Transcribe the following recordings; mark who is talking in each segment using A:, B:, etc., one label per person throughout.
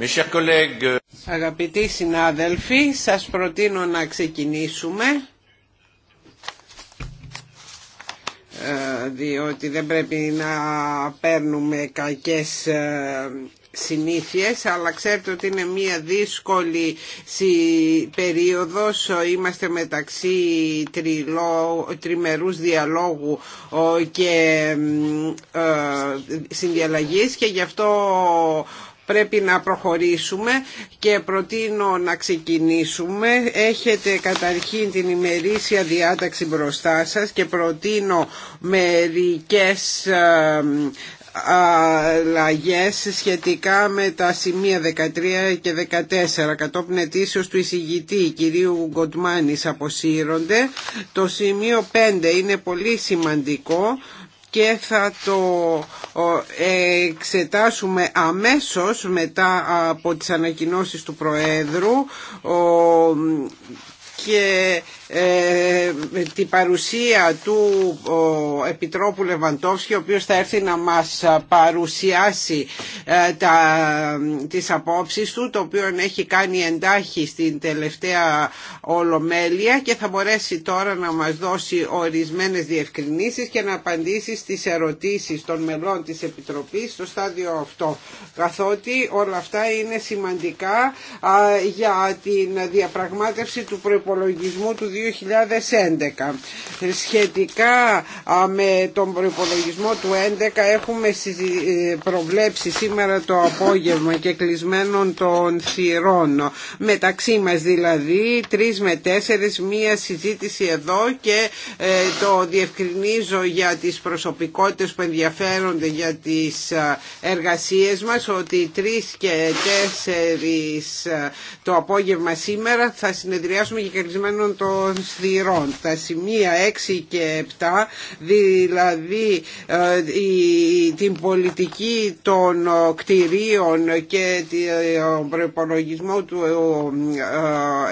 A: Euh, Αγαπητοί συνάδελφοι, σας προτείνω να ξεκινήσουμε ε, διότι δεν πρέπει να παίρνουμε κακές ε, συνήθειες αλλά ξέρετε ότι είναι μια δύσκολη περίοδος είμαστε μεταξύ τριλό, τριμερούς διαλόγου και ε, συνδιαλλαγής και γι' αυτό πρέπει να προχωρήσουμε και προτείνω να ξεκινήσουμε. Έχετε καταρχήν την ημερήσια διάταξη μπροστά σας και προτείνω μερικές ε, αλλαγέ σχετικά με τα σημεία 13 και 14 κατόπιν ετήσεω του εισηγητή κυρίου Γκοτμάνη αποσύρονται το σημείο 5 είναι πολύ σημαντικό και θα το εξετάσουμε αμέσως μετά από τις ανακοινώσεις του Προέδρου και ε, την παρουσία του Επιτρόπου Λεβαντόφσκη ο οποίος θα έρθει να μας παρουσιάσει ε, τα, τις απόψεις του το οποίο έχει κάνει εντάχει στην τελευταία ολομέλεια και θα μπορέσει τώρα να μας δώσει ορισμένες διευκρινήσεις και να απαντήσει στις ερωτήσεις των μελών της Επιτροπής στο στάδιο αυτό καθότι όλα αυτά είναι σημαντικά για την διαπραγμάτευση του προπολογισμού του 2011. Σχετικά με τον προπολογισμό του 2011 έχουμε ε, προβλέψει σήμερα το απόγευμα και κλεισμένων των θυρών. Μεταξύ μας δηλαδή 3 με 4 μία συζήτηση εδώ και ε, το διευκρινίζω για τις προσωπικότητες που ενδιαφέρονται για τις ε, εργασίες μας ότι 3 και 4 το απόγευμα σήμερα θα συνεδριάσουμε και κλεισμένων των των Τα σημεία 6 και 7, δηλαδή ε, την πολιτική των ε, κτηρίων και τον ε, προπολογισμό του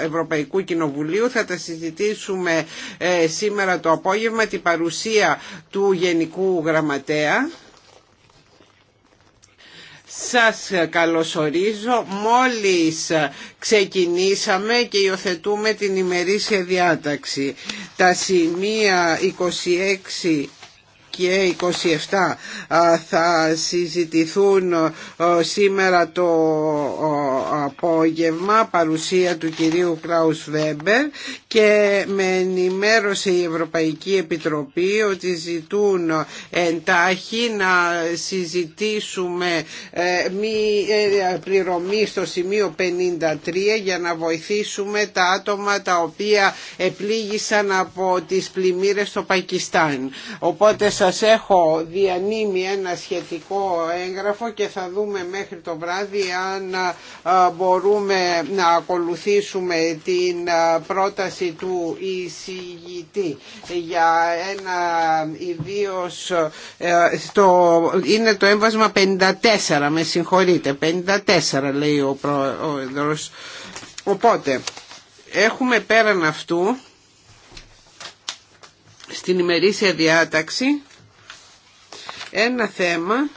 A: Ευρωπαϊκού Κοινοβουλίου, θα τα συζητήσουμε σήμερα το απόγευμα, την παρουσία του Γενικού Γραμματέα. Σας καλωσορίζω μόλις ξεκινήσαμε και υιοθετούμε την ημερήσια διάταξη. Τα σημεία 26 και 27 θα συζητηθούν σήμερα το απόγευμα παρουσία του κυρίου Κράους Βέμπερ και με ενημέρωσε η Ευρωπαϊκή Επιτροπή ότι ζητούν εντάχει να συζητήσουμε ε, μη ε, πληρωμή στο σημείο 53 για να βοηθήσουμε τα άτομα τα οποία επλήγησαν από τις πλημμύρες στο Πακιστάν. Οπότε σας έχω διανύμει ένα σχετικό έγγραφο και θα δούμε μέχρι το βράδυ αν μπορούμε να ακολουθήσουμε την πρόταση του εισηγητή για ένα ιδίως στο, είναι το έμβασμα 54 με συγχωρείτε 54 λέει ο πρόεδρος οπότε έχουμε πέραν αυτού στην ημερήσια διάταξη ένα θέμα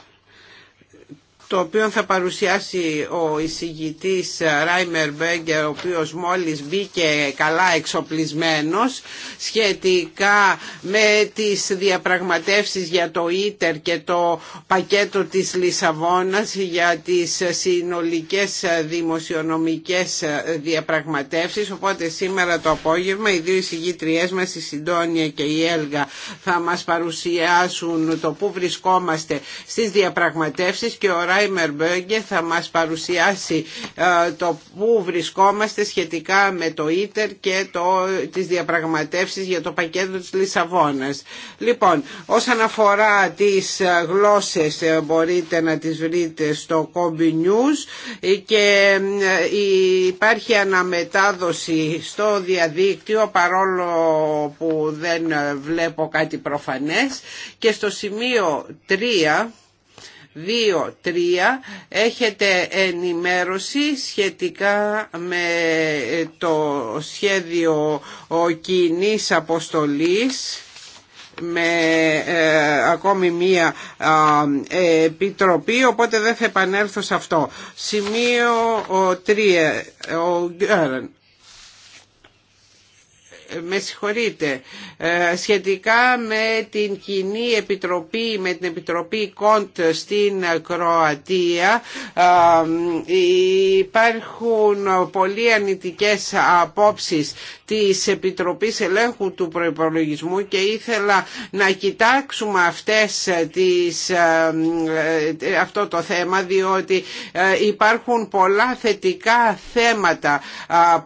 A: το οποίο θα παρουσιάσει ο εισηγητής Ράιμερ Μπέγκερ, ο οποίος μόλις μπήκε καλά εξοπλισμένος σχετικά με τις διαπραγματεύσεις για το ΙΤΕΡ και το πακέτο της Λισαβόνας για τις συνολικές δημοσιονομικές διαπραγματεύσεις. Οπότε σήμερα το απόγευμα οι δύο εισηγητριές μας, η Συντόνια και η Έλγα, θα μας παρουσιάσουν το που βρισκόμαστε στις διαπραγματεύσεις και ο θα μας παρουσιάσει ε, το πού βρισκόμαστε σχετικά με το ίτερ και το, τις διαπραγματεύσεις για το πακέτο της Λισαβόνας. Λοιπόν, όσον αφορά τις ε, γλώσσες ε, μπορείτε να τις βρείτε στο κόμπι News και υπάρχει αναμετάδοση στο διαδίκτυο παρόλο που δεν βλέπω κάτι προφανές και στο σημείο 3 2-3 έχετε ενημέρωση σχετικά με το σχέδιο κοινή αποστολής με ε, ακόμη μία ε, επιτροπή οπότε δεν θα επανέλθω σε αυτό. Σημείο 3. Ο, με συγχωρείτε, ε, σχετικά με την κοινή επιτροπή, με την επιτροπή Κοντ στην Κροατία ε, υπάρχουν πολύ ανητικές απόψεις της Επιτροπής Ελέγχου του Προϋπολογισμού και ήθελα να κοιτάξουμε αυτές ε, αυτό το θέμα διότι υπάρχουν πολλά θετικά θέματα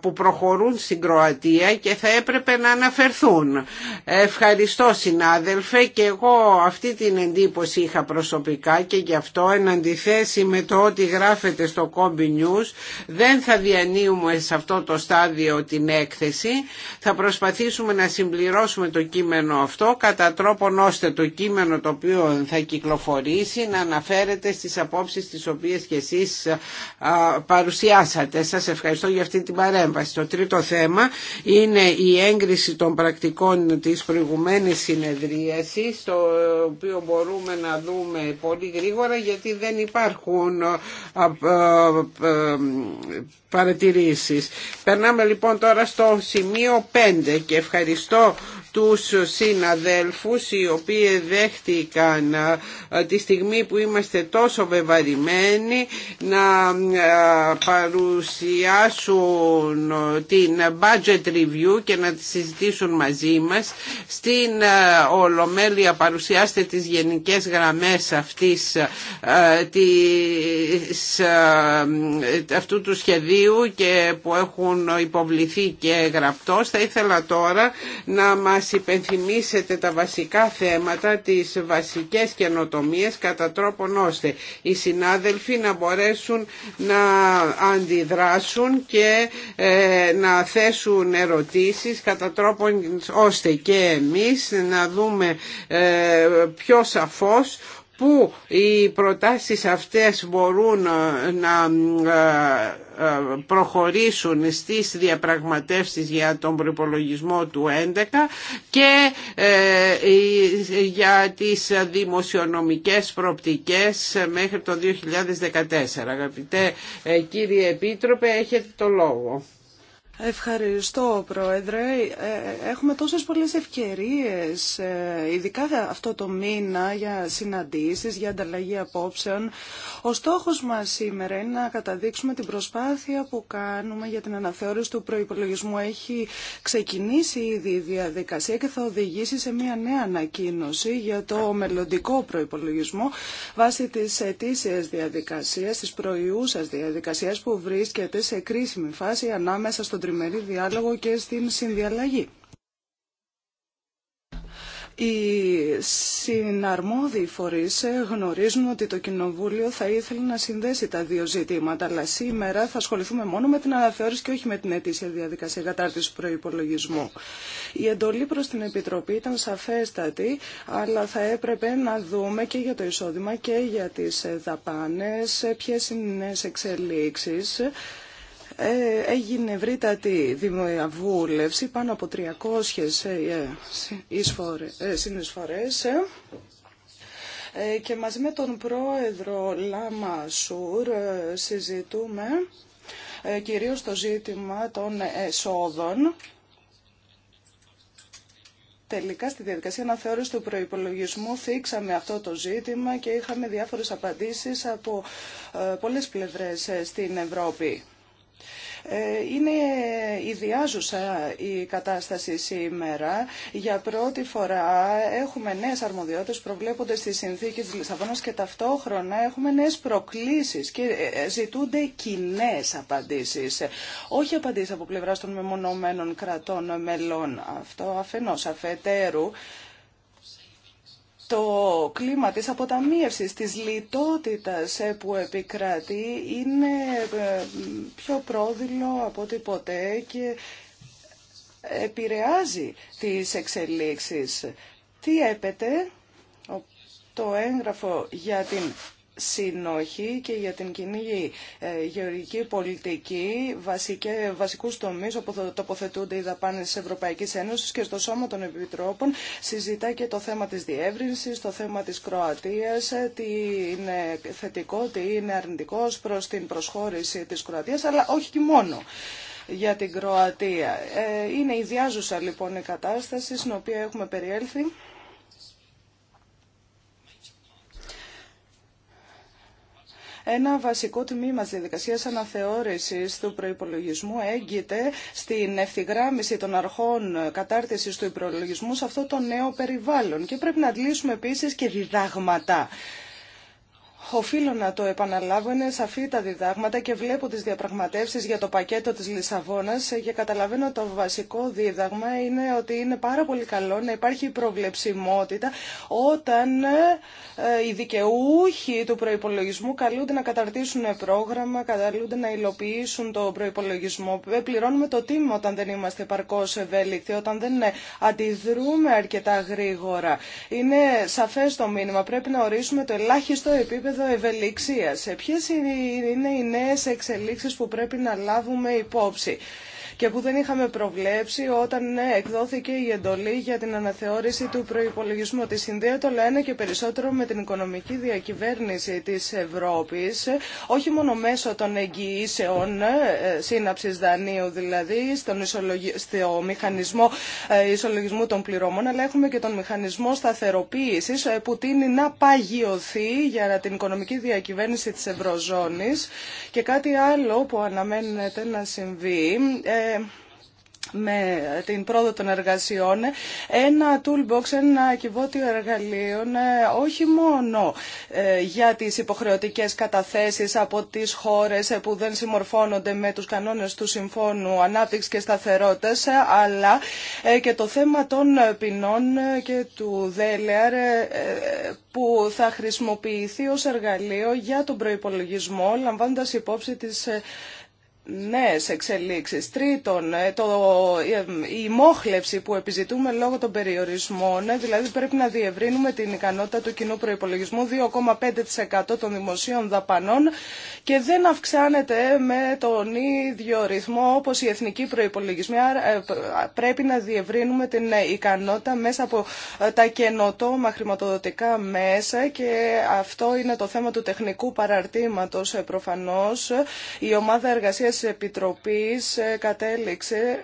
A: που προχωρούν στην Κροατία και θα έπρεπε έπρεπε να αναφερθούν. Ευχαριστώ συνάδελφε και εγώ αυτή την εντύπωση είχα προσωπικά και γι' αυτό εν αντιθέσει με το ότι γράφεται στο Κόμπι News δεν θα διανύουμε σε αυτό το στάδιο την έκθεση. Θα προσπαθήσουμε να συμπληρώσουμε το κείμενο αυτό κατά τρόπον ώστε το κείμενο το οποίο θα κυκλοφορήσει να αναφέρεται στις απόψεις τις οποίες και εσείς παρουσιάσατε. Σας ευχαριστώ για αυτή την παρέμβαση. Το τρίτο θέμα είναι η έγκριση των πρακτικών της προηγουμένης συνεδρίασης το οποίο μπορούμε να δούμε πολύ γρήγορα γιατί δεν υπάρχουν παρατηρήσεις. Περνάμε λοιπόν τώρα στο σημείο 5 και ευχαριστώ τους συναδέλφους οι οποίοι δέχτηκαν τη στιγμή που είμαστε τόσο βεβαρημένοι να παρουσιάσουν την budget review και να τη συζητήσουν μαζί μας. Στην Ολομέλεια παρουσιάστε τις γενικές γραμμές αυτής, αυτού του σχεδίου και που έχουν υποβληθεί και γραπτός. Θα ήθελα τώρα να μας μας υπενθυμίσετε τα βασικά θέματα, τις βασικές καινοτομίες κατά τρόπον ώστε οι συνάδελφοι να μπορέσουν να αντιδράσουν και ε, να θέσουν ερωτήσεις κατά τρόπον ώστε και εμείς να δούμε ε, πιο σαφώς πού οι προτάσεις αυτές μπορούν ε, να ε, ε, προχωρήσουν στις διαπραγματεύσεις για τον προπολογισμό του 11 και για τις δημοσιονομικές προπτικές μέχρι το 2014. Αγαπητέ κύριε Επίτροπε, έχετε το λόγο.
B: Ευχαριστώ, Πρόεδρε. Ε, ε, έχουμε τόσες πολλές ευκαιρίες, ε, ειδικά αυτό το μήνα, για συναντήσεις, για ανταλλαγή απόψεων. Ο στόχος μας σήμερα είναι να καταδείξουμε την προσπάθεια που κάνουμε για την αναθεώρηση του προϋπολογισμού. Έχει ξεκινήσει ήδη η διαδικασία και θα οδηγήσει σε μια νέα ανακοίνωση για το μελλοντικό προϋπολογισμό βάσει της διαδικασίας, της προϊούσας διαδικασίας που βρίσκεται σε κρίσιμη φάση ανάμεσα στον τριμερή διάλογο και στην συνδιαλλαγή. Οι συναρμόδιοι φορείς γνωρίζουν ότι το Κοινοβούλιο θα ήθελε να συνδέσει τα δύο ζητήματα, αλλά σήμερα θα ασχοληθούμε μόνο με την αναθεώρηση και όχι με την αιτήσια διαδικασία κατάρτισης προϋπολογισμού. Η εντολή προς την Επιτροπή ήταν σαφέστατη, αλλά θα έπρεπε να δούμε και για το εισόδημα και για τις δαπάνες, ποιε είναι οι εξελίξεις. Ε, έγινε ευρύτατη δημοιαβούλευση, πάνω από 300 ε, ε, συνεισφορές και μαζί με τον πρόεδρο Λάμα Σουρ συζητούμε κυρίως το ζήτημα των εσόδων Τελικά στη διαδικασία αναθεώρηση του προϋπολογισμού θίξαμε αυτό το ζήτημα και είχαμε διάφορες απαντήσεις από πολλές πλευρές στην Ευρώπη. Ε, είναι ιδιάζουσα η κατάσταση σήμερα. Για πρώτη φορά έχουμε νέες αρμοδιότητες προβλέπονται στη συνθήκη της Λισαβόνας και ταυτόχρονα έχουμε νέες προκλήσεις και ε, ε, ζητούνται κοινέ απαντήσεις. Όχι απαντήσεις από πλευράς των μεμονωμένων κρατών μελών. Αυτό αφενός αφετέρου το κλίμα της αποταμίευσης, της λιτότητας ε, που επικρατεί είναι ε, πιο πρόδειλο από ό,τι ποτέ και επηρεάζει τις εξελίξεις. Τι έπεται το έγγραφο για την συνοχή και για την κοινή ε, γεωργική πολιτική βασικέ, βασικούς τομείς όπου τοποθετούνται οι δαπάνες της Ευρωπαϊκής Ένωσης και στο Σώμα των Επιτρόπων συζητά και το θέμα της διεύρυνσης, το θέμα της Κροατίας, ε, τι είναι θετικό, τι είναι αρνητικό προς την προσχώρηση της Κροατίας, αλλά όχι και μόνο για την Κροατία. Ε, είναι ιδιάζουσα λοιπόν η κατάσταση στην οποία έχουμε περιέλθει. Ένα βασικό τμήμα της διαδικασίας αναθεώρησης του προϋπολογισμού έγκυται στην ευθυγράμμιση των αρχών κατάρτισης του υπολογισμού σε αυτό το νέο περιβάλλον και πρέπει να αντλήσουμε επίσης και διδάγματα. Οφείλω να το επαναλάβω, είναι σαφή τα διδάγματα και βλέπω τις διαπραγματεύσεις για το πακέτο της Λισαβόνας και καταλαβαίνω το βασικό δίδαγμα είναι ότι είναι πάρα πολύ καλό να υπάρχει προβλεψιμότητα όταν ε, οι δικαιούχοι του προϋπολογισμού καλούνται να καταρτήσουν πρόγραμμα, καταλούνται να υλοποιήσουν το προϋπολογισμό. Ε, πληρώνουμε το τίμημα όταν δεν είμαστε παρκώς ευέλικτοι, όταν δεν ε, αντιδρούμε αρκετά γρήγορα. Είναι σαφές το μήνυμα, πρέπει να ορίσουμε το ελάχιστο επίπεδο επίπεδο ευελιξίας. Ε, ποιες είναι οι νέες εξελίξεις που πρέπει να λάβουμε υπόψη και που δεν είχαμε προβλέψει όταν ναι, εκδόθηκε η εντολή για την αναθεώρηση του προπολογισμού, Τη συνδέεται το ένα και περισσότερο με την οικονομική διακυβέρνηση τη Ευρώπη, όχι μόνο μέσω των εγγυήσεων, ε, σύναψη δανείου δηλαδή, στον στο μηχανισμό ε, ισολογισμού των πληρώμων, αλλά έχουμε και τον μηχανισμό σταθεροποίηση, ε, που τίνει να παγιωθεί για την οικονομική διακυβέρνηση της Ευρωζώνης και κάτι άλλο που αναμένεται να συμβεί με την πρόοδο των εργασιών ένα toolbox, ένα κυβότιο εργαλείων ε, όχι μόνο ε, για τις υποχρεωτικές καταθέσεις από τις χώρες ε, που δεν συμμορφώνονται με τους κανόνες του Συμφώνου Ανάπτυξης και Σταθερότητας αλλά και το θέμα των ποινών και του ΔΕΛΕΑΡ που θα χρησιμοποιηθεί ως εργαλείο για τον προϋπολογισμό λαμβάνοντας υπόψη τις νέες εξελίξεις. Τρίτον, ε, το, ε, η μόχλευση που επιζητούμε λόγω των περιορισμών, ε, δηλαδή πρέπει να διευρύνουμε την ικανότητα του κοινού προϋπολογισμού 2,5% των δημοσίων δαπανών και δεν αυξάνεται με τον ίδιο ρυθμό όπως η εθνικοί προπολογισμοί. Πρέπει να διευρύνουμε την ικανότητα μέσα από τα καινοτόμα χρηματοδοτικά μέσα και αυτό είναι το θέμα του τεχνικού παραρτήματος προφανώς. Η ομάδα εργασίας της Επιτροπής ε, κατέληξε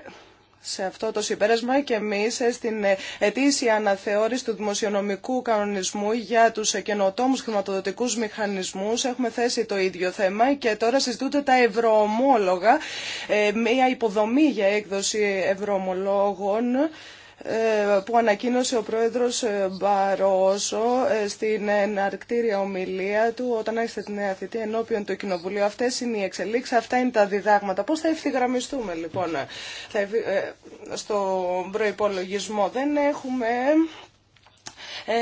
B: σε αυτό το συμπέρασμα και εμεί ε, στην ε, ετήσια αναθεώρηση του δημοσιονομικού κανονισμού για τους καινοτόμου χρηματοδοτικούς μηχανισμούς έχουμε θέσει το ίδιο θέμα και τώρα συζητούνται τα ευρωομόλογα, μια υποδομή για έκδοση ευρωομολόγων ε, που ανακοίνωσε ο πρόεδρος ε, Μπαρόσο ε, στην εναρκτήρια ομιλία του όταν έχετε την νέα θητεία ενώπιον του Κοινοβουλίου. Αυτές είναι οι εξελίξεις, αυτά είναι τα διδάγματα. Πώς θα ευθυγραμμιστούμε λοιπόν στο προϋπολογισμό. Δεν έχουμε ε,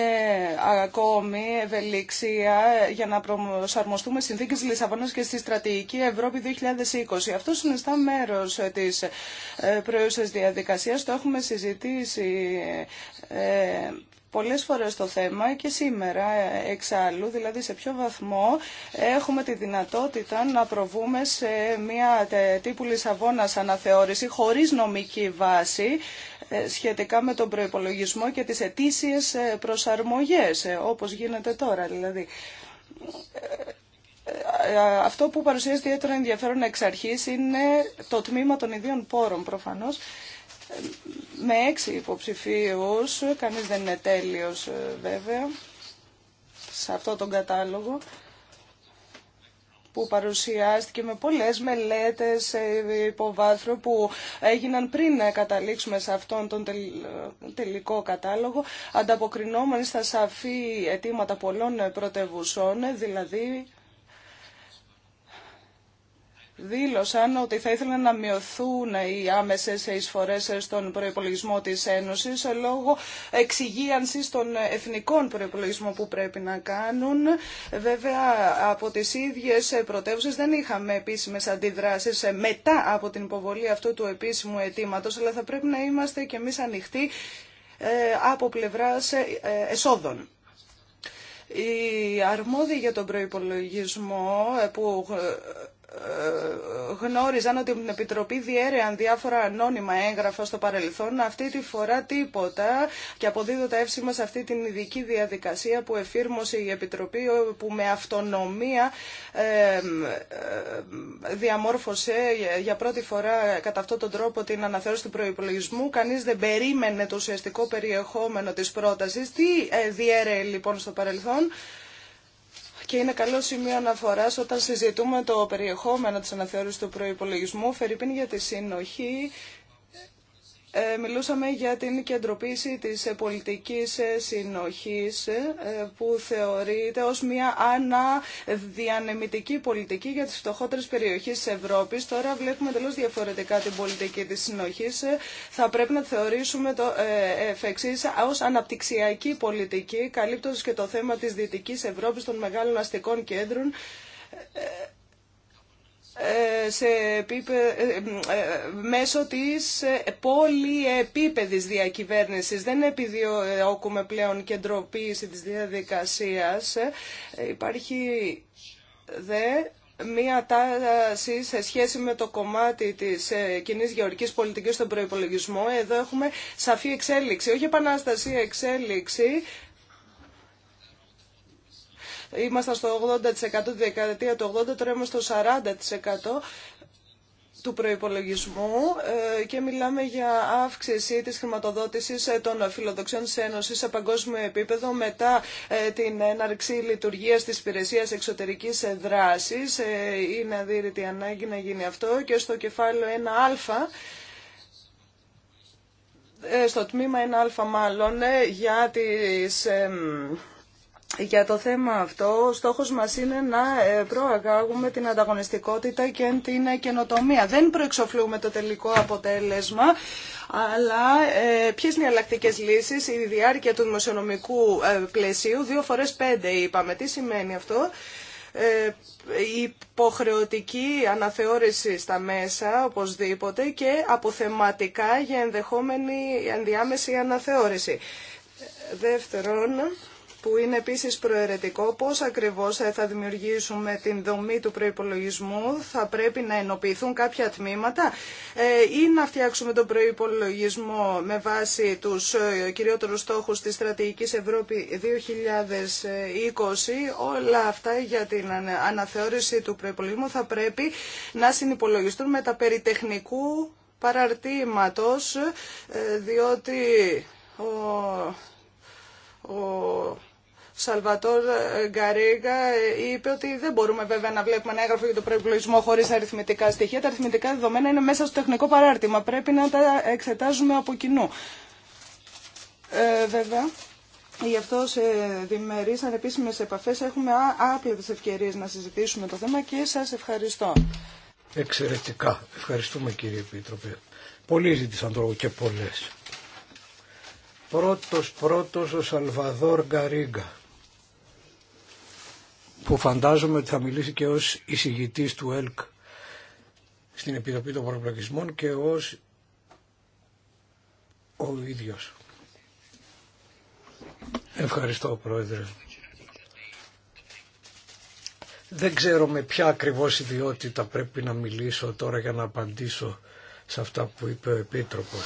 B: ακόμη ευελιξία για να προσαρμοστούμε συνθήκε τη Λισαβόνα και στη στρατηγική Ευρώπη 2020. Αυτό συνιστά μέρο τη ε, προϊούσα διαδικασία. Το έχουμε συζητήσει. Ε, πολλές φορές το θέμα και σήμερα εξάλλου, δηλαδή σε ποιο βαθμό έχουμε τη δυνατότητα να προβούμε σε μια τύπου Λισαβόνας αναθεώρηση χωρίς νομική βάση ε, σχετικά με τον προϋπολογισμό και τις ετήσιες ε, προσαρμογές, ε, όπως γίνεται τώρα δηλαδή αυτό που παρουσιάζει ιδιαίτερο ενδιαφέρον εξ αρχής είναι το τμήμα των ιδίων πόρων προφανώς με έξι υποψηφίους, κανείς δεν είναι τέλειος ε, βέβαια, σε αυτό τον κατάλογο που παρουσιάστηκε με πολλές μελέτες ε, υποβάθρο που έγιναν πριν καταλήξουμε σε αυτόν τον ε, τελικό κατάλογο ανταποκρινόμενοι στα σαφή αιτήματα πολλών πρωτευουσών, δηλαδή δήλωσαν ότι θα ήθελαν να μειωθούν οι άμεσες εισφορές στον προϋπολογισμό της Ένωσης λόγω εξυγίανσης των εθνικών προϋπολογισμών που πρέπει να κάνουν. Βέβαια από τις ίδιες πρωτεύουσες δεν είχαμε επίσημες αντιδράσεις μετά από την υποβολή αυτού του επίσημου αιτήματος, αλλά θα πρέπει να είμαστε και εμείς ανοιχτοί ε, από πλευράς ε, εσόδων. Οι αρμόδιοι για τον προϋπολογισμό ε, που ε, γνώριζαν ότι την Επιτροπή διέρεαν διάφορα ανώνυμα έγγραφα στο παρελθόν. Αυτή τη φορά τίποτα και αποδίδω τα εύσημα σε αυτή την ειδική διαδικασία που εφήρμοσε η Επιτροπή που με αυτονομία ε, ε, διαμόρφωσε για πρώτη φορά κατά αυτόν τον τρόπο την αναθεώρηση του προϋπολογισμού. Κανείς δεν περίμενε το ουσιαστικό περιεχόμενο της πρότασης. Τι διέρεε λοιπόν στο παρελθόν και είναι καλό σημείο αναφορά όταν συζητούμε το περιεχόμενο τη αναθεώρηση του προπολογισμού. Φερρυπίν για τη συνοχή ε, μιλούσαμε για την κεντροποίηση της πολιτικής συνοχής ε, που θεωρείται ως μια αναδιανεμητική πολιτική για τις φτωχότερες περιοχές της Ευρώπης. Τώρα βλέπουμε τελώς διαφορετικά την πολιτική της συνοχής. Ε, θα πρέπει να θεωρήσουμε το ως αναπτυξιακή πολιτική, καλύπτοντας και το θέμα της Δυτικής Ευρώπης των μεγάλων αστικών κέντρων ε, σε επίπε... Ε, ε, μέσω της πολυεπίπεδης διακυβέρνησης. Δεν επιδιώκουμε πλέον κεντροποίηση της διαδικασίας. Υπάρχει δε μία τάση σε σχέση με το κομμάτι της κοινή γεωργικής πολιτικής στον προϋπολογισμό. Εδώ έχουμε σαφή εξέλιξη, όχι επανάσταση, εξέλιξη Ήμασταν στο 80% τη δεκαετία του 80, τώρα είμαστε στο 40% του προϋπολογισμού ε, και μιλάμε για αύξηση της χρηματοδότησης ε, των φιλοδοξιών της Ένωσης σε παγκόσμιο επίπεδο μετά ε, την έναρξη λειτουργίας της υπηρεσία εξωτερικής δράσης. Είναι αδύρυτη ανάγκη να γίνει αυτό και στο κεφάλαιο 1α στο τμήμα 1α μάλλον για τις για το θέμα αυτό, ο στόχος μας είναι να ε, προαγάγουμε την ανταγωνιστικότητα και την καινοτομία. Δεν προεξοφλούμε το τελικό αποτέλεσμα, αλλά ε, ποιες είναι οι αλλακτικές λύσεις, η διάρκεια του δημοσιονομικού ε, πλαισίου, δύο φορές πέντε είπαμε. Τι σημαίνει αυτό. Ε, υποχρεωτική αναθεώρηση στα μέσα οπωσδήποτε και αποθεματικά για ενδεχόμενη ενδιάμεση αναθεώρηση. Δεύτερον, που είναι επίσης προαιρετικό πώς ακριβώς ε, θα δημιουργήσουμε την δομή του προϋπολογισμού, θα πρέπει να ενοποιηθούν κάποια τμήματα ε, ή να φτιάξουμε τον προϋπολογισμό με βάση τους ε, κυριότερους στόχους της στρατηγικής Ευρώπη 2020. Όλα αυτά για την αναθεώρηση του προϋπολογισμού θα πρέπει να συνυπολογιστούν με τα περιτεχνικού παραρτήματος, διότι Σαλβατόρ ε, Γκαρίγκα ε, είπε ότι δεν μπορούμε βέβαια να βλέπουμε ένα έγγραφο για τον προεκλογισμό χωρί αριθμητικά στοιχεία. Τα αριθμητικά δεδομένα είναι μέσα στο τεχνικό παράρτημα. Πρέπει να τα εξετάζουμε από κοινού. Ε, βέβαια. Γι' αυτό σε διμερεί ανεπίσημε επαφέ έχουμε άπλετε ευκαιρίε να συζητήσουμε το θέμα και σα
C: ευχαριστώ. Εξαιρετικά. Ευχαριστούμε κύριε Επίτροπε. Πολλοί ζήτησαν το λόγο και πολλέ. Πρώτος πρώτος ο Σαλβαδόρ Γκαρίγκα που φαντάζομαι ότι θα μιλήσει και ως εισηγητής του ΕΛΚ στην Επιτροπή των Προπλοκισμών και ως ο ίδιος. Ευχαριστώ Πρόεδρε. Δεν ξέρω με ποια ακριβώς ιδιότητα πρέπει να μιλήσω τώρα για να απαντήσω σε αυτά που είπε ο Επίτροπος.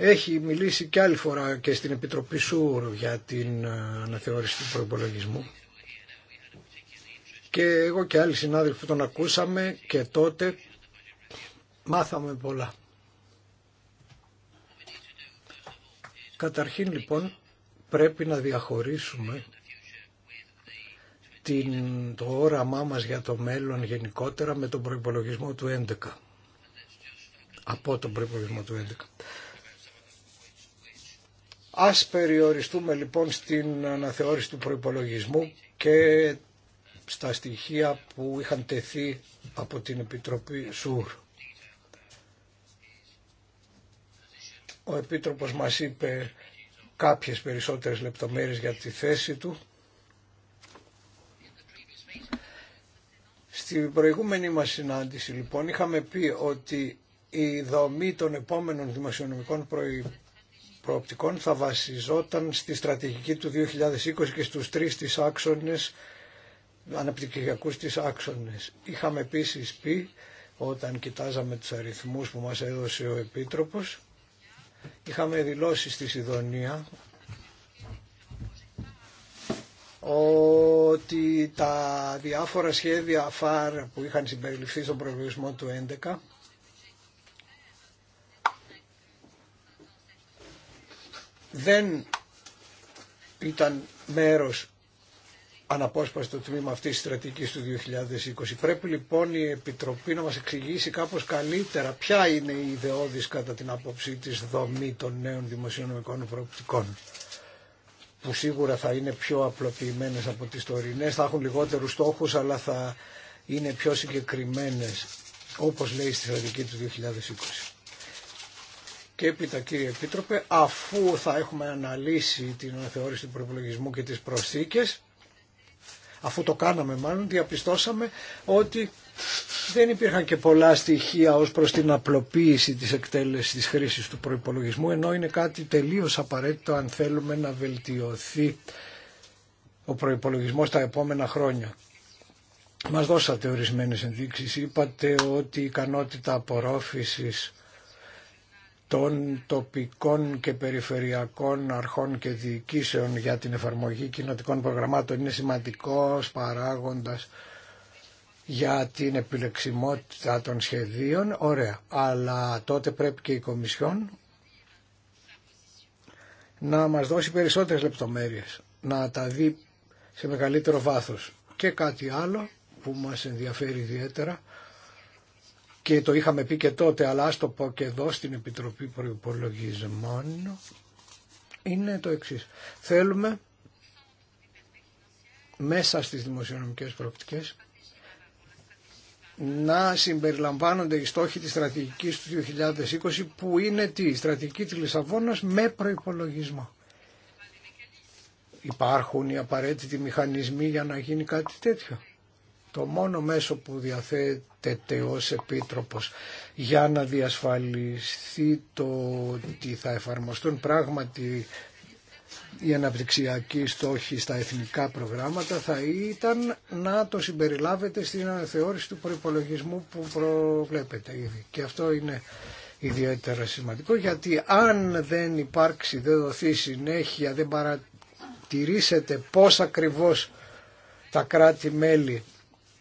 C: Έχει μιλήσει και άλλη φορά και στην Επιτροπή Σούρ για την αναθεώρηση του προπολογισμού. Και εγώ και άλλοι συνάδελφοι τον ακούσαμε και τότε μάθαμε πολλά. Καταρχήν λοιπόν πρέπει να διαχωρίσουμε την, το όραμά μας για το μέλλον γενικότερα με τον προϋπολογισμό του 11. Από τον προϋπολογισμό του 11. Ας περιοριστούμε λοιπόν στην αναθεώρηση του προϋπολογισμού και στα στοιχεία που είχαν τεθεί από την Επιτροπή ΣΟΥΡ. Ο Επίτροπος μας είπε κάποιες περισσότερες λεπτομέρειες για τη θέση του. Στην προηγούμενη μας συνάντηση λοιπόν είχαμε πει ότι η δομή των επόμενων δημοσιονομικών προϋπολογισμών προοπτικών θα βασιζόταν στη στρατηγική του 2020 και στους τρεις της άξονες, αναπτυξιακούς της άξονες. Είχαμε επίσης πει, όταν κοιτάζαμε τους αριθμούς που μας έδωσε ο Επίτροπος, είχαμε δηλώσει στη Σιδονία ότι τα διάφορα σχέδια ΦΑΡ που είχαν συμπεριληφθεί στον προβλησμό του 2011 δεν ήταν μέρος αναπόσπαστο τμήμα αυτής της στρατηγικής του 2020. Πρέπει λοιπόν η Επιτροπή να μας εξηγήσει κάπως καλύτερα ποια είναι η ιδεώδης κατά την άποψή της δομή των νέων δημοσιονομικών προοπτικών που σίγουρα θα είναι πιο απλοποιημένες από τις τωρινές, θα έχουν λιγότερους στόχους αλλά θα είναι πιο συγκεκριμένες όπως λέει στη στρατηγική του 2020 και έπειτα κύριε Επίτροπε αφού θα έχουμε αναλύσει την αναθεώρηση του προπολογισμού και τις προσθήκες αφού το κάναμε μάλλον διαπιστώσαμε ότι δεν υπήρχαν και πολλά στοιχεία ως προς την απλοποίηση της εκτέλεσης της χρήσης του προϋπολογισμού ενώ είναι κάτι τελείως απαραίτητο αν θέλουμε να βελτιωθεί ο προϋπολογισμός τα επόμενα χρόνια. Μας δώσατε ορισμένες ενδείξεις, είπατε ότι η ικανότητα απορρόφησης των τοπικών και περιφερειακών αρχών και διοικήσεων για την εφαρμογή κοινοτικών προγραμμάτων είναι σημαντικός παράγοντας για την επιλεξιμότητα των σχεδίων, ωραία. Αλλά τότε πρέπει και η Κομισιόν να μας δώσει περισσότερες λεπτομέρειες, να τα δει σε μεγαλύτερο βάθος. Και κάτι άλλο που μας ενδιαφέρει ιδιαίτερα και το είχαμε πει και τότε, αλλά ας το πω και εδώ στην Επιτροπή Προϋπολογισμών, είναι το εξής. Θέλουμε μέσα στις δημοσιονομικές προοπτικές να συμπεριλαμβάνονται οι στόχοι της στρατηγικής του 2020 που είναι τι, η στρατηγική της Λισαβόνας με προϋπολογισμό. Υπάρχουν οι απαραίτητοι μηχανισμοί για να γίνει κάτι τέτοιο το μόνο μέσο που διαθέτεται ως Επίτροπος για να διασφαλιστεί το ότι θα εφαρμοστούν πράγματι οι αναπτυξιακοί στόχοι στα εθνικά προγράμματα θα ήταν να το συμπεριλάβετε στην αναθεώρηση του προϋπολογισμού που προβλέπετε ήδη. Και αυτό είναι ιδιαίτερα σημαντικό γιατί αν δεν υπάρξει, δεν δοθεί συνέχεια, δεν παρατηρήσετε πώς ακριβώς τα κράτη-μέλη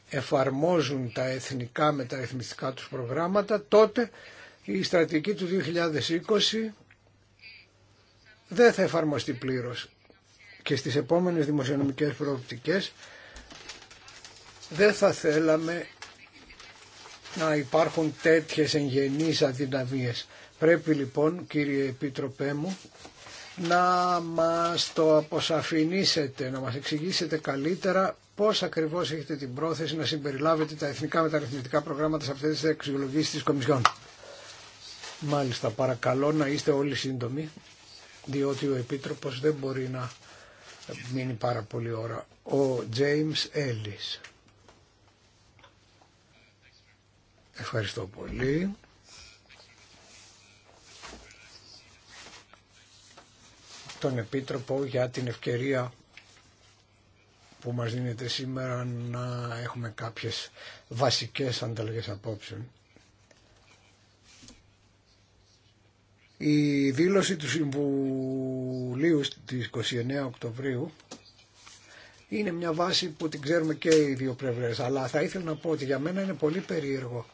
C: εφαρμόζουν τα εθνικά μεταρρυθμιστικά τους προγράμματα, τότε η στρατηγική του 2020 δεν θα εφαρμοστεί πλήρως και στις επόμενες δημοσιονομικές προοπτικές δεν θα θέλαμε να υπάρχουν τέτοιες εγγενείς αδυναμίες. Πρέπει λοιπόν κύριε Επίτροπέ μου να μας το αποσαφηνίσετε, να μας εξηγήσετε καλύτερα πώς ακριβώς έχετε την πρόθεση να συμπεριλάβετε τα εθνικά μεταρρυθμιστικά προγράμματα σε αυτές τις αξιολογήσεις της Κομισιόν. Μάλιστα, παρακαλώ να είστε όλοι σύντομοι, διότι ο Επίτροπος δεν μπορεί να μείνει πάρα πολύ ώρα. Ο James Ellis. Ευχαριστώ πολύ. Τον Επίτροπο για την ευκαιρία που μας δίνεται σήμερα να έχουμε κάποιες βασικές ανταλλαγές απόψεων. Η δήλωση του Συμβουλίου της 29 Οκτωβρίου είναι μια βάση που την ξέρουμε και οι δύο πλευρές, αλλά θα ήθελα να πω ότι για μένα είναι πολύ περίεργο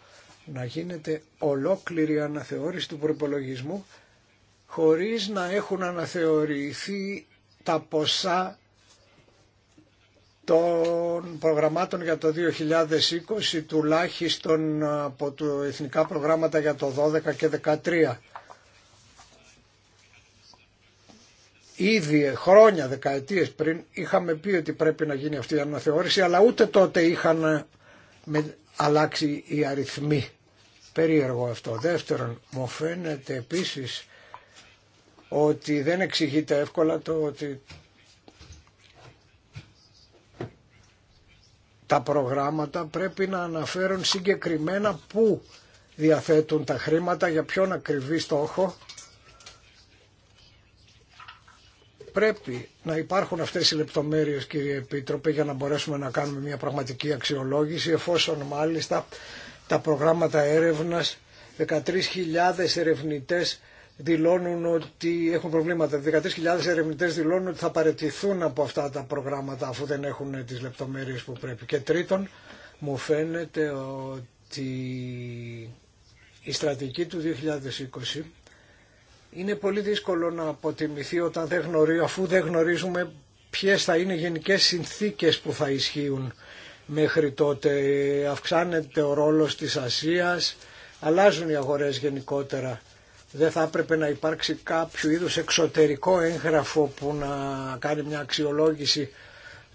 C: να γίνεται ολόκληρη αναθεώρηση του προπολογισμού χωρίς να έχουν αναθεωρηθεί τα ποσά των προγραμμάτων για το 2020 τουλάχιστον από του εθνικά προγράμματα για το 12 και 13. Ήδη χρόνια, δεκαετίες πριν είχαμε πει ότι πρέπει να γίνει αυτή η αναθεώρηση αλλά ούτε τότε είχαν με, αλλάξει οι αριθμοί. Περίεργο αυτό. Δεύτερον, μου φαίνεται επίσης ότι δεν εξηγείται εύκολα το ότι τα προγράμματα πρέπει να αναφέρουν συγκεκριμένα πού διαθέτουν τα χρήματα, για ποιον ακριβή στόχο. Πρέπει να υπάρχουν αυτές οι λεπτομέρειες κύριε Επίτροπε για να μπορέσουμε να κάνουμε μια πραγματική αξιολόγηση εφόσον μάλιστα τα προγράμματα έρευνας 13.000 ερευνητές δηλώνουν ότι έχουν προβλήματα. 13.000 ερευνητέ δηλώνουν ότι θα παρετηθούν από αυτά τα προγράμματα αφού δεν έχουν τις λεπτομέρειες που πρέπει. Και τρίτον, μου φαίνεται ότι η στρατηγική του 2020 είναι πολύ δύσκολο να αποτιμηθεί όταν δεν αφού δεν γνωρίζουμε ποιες θα είναι οι γενικές συνθήκες που θα ισχύουν μέχρι τότε. Αυξάνεται ο ρόλος της Ασίας, αλλάζουν οι αγορές γενικότερα δεν θα έπρεπε να υπάρξει κάποιο είδους εξωτερικό έγγραφο που να κάνει μια αξιολόγηση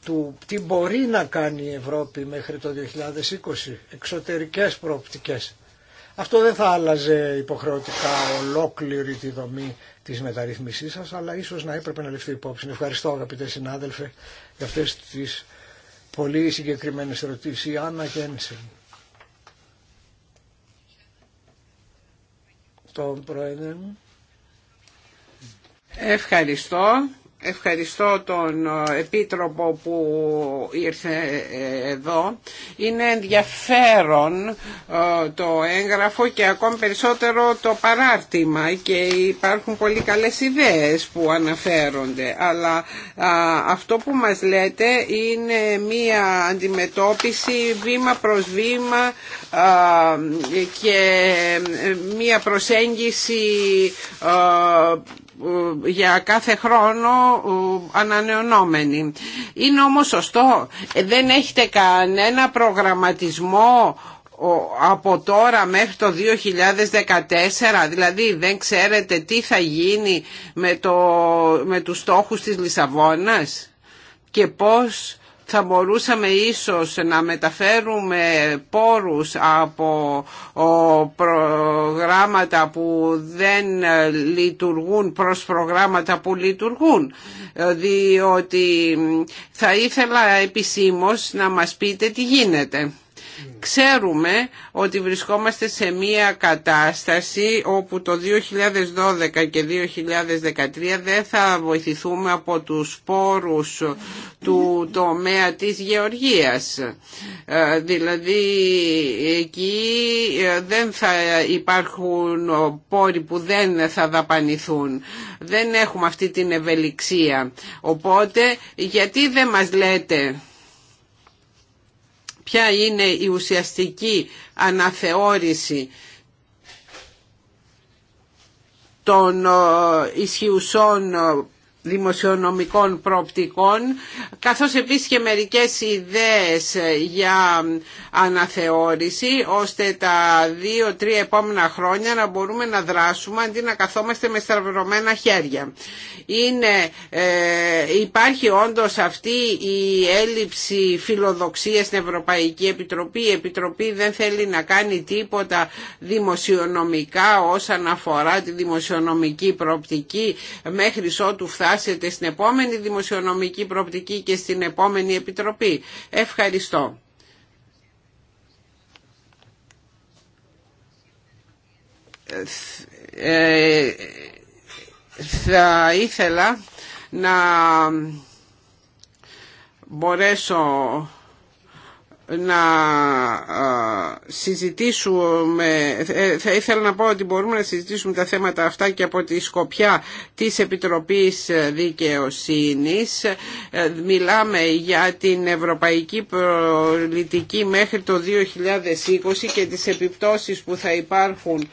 C: του τι μπορεί να κάνει η Ευρώπη μέχρι το 2020, εξωτερικές προοπτικές. Αυτό δεν θα άλλαζε υποχρεωτικά ολόκληρη τη δομή της μεταρρύθμισής σας, αλλά ίσως να έπρεπε να ληφθεί υπόψη. Ευχαριστώ αγαπητέ συνάδελφε για αυτές τις πολύ συγκεκριμένες ερωτήσεις. Η Άννα Γένσεν. Ευχαριστώ, Πρόεδρε.
A: Ευχαριστώ. Ευχαριστώ τον ε, Επίτροπο που ήρθε ε, εδώ. Είναι ενδιαφέρον ε, το έγγραφο και ακόμη περισσότερο το παράρτημα και υπάρχουν πολύ καλές ιδέες που αναφέρονται. Αλλά αυτό που μας λέτε είναι μία αντιμετώπιση βήμα προς βήμα και μία προσέγγιση ε, για κάθε χρόνο ε, ανανεωνόμενη. Είναι όμως σωστό, ε, δεν έχετε κανένα προγραμματισμό από τώρα μέχρι το 2014, δηλαδή δεν ξέρετε τι θα γίνει με, το, με τους στόχους της Λισαβόνας και πώς θα μπορούσαμε ίσως να μεταφέρουμε πόρους από προγράμματα που δεν λειτουργούν προς προγράμματα που λειτουργούν ε, διότι θα ήθελα επισήμως να μας πείτε τι γίνεται. Ξέρουμε ότι βρισκόμαστε σε μία κατάσταση όπου το 2012 και 2013 δεν θα βοηθηθούμε από τους πόρους του τομέα της γεωργίας. Ε, δηλαδή εκεί ε, δεν θα υπάρχουν πόροι που δεν θα δαπανηθούν. Δεν έχουμε αυτή την ευελιξία. Οπότε γιατί δεν μας λέτε ποια είναι η ουσιαστική αναθεώρηση των ε, ισχυουσών ε, δημοσιονομικών προοπτικών καθώς επίσης και μερικές ιδέες για αναθεώρηση ώστε τα δύο-τρία επόμενα χρόνια να μπορούμε να δράσουμε αντί να καθόμαστε με στραβερωμένα χέρια. Είναι, ε, υπάρχει όντως αυτή η έλλειψη φιλοδοξίας στην Ευρωπαϊκή Επιτροπή. Η Επιτροπή δεν θέλει να κάνει τίποτα δημοσιονομικά όσον αφορά τη δημοσιονομική προοπτική μέχρι ότου φτάσει εντάσσεται στην επόμενη δημοσιονομική προοπτική και στην επόμενη επιτροπή. Ευχαριστώ. Ε, θα ήθελα να μπορέσω να συζητήσουμε, ε, θα ήθελα να πω ότι μπορούμε να συζητήσουμε τα θέματα αυτά και από τη σκοπιά της Επιτροπής Δικαιοσύνης. Ε, μιλάμε για την ευρωπαϊκή πολιτική μέχρι το 2020 και τις επιπτώσεις που θα υπάρχουν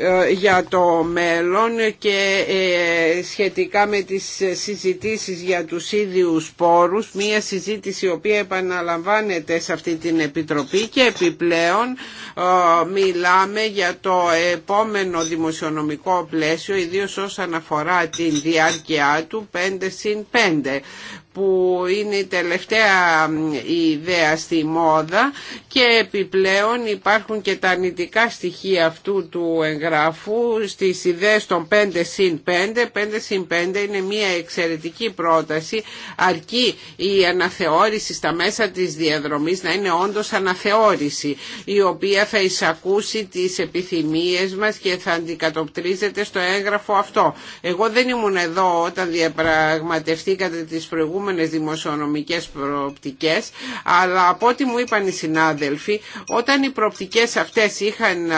A: ε, για το μέλλον και ε, σχετικά με τις συζητήσεις για τους ίδιους πόρους μία συζήτηση η οποία επαναλαμβάνεται σε αυτή την Επιτροπή και επιπλέον ε, μιλάμε για το επόμενο δημοσιονομικό πλαίσιο ιδίως όσον αφορά την διάρκεια του 5 συν 5 που είναι η τελευταία ιδέα στη μόδα και επιπλέον υπάρχουν και τα αρνητικά στοιχεία αυτού του εγγράφου στις ιδέες των 5 συν 5. 5 συν 5 είναι μια εξαιρετική πρόταση αρκεί η αναθεώρηση στα μέσα της διαδρομής να είναι όντως αναθεώρηση η οποία θα εισακούσει τις επιθυμίες μας και θα αντικατοπτρίζεται στο έγγραφο αυτό. Εγώ δεν ήμουν εδώ όταν διαπραγματευτήκατε τις προηγούμενες προηγούμενες δημοσιονομικές προοπτικές αλλά από ό,τι μου είπαν οι συνάδελφοι όταν οι προοπτικές αυτές είχαν ε,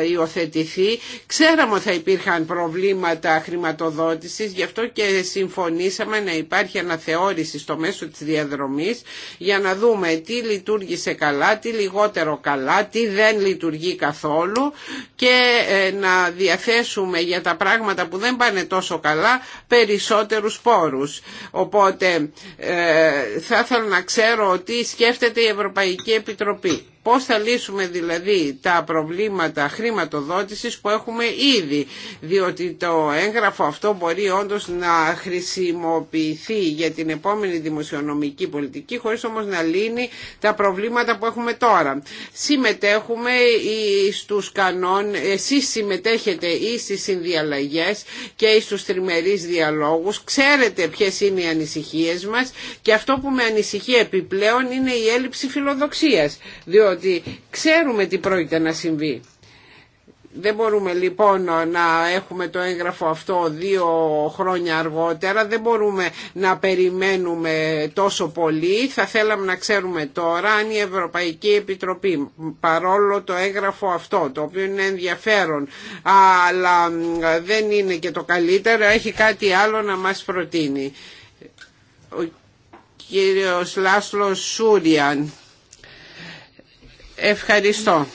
A: ε, υιοθετηθεί ξέραμε ότι θα υπήρχαν προβλήματα χρηματοδότησης γι' αυτό και συμφωνήσαμε να υπάρχει αναθεώρηση στο μέσο της διαδρομής για να δούμε τι λειτουργήσε καλά, τι λιγότερο καλά, τι δεν λειτουργεί καθόλου και ε, να διαθέσουμε για τα πράγματα που δεν πάνε τόσο καλά περισσότερους πόρους. Οπότε Οπότε ε, θα ήθελα να ξέρω τι σκέφτεται η Ευρωπαϊκή Επιτροπή. Πώς θα λύσουμε δηλαδή τα προβλήματα χρηματοδότησης που έχουμε ήδη, διότι το έγγραφο αυτό μπορεί όντως να χρησιμοποιηθεί για την επόμενη δημοσιονομική πολιτική, χωρίς όμως να λύνει τα προβλήματα που έχουμε τώρα. Συμμετέχουμε στους κανόν, εσείς συμμετέχετε ή στις συνδιαλλαγές και ή στους τριμερείς διαλόγους, ξέρετε ποιες είναι οι ανησυχίες μας και αυτό που με ανησυχεί επιπλέον είναι η έλλειψη φιλοδοξίας, ότι ξέρουμε τι πρόκειται να συμβεί. Δεν μπορούμε λοιπόν να έχουμε το έγγραφο αυτό δύο χρόνια αργότερα, δεν μπορούμε να περιμένουμε τόσο πολύ. Θα θέλαμε να ξέρουμε τώρα αν η Ευρωπαϊκή Επιτροπή, παρόλο το έγγραφο αυτό, το οποίο είναι ενδιαφέρον, αλλά δεν είναι και το καλύτερο, έχει κάτι άλλο να μας προτείνει. Ο κύριος Λάσλος Σούριαν. Ευχαριστώ.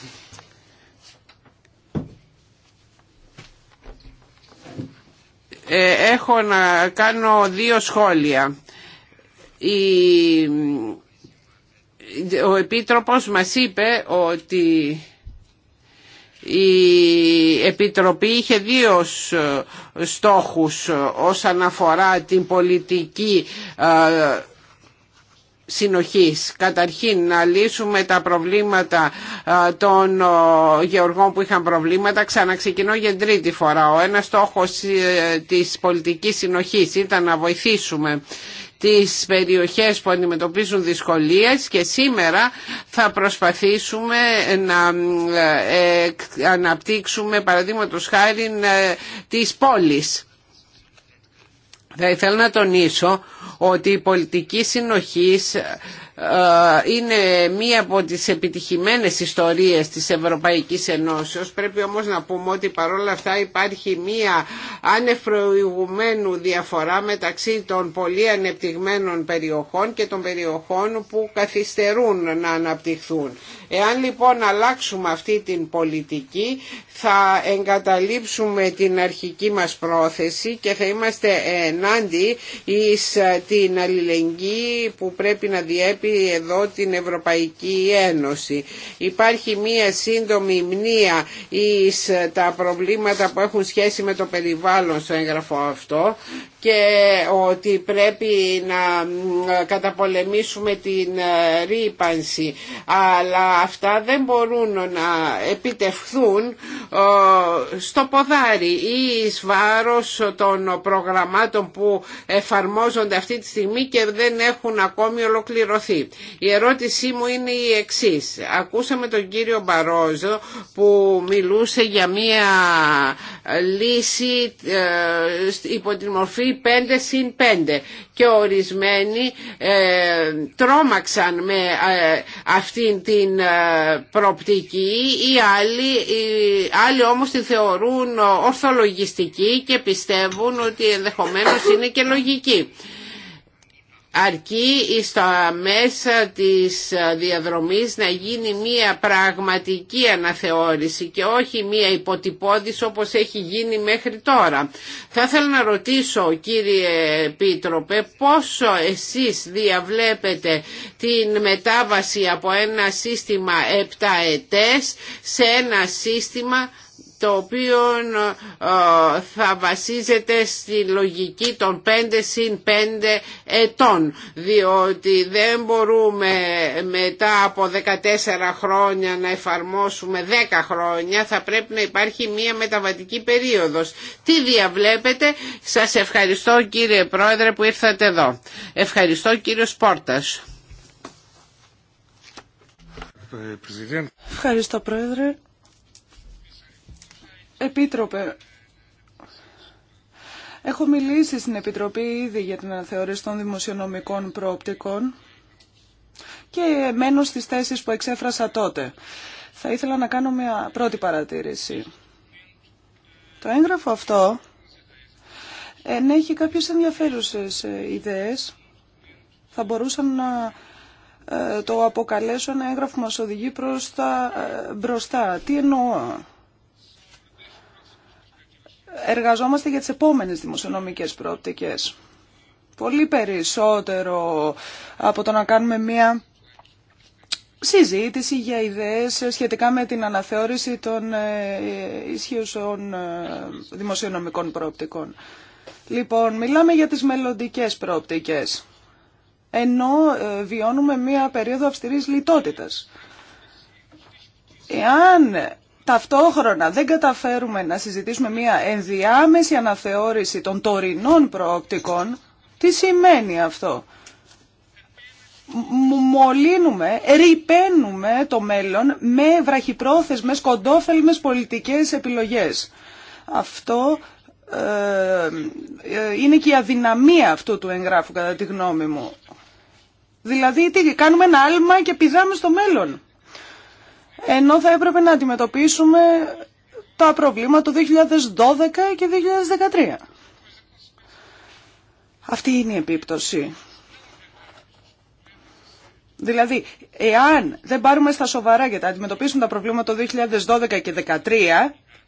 A: Ε, έχω να κάνω δύο σχόλια. Η ο Επίτροπος μας είπε ότι η Επιτροπή είχε δύο στόχους όσον αφορά την πολιτική ε, συνοχής. Καταρχήν να λύσουμε τα προβλήματα των γεωργών που είχαν προβλήματα. Ξαναξεκινώ για τρίτη φορά. Ο ένας στόχος ε, της πολιτικής συνοχής ήταν να βοηθήσουμε τις περιοχές που αντιμετωπίζουν δυσκολίες και σήμερα θα προσπαθήσουμε να ε, αναπτύξουμε παραδείγματος χάρη ε, της πόλης θα ήθελα να τονίσω ότι η πολιτική συνοχής ε, είναι μία από τις επιτυχημένες ιστορίες της Ευρωπαϊκής Ενώσεως. Πρέπει όμως να πούμε ότι παρόλα αυτά υπάρχει μία ανεφροηγουμένου διαφορά μεταξύ των πολύ ανεπτυγμένων περιοχών και των περιοχών που καθυστερούν να αναπτυχθούν. Εάν λοιπόν αλλάξουμε αυτή την πολιτική θα εγκαταλείψουμε την αρχική μας πρόθεση και θα είμαστε ενάντια ε, την αλληλεγγύη που πρέπει να διέπει εδώ την Ευρωπαϊκή Ένωση. Υπάρχει μία σύντομη μνήα εις τα προβλήματα που έχουν σχέση με το περιβάλλον στο έγγραφο αυτό και ότι πρέπει να ε, καταπολεμήσουμε την ε, ρήπανση αλλά αυτά δεν μπορούν να επιτευχθούν ε, στο ποδάρι ή εις βάρος των προγραμμάτων που εφαρμόζονται αυτή τη στιγμή και δεν έχουν ακόμη ολοκληρωθεί. Η ερώτησή μου είναι η εξής. Ακούσαμε τον κύριο Μπαρόζο που μιλούσε για μία λύση υπό τη μορφή 5 συν 5 και ορισμένοι ε, τρόμαξαν με ε, αυτήν την ε, προπτική οι άλλοι, οι άλλοι όμως τη θεωρούν ορθολογιστική και πιστεύουν ότι ενδεχομένως είναι και λογική αρκεί στα μέσα της διαδρομής να γίνει μία πραγματική αναθεώρηση και όχι μία υποτυπώδης όπως έχει γίνει μέχρι τώρα. Θα ήθελα να ρωτήσω κύριε Πίτροπε πόσο εσείς διαβλέπετε την μετάβαση από ένα σύστημα επτά ετές σε ένα σύστημα το οποίο ε, θα βασίζεται στη λογική των 5 συν 5 ετών διότι δεν μπορούμε μετά από 14 χρόνια να εφαρμόσουμε 10 χρόνια θα πρέπει να υπάρχει μια μεταβατική περίοδος. Τι διαβλέπετε σας ευχαριστώ κύριε Πρόεδρε που ήρθατε εδώ. Ευχαριστώ κύριο
B: Πόρτας. Ευχαριστώ Πρόεδρε. Επίτροπε, έχω μιλήσει στην Επιτροπή ήδη για την αναθεώρηση των δημοσιονομικών προοπτικών και μένω στις θέσεις που εξέφρασα τότε. Θα ήθελα να κάνω μια πρώτη παρατήρηση. Το έγγραφο αυτό ενέχει κάποιες ενδιαφέρουσες ε, ιδέες. Θα μπορούσαν να ε, το αποκαλέσω ένα έγγραφο που μας οδηγεί προς τα ε, μπροστά. Τι εννοώ εργαζόμαστε για τις επόμενες δημοσιονομικές προοπτικές. Πολύ περισσότερο από το να κάνουμε μία συζήτηση για ιδέες σχετικά με την αναθεώρηση των ε, ισχύουσων ε, δημοσιονομικών προοπτικών. Λοιπόν, μιλάμε για τις μελλοντικές προοπτικές, ενώ ε, βιώνουμε μία περίοδο αυστηρής λιτότητας. Εάν ταυτόχρονα δεν καταφέρουμε να συζητήσουμε μια ενδιάμεση αναθεώρηση των τωρινών προοπτικών, τι σημαίνει αυτό. Μολύνουμε, ρηπαίνουμε το μέλλον με βραχυπρόθεσμες, κοντόφελμες πολιτικές επιλογές. Αυτό ε, ε, είναι και η αδυναμία αυτού του εγγράφου κατά τη γνώμη μου. Δηλαδή τι, κάνουμε ένα άλμα και πηδάμε στο μέλλον ενώ θα έπρεπε να αντιμετωπίσουμε τα προβλήματα του 2012 και 2013. Αυτή είναι η επίπτωση. Δηλαδή, εάν δεν πάρουμε στα σοβαρά για να αντιμετωπίσουμε τα προβλήματα το 2012 και 2013,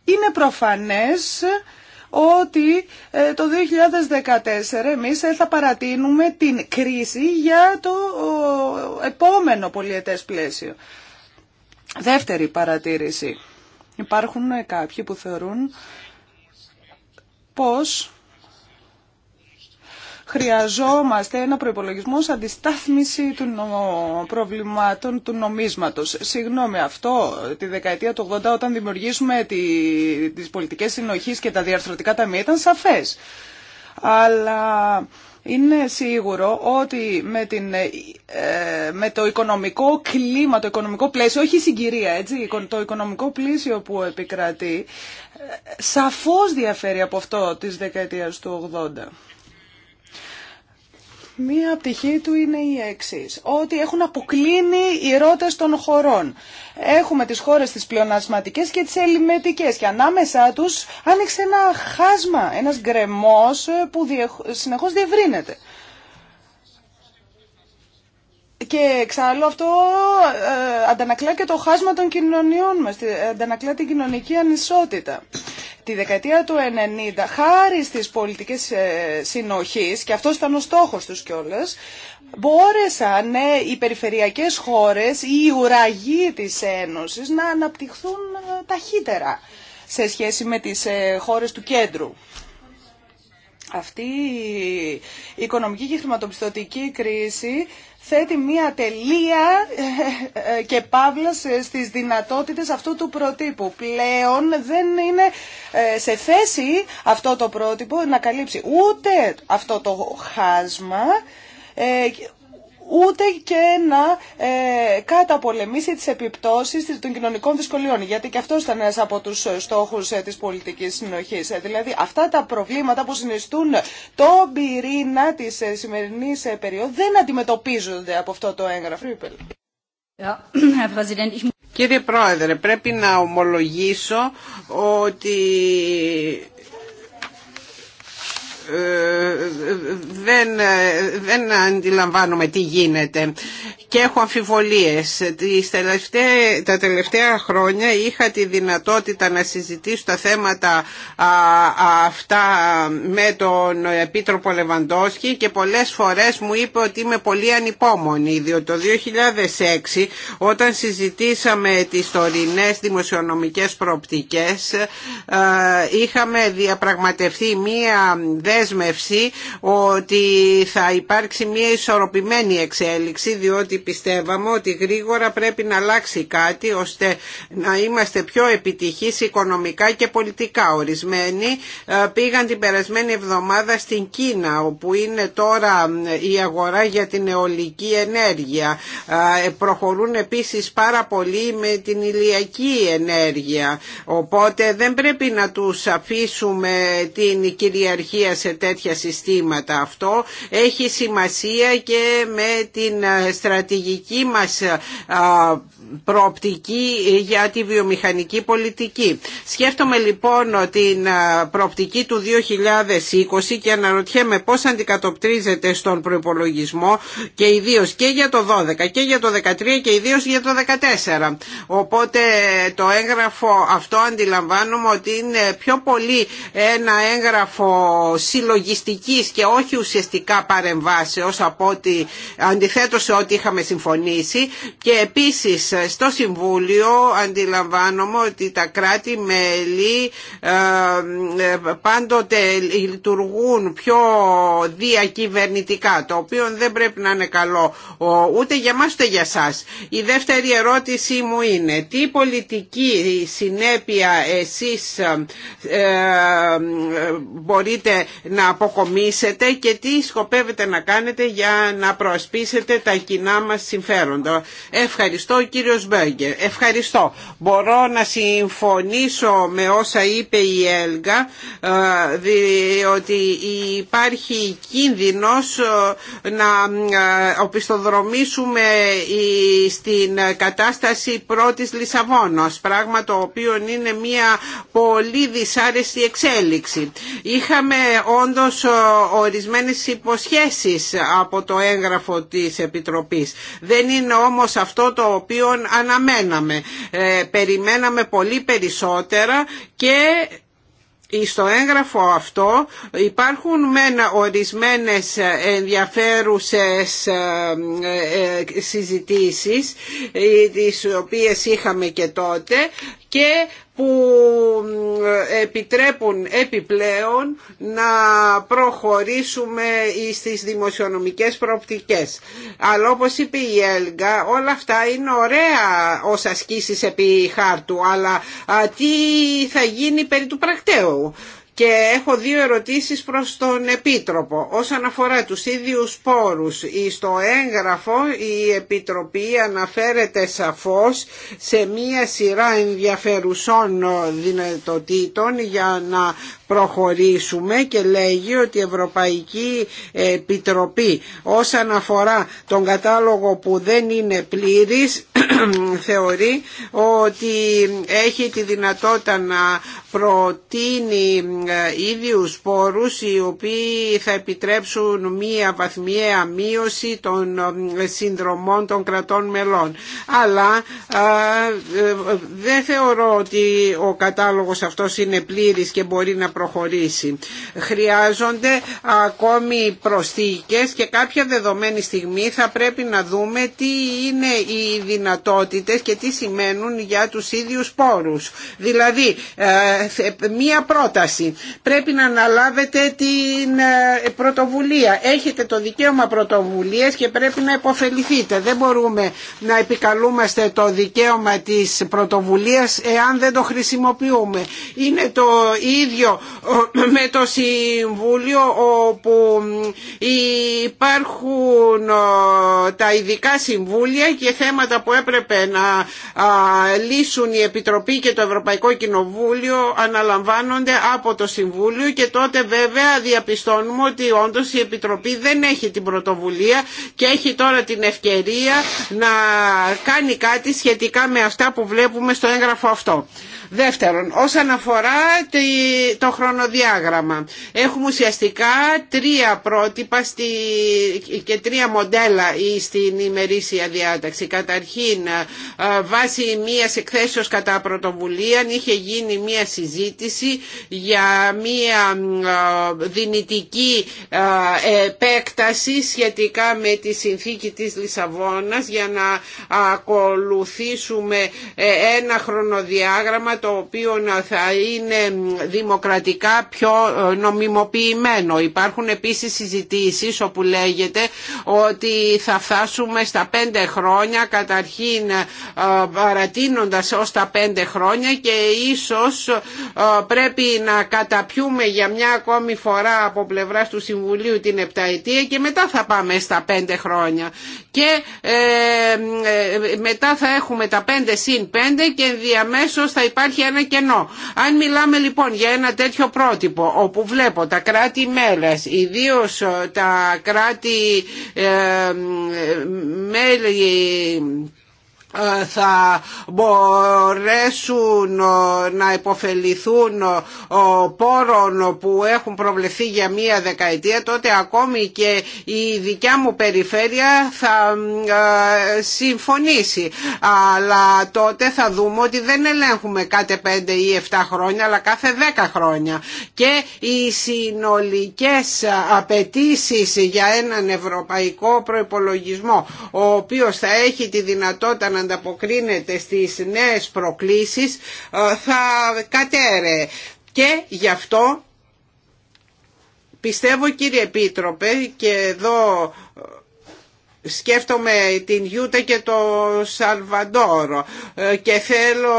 B: είναι προφανές ότι ε, το 2014 εμείς ε, θα παρατείνουμε την κρίση για το επόμενο πολιετές πλαίσιο. Δεύτερη παρατήρηση. Υπάρχουν κάποιοι που θεωρούν πως χρειαζόμαστε ένα προϋπολογισμό σαν αντιστάθμιση των προβλημάτων του νομίσματος. Συγγνώμη, αυτό τη δεκαετία του 80 όταν δημιουργήσουμε τη, τις πολιτικές συνοχής και τα διαρθρωτικά ταμεία ήταν σαφές. Αλλά είναι σίγουρο ότι ε, με, το οικονομικό κλίμα, το οικονομικό πλαίσιο, όχι η συγκυρία, έτσι, το οικονομικό πλαίσιο που επικρατεί, ε, σαφώς διαφέρει από αυτό της δεκαετίας του 80. Μία πτυχή του είναι η εξή. Ότι έχουν αποκλίνει οι ρότε των χωρών. Έχουμε τι χώρε τι πλεονασματικέ και τι ελληνικέ. Και ανάμεσά του άνοιξε ένα χάσμα, ένα γκρεμό που συνεχώ διευρύνεται. Και εξάλλου αυτό ε, αντανακλά και το χάσμα των κοινωνιών μας, ε, αντανακλά την κοινωνική ανισότητα. Τη δεκαετία του 90, χάρη στις πολιτικές ε, συνοχής, και αυτό ήταν ο στόχος τους κιόλας, μπόρεσαν οι περιφερειακές χώρες, οι ουραγοί της Ένωσης να αναπτυχθούν ταχύτερα σε σχέση με τις χώρες του κέντρου. Αυτή η οικονομική και χρηματοπιστωτική κρίση θέτει μία τελεία ε, ε, ε, και παύλα στις δυνατότητες αυτού του προτύπου. Πλέον δεν είναι σε θέση αυτό το πρότυπο να καλύψει ούτε αυτό το χάσμα ούτε και να ε, καταπολεμήσει τις επιπτώσεις των κοινωνικών δυσκολιών. Γιατί και αυτό ήταν ένας από τους στόχους ε, της πολιτικής συνοχής. Ε, δηλαδή αυτά τα προβλήματα που συνιστούν το πυρήνα της σημερινής περίοδου δεν αντιμετωπίζονται από αυτό το έγγραφο.
A: Κύριε Πρόεδρε, πρέπει να ομολογήσω ότι δεν, δεν αντιλαμβάνομαι τι γίνεται και έχω αμφιβολίες. τα τελευταία χρόνια είχα τη δυνατότητα να συζητήσω τα θέματα αυτά με τον Επίτροπο Λεβαντόσκι και πολλές φορές μου είπε ότι είμαι πολύ ανυπόμονη διότι το 2006 όταν συζητήσαμε τις τωρινές δημοσιονομικές προοπτικές είχαμε διαπραγματευτεί μία ότι θα υπάρξει μια ισορροπημένη εξέλιξη διότι πιστεύαμε ότι γρήγορα πρέπει να αλλάξει κάτι ώστε να είμαστε πιο επιτυχείς οικονομικά και πολιτικά. Ορισμένοι ε, πήγαν την περασμένη εβδομάδα στην Κίνα όπου είναι τώρα ε, η αγορά για την αιωλική ενέργεια. Ε, προχωρούν επίσης πάρα πολύ με την ηλιακή ενέργεια. Οπότε δεν πρέπει να τους αφήσουμε την κυριαρχία σε τέτοια συστήματα. Αυτό έχει σημασία και με την ε, στρατηγική μας ε, προοπτική για τη βιομηχανική πολιτική. Σκέφτομαι λοιπόν την ε, προοπτική του 2020 και αναρωτιέμαι πώς αντικατοπτρίζεται στον προϋπολογισμό και ιδίως και για το 12 και για το 13 και ιδίως για το 14. Οπότε το έγγραφο αυτό αντιλαμβάνομαι ότι είναι πιο πολύ ένα έγγραφο συλλογιστικής και όχι ουσιαστικά παρεμβάσεως από ότι, αντιθέτως σε ό,τι είχαμε συμφωνήσει και επίσης στο Συμβούλιο αντιλαμβάνομαι ότι τα κράτη-μέλη ε, ε, πάντοτε λειτουργούν πιο διακυβερνητικά το οποίο δεν πρέπει να είναι καλό ούτε για μας ούτε για σας. Η δεύτερη ερώτησή μου είναι τι πολιτική συνέπεια εσείς ε, μπορείτε να αποκομίσετε και τι σκοπεύετε να κάνετε για να προασπίσετε τα κοινά μας συμφέροντα. Ευχαριστώ κύριος Μπέγκερ. Ευχαριστώ. Μπορώ να συμφωνήσω με όσα είπε η Έλγα ε, διότι υπάρχει κίνδυνος ε, να ε, οπισθοδρομήσουμε στην κατάσταση πρώτης Λισαβόνος πράγμα το οποίο είναι μια πολύ δυσάρεστη εξέλιξη. Είχαμε όντως ορισμένες υποσχέσεις από το έγγραφο της Επιτροπής. Δεν είναι όμως αυτό το οποίο αναμέναμε. Ε, περιμέναμε πολύ περισσότερα και στο έγγραφο αυτό υπάρχουν μεν ορισμένες ενδιαφέρουσες ε, ε, συζητήσεις τις οποίες είχαμε και τότε και που ε, επιτρέπουν επιπλέον να προχωρήσουμε στις δημοσιονομικές προοπτικές. Αλλά όπως είπε η Έλγκα, όλα αυτά είναι ωραία ως ασκήσεις επί χάρτου, αλλά τι θα γίνει περί του πρακτέου. Και έχω δύο ερωτήσεις προς τον Επίτροπο. Όσον αφορά τους ίδιους πόρους, στο έγγραφο η Επιτροπή αναφέρεται σαφώς σε μία σειρά ενδιαφερουσών δυνατοτήτων για να προχωρήσουμε και λέγει ότι η Ευρωπαϊκή Επιτροπή όσον αφορά τον κατάλογο που δεν είναι πλήρης θεωρεί ότι έχει τη δυνατότητα να προτείνει ε, ίδιους πόρους οι οποίοι θα επιτρέψουν μία βαθμιαία μείωση των ε, συνδρομών των κρατών μελών. Αλλά ε, δεν θεωρώ ότι ο κατάλογος αυτός είναι πλήρης και μπορεί να προχωρήσει Χρειάζονται ακόμη προσθήκες και κάποια δεδομένη στιγμή θα πρέπει να δούμε τι είναι οι δυνατότητες και τι σημαίνουν για τους ίδιους πόρους. Δηλαδή, ε, μία πρόταση. Πρέπει να αναλάβετε την ε, πρωτοβουλία. Έχετε το δικαίωμα πρωτοβουλίας και πρέπει να υποφεληθείτε. Δεν μπορούμε να επικαλούμαστε το δικαίωμα της πρωτοβουλίας εάν δεν το χρησιμοποιούμε. Είναι το ίδιο με το Συμβούλιο όπου υπάρχουν ε, τα ειδικά συμβούλια και θέματα που έπρεπε να ε, λύσουν η Επιτροπή και το Ευρωπαϊκό Κοινοβούλιο αναλαμβάνονται από το Συμβούλιο και τότε βέβαια διαπιστώνουμε ότι όντως η Επιτροπή δεν έχει την πρωτοβουλία και έχει τώρα την ευκαιρία να κάνει κάτι σχετικά με αυτά που βλέπουμε στο έγγραφο αυτό. Δεύτερον, όσον αφορά το χρονοδιάγραμμα, έχουμε ουσιαστικά τρία πρότυπα και τρία μοντέλα στην ημερήσια διάταξη. Καταρχήν, ε, ε, βάσει μίας εκθέσεως κατά πρωτοβουλία είχε γίνει μία συζήτηση για μία ε, δυνητική επέκταση σχετικά με τη συνθήκη της Λισαβόνας για να ακολουθήσουμε ένα χρονοδιάγραμμα το οποίο θα είναι δημοκρατικά πιο ε, νομιμοποιημένο. Υπάρχουν επίσης συζητήσεις όπου λέγεται ότι θα φτάσουμε στα πέντε χρόνια καταρχήν ε, παρατείνοντας ως τα πέντε χρόνια και ίσως ε, πρέπει να καταπιούμε για μια ακόμη φορά από πλευράς του Συμβουλίου την επταετία και μετά θα πάμε στα πέντε χρόνια και μετά θα έχουμε τα πέντε συν πέντε και διαμέσως θα υπάρχει υπάρχει ένα κενό. Αν μιλάμε λοιπόν για ένα τέτοιο πρότυπο όπου βλέπω τα κράτη μέλες, ιδίως ε, τα κράτη ε, ε μέλη ε, θα μπορέσουν ε, να υποφεληθούν ε, πόρων που έχουν προβλεφθεί για μία δεκαετία τότε ακόμη και η δικιά μου περιφέρεια θα συμφωνήσει αλλά τότε θα δούμε ότι δεν ελέγχουμε κάθε 5 ή 7 χρόνια αλλά κάθε 10 χρόνια και οι συνολικές απαιτήσει για έναν ευρωπαϊκό προϋπολογισμό ο οποίος θα έχει τη δυνατότητα να ανταποκρίνεται στις νέες προκλήσεις ε, θα κατέρε. Και γι' αυτό Πιστεύω κύριε Επίτροπε και εδώ σκέφτομαι την Γιούτα και το Σαλβαντόρο ε, και θέλω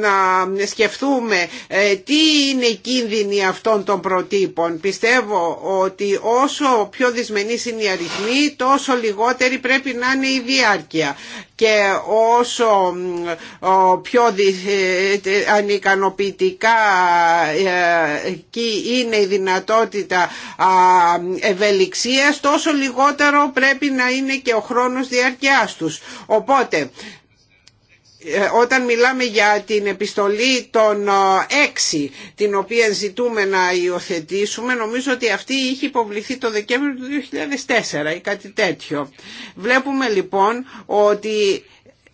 A: να σκεφτούμε ε, τι είναι οι κίνδυνοι αυτών των προτύπων. Πιστεύω ότι όσο πιο δυσμενείς είναι η αριθμή τόσο λιγότερη πρέπει να είναι η διάρκεια και όσο πιο ε, ανικανοποιητικά ε, είναι η δυνατότητα ευελιξίας τόσο λιγότερο πρέπει να είναι και ο χρόνος διαρκειάς τους. Οπότε ε, όταν μιλάμε για την επιστολή των 6 ε, την οποία ζητούμε να υιοθετήσουμε νομίζω ότι αυτή είχε υποβληθεί το Δεκέμβριο του 2004 ή κάτι τέτοιο. Βλέπουμε λοιπόν ότι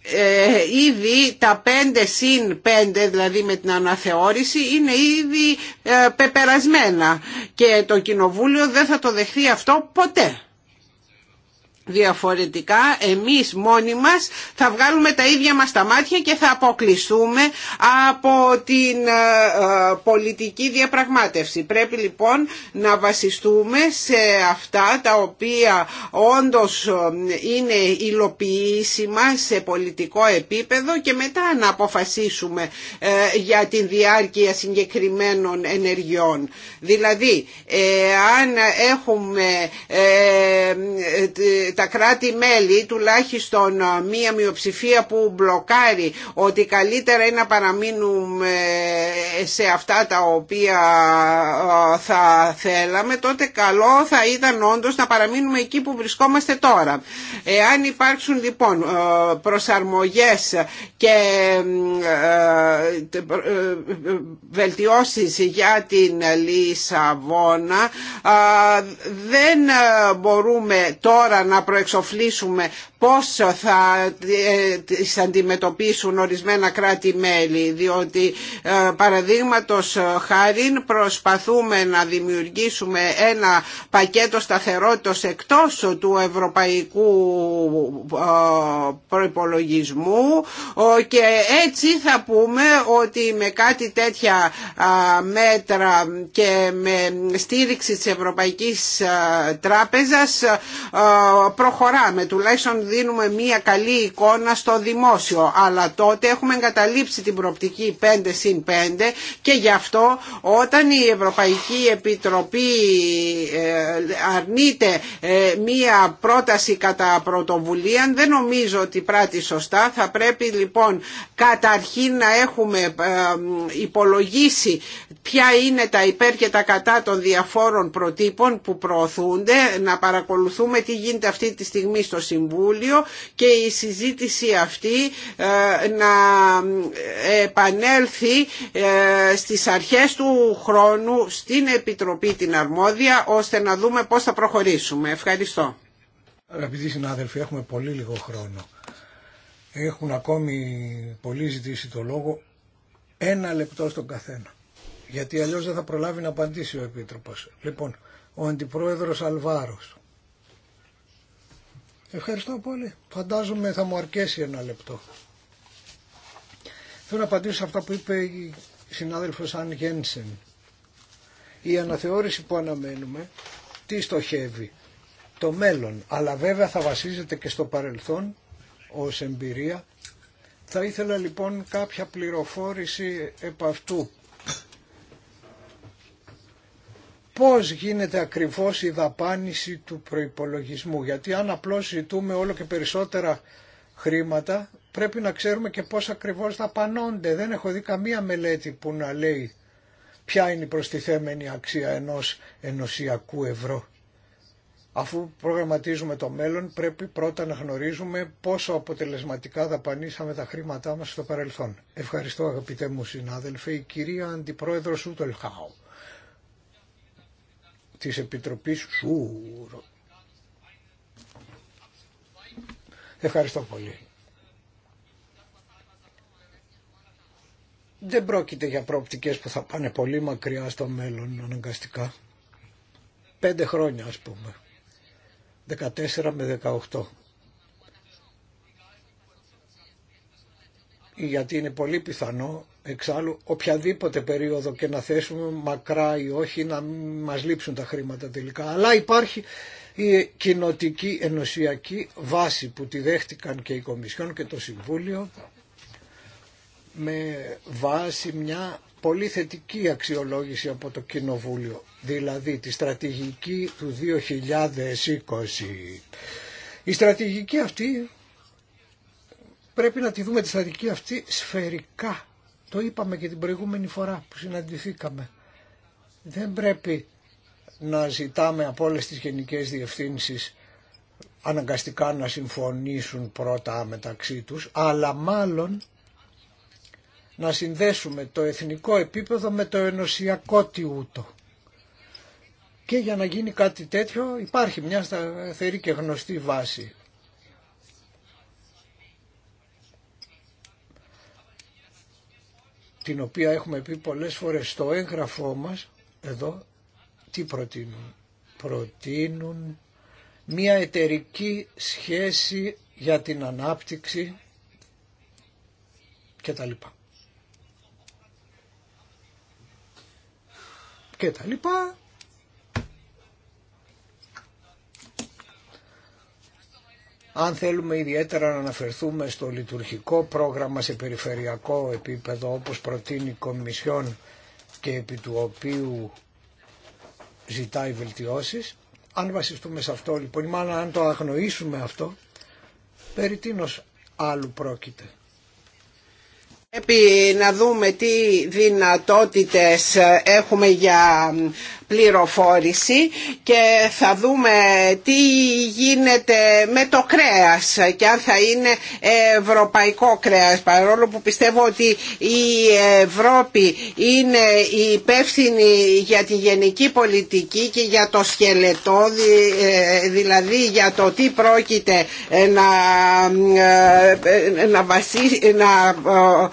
A: ε, ήδη τα 5 συν 5 δηλαδή με την αναθεώρηση είναι ήδη πεπερασμένα και το Κοινοβούλιο δεν θα το δεχθεί αυτό ποτέ. Διαφορετικά εμείς μόνοι μας θα βγάλουμε τα ίδια μας τα μάτια και θα αποκλειστούμε από την ε, ε, πολιτική διαπραγμάτευση. Πρέπει λοιπόν να βασιστούμε σε αυτά τα οποία όντως ε, είναι υλοποιήσιμα σε πολιτικό επίπεδο και μετά να αποφασίσουμε για την διάρκεια συγκεκριμένων ενεργειών. Δηλαδή, αν έχουμε τα κράτη-μέλη, τουλάχιστον ε, μία μειοψηφία που μπλοκάρει ότι καλύτερα είναι να παραμείνουμε ε, σε αυτά τα οποία ε, θα θέλαμε, τότε καλό θα ήταν όντως να παραμείνουμε εκεί που βρισκόμαστε τώρα. Εάν υπάρξουν λοιπόν προσαρμογές και βελτιώσεις για την Λισαβόνα, δεν μπορούμε τώρα να προεξοφλήσουμε πώς θα ε, τις αντιμετωπίσουν ορισμένα κράτη-μέλη διότι ε, παραδείγματος ε, χάριν, προσπαθούμε να δημιουργήσουμε ένα πακέτο σταθερότητος εκτός του ευρωπαϊκού προϋπολογισμού και έτσι θα πούμε ότι με κάτι τέτοια μέτρα και με στήριξη της Ευρωπαϊκής Τράπεζας προχωράμε, τουλάχιστον δίνουμε μία καλή εικόνα στο δημόσιο, αλλά τότε έχουμε εγκαταλείψει την προοπτική 5 συν 5 και γι' αυτό όταν η Ευρωπαϊκή Επιτροπή ε, αρνείται ε, μία πρόταση κατά πρωτοβουλία, δεν νομίζω ότι πράττει σωστά. Θα πρέπει λοιπόν καταρχήν να έχουμε ε, υπολογίσει ποια είναι τα υπέρ και τα κατά των διαφόρων προτύπων που προωθούνται, να παρακολουθούμε τι γίνεται αυτή τη στιγμή στο Συμβούλιο και η συζήτηση αυτή ε, να ε, επανέλθει ε, στις αρχές του χρόνου στην Επιτροπή την Αρμόδια ώστε να δούμε πώς θα προχωρήσουμε. Ευχαριστώ.
C: Αγαπητοί συνάδελφοι, έχουμε πολύ λίγο χρόνο. Έχουν ακόμη πολύ ζητήσει το λόγο. Ένα λεπτό στον καθένα. Γιατί αλλιώς δεν θα προλάβει να απαντήσει ο Επίτροπος. Λοιπόν, ο Αντιπρόεδρος Αλβάρος. Ευχαριστώ πολύ. Φαντάζομαι θα μου αρκέσει ένα λεπτό. Θέλω να απαντήσω σε αυτά που είπε η συνάδελφος Αν Γένσεν. Η αναθεώρηση που αναμένουμε, τι στοχεύει. Το μέλλον, αλλά βέβαια θα βασίζεται και στο παρελθόν ως εμπειρία. Θα ήθελα λοιπόν κάποια πληροφόρηση επ' αυτού πώς γίνεται ακριβώς η δαπάνηση του προϋπολογισμού. Γιατί αν απλώς ζητούμε όλο και περισσότερα χρήματα πρέπει να ξέρουμε και πώς ακριβώς δαπανώνται. Δεν έχω δει καμία μελέτη που να λέει ποια είναι η προστιθέμενη αξία ενός ενωσιακού ευρώ. Αφού προγραμματίζουμε το μέλλον πρέπει πρώτα να γνωρίζουμε πόσο αποτελεσματικά δαπανίσαμε τα χρήματά μας στο παρελθόν. Ευχαριστώ αγαπητέ μου συνάδελφε, η κυρία Αντιπρόεδρος Ούτελχάου της Επιτροπής ΣΟΥΡ. Ευχαριστώ πολύ. Δεν πρόκειται για προοπτικές που θα πάνε πολύ μακριά στο μέλλον αναγκαστικά. Πέντε χρόνια ας πούμε. 14 με 18. Γιατί είναι πολύ πιθανό Εξάλλου, οποιαδήποτε περίοδο και να θέσουμε, μακρά ή όχι, να μας λείψουν τα χρήματα τελικά. Αλλά υπάρχει η κοινοτική ενωσιακή βάση που τη δέχτηκαν και η Κομισιόν και το Συμβούλιο με βάση μια πολύ θετική αξιολόγηση από το Κοινοβούλιο, δηλαδή τη στρατηγική του 2020. Η στρατηγική αυτή πρέπει να τη δούμε τη στρατηγική αυτή σφαιρικά το είπαμε και την προηγούμενη φορά που συναντηθήκαμε. Δεν πρέπει να ζητάμε από όλες τις γενικές διευθύνσεις αναγκαστικά να συμφωνήσουν πρώτα μεταξύ τους, αλλά μάλλον να συνδέσουμε το εθνικό επίπεδο με το ενωσιακό τιούτο. Και για να γίνει κάτι τέτοιο υπάρχει μια σταθερή και γνωστή βάση. την οποία έχουμε πει πολλές φορές στο έγγραφό μας, εδώ, τι προτείνουν. Προτείνουν μια εταιρική σχέση για την ανάπτυξη και τα λοιπά. Και τα λοιπά Αν θέλουμε ιδιαίτερα να αναφερθούμε στο λειτουργικό πρόγραμμα σε περιφερειακό επίπεδο όπως προτείνει η Κομισιόν και επί του οποίου ζητάει βελτιώσεις, αν βασιστούμε σε αυτό λοιπόν, μάλλον αν το αγνοήσουμε αυτό, περί τίνος άλλου πρόκειται.
A: Πρέπει να δούμε τι δυνατότητες έχουμε για πληροφόρηση και θα δούμε τι γίνεται με το κρέας και αν θα είναι ευρωπαϊκό κρέας παρόλο που πιστεύω ότι η Ευρώπη είναι η υπεύθυνη για τη γενική πολιτική και για το σκελετό ε, δηλαδή για το τι πρόκειται να, ε, να, βασί, να ε,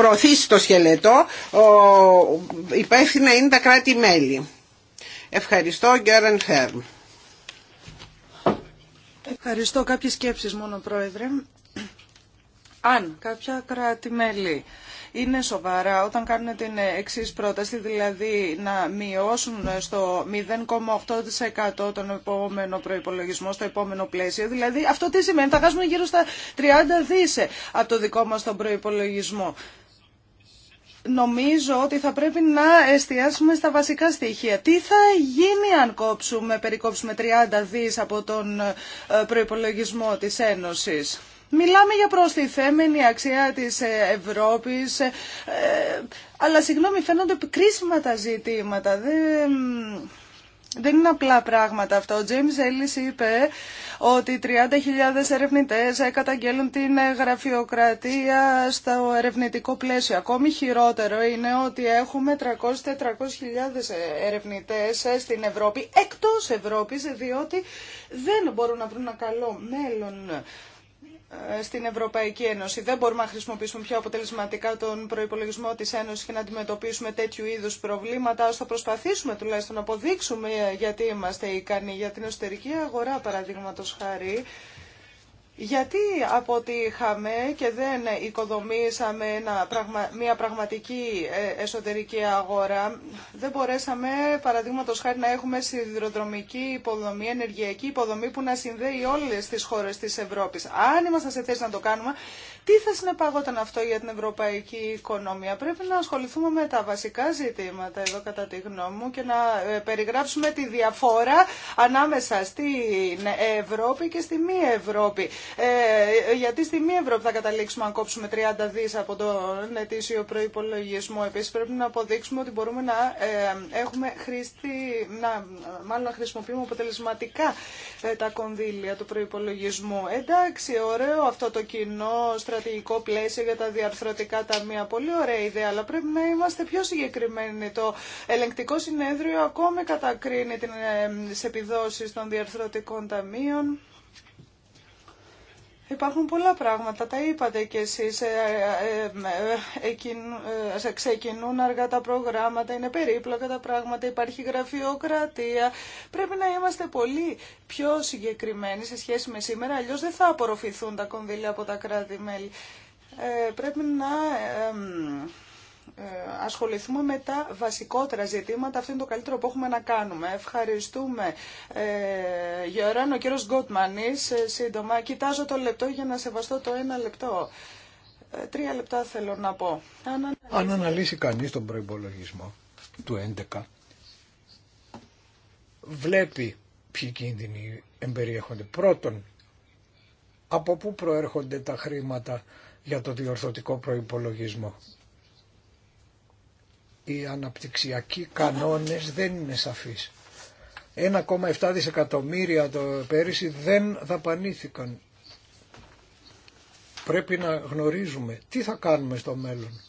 A: προωθήσει το σκελετό υπεύθυνα είναι τα κράτη-μέλη. Ευχαριστώ, Γκέραν Χέρμ.
B: Ευχαριστώ. Κάποιες σκέψεις μόνο, Πρόεδρε. Αν κάποια κράτη-μέλη είναι σοβαρά όταν κάνουν την εξή πρόταση, δηλαδή να μειώσουν στο 0,8% τον επόμενο προπολογισμό, στο επόμενο πλαίσιο. Δηλαδή αυτό τι σημαίνει, θα χάσουμε γύρω στα 30 δίσε από το δικό μας τον προπολογισμό. Νομίζω ότι θα πρέπει να εστιάσουμε στα βασικά στοιχεία. Τι θα γίνει αν κόψουμε, περικόψουμε 30 δις από τον ε, προϋπολογισμό της Ένωσης. Μιλάμε για προστιθέμενη αξία της ε, Ευρώπης, ε, αλλά συγγνώμη φαίνονται κρίσιμα τα ζητήματα. Δεν... Δεν είναι απλά πράγματα αυτά. Ο James Ellis είπε ότι 30.000 ερευνητές καταγγέλουν την γραφειοκρατία στο ερευνητικό πλαίσιο. Ακόμη χειρότερο είναι ότι έχουμε 300-400.000 ερευνητές στην Ευρώπη, εκτός Ευρώπης, διότι δεν μπορούν να βρουν ένα καλό μέλλον στην Ευρωπαϊκή Ένωση. Δεν μπορούμε να χρησιμοποιήσουμε πιο αποτελεσματικά τον προπολογισμό τη Ένωση και να αντιμετωπίσουμε τέτοιου είδου προβλήματα. Α θα προσπαθήσουμε τουλάχιστον να αποδείξουμε γιατί είμαστε ικανοί για την εσωτερική αγορά, παραδείγματο χάρη. Γιατί αποτύχαμε και δεν οικοδομήσαμε μια πραγματική ε, εσωτερική αγορά. Δεν μπορέσαμε, παραδείγματο χάρη, να έχουμε σιδηροδρομική υποδομή, ενεργειακή υποδομή που να συνδέει όλε τι χώρε τη Ευρώπη. Αν είμαστε σε θέση να το κάνουμε, τι θα συνεπαγόταν αυτό για την ευρωπαϊκή οικονομία. Πρέπει να ασχοληθούμε με τα βασικά ζητήματα εδώ κατά τη γνώμη μου και να ε, περιγράψουμε τη διαφορά ανάμεσα στην Ευρώπη και στη μη Ευρώπη. Ε, γιατί στη μη Ευρώπη θα καταλήξουμε αν κόψουμε 30 δις από τον ετήσιο προϋπολογισμό. Επίσης πρέπει να αποδείξουμε ότι μπορούμε να ε, έχουμε χρήστη, να, μάλλον να χρησιμοποιούμε αποτελεσματικά ε, τα κονδύλια του προϋπολογισμού. Εντάξει, ωραίο αυτό το κοινό στρατηγικό πλαίσιο για τα διαρθρωτικά ταμεία. Πολύ ωραία ιδέα, αλλά πρέπει να είμαστε πιο συγκεκριμένοι. Το ελεγκτικό συνέδριο ακόμη κατακρίνει ε, τι επιδόσει των διαρθρωτικών ταμείων. Υπάρχουν πολλά πράγματα, τα είπατε κι εσείς, ε, ε, ε, ξεκινούν αργά τα προγράμματα, είναι περίπλοκα τα πράγματα, υπάρχει γραφειοκρατία. Πρέπει να είμαστε πολύ πιο συγκεκριμένοι σε σχέση με σήμερα, αλλιώς δεν θα απορροφηθούν τα κονδύλια από τα κράτη-μέλη. Πρέπει να ε, ασχοληθούμε με τα βασικότερα ζητήματα. Αυτό είναι το καλύτερο που έχουμε να κάνουμε. Ευχαριστούμε. Ε, Γεωράν, ο κύριο Γκότμανης, σύντομα. Κοιτάζω το λεπτό για να σεβαστώ το ένα λεπτό. Ε, τρία λεπτά θέλω να πω.
C: Αν αναλύσει, Αν κανείς τον προϋπολογισμό του 11, βλέπει ποιοι κίνδυνοι εμπεριέχονται. Πρώτον, από πού προέρχονται τα χρήματα για το διορθωτικό προϋπολογισμό οι αναπτυξιακοί κανόνες δεν είναι σαφείς. 1,7 δισεκατομμύρια το πέρυσι δεν δαπανήθηκαν. Πρέπει να γνωρίζουμε τι θα κάνουμε στο μέλλον.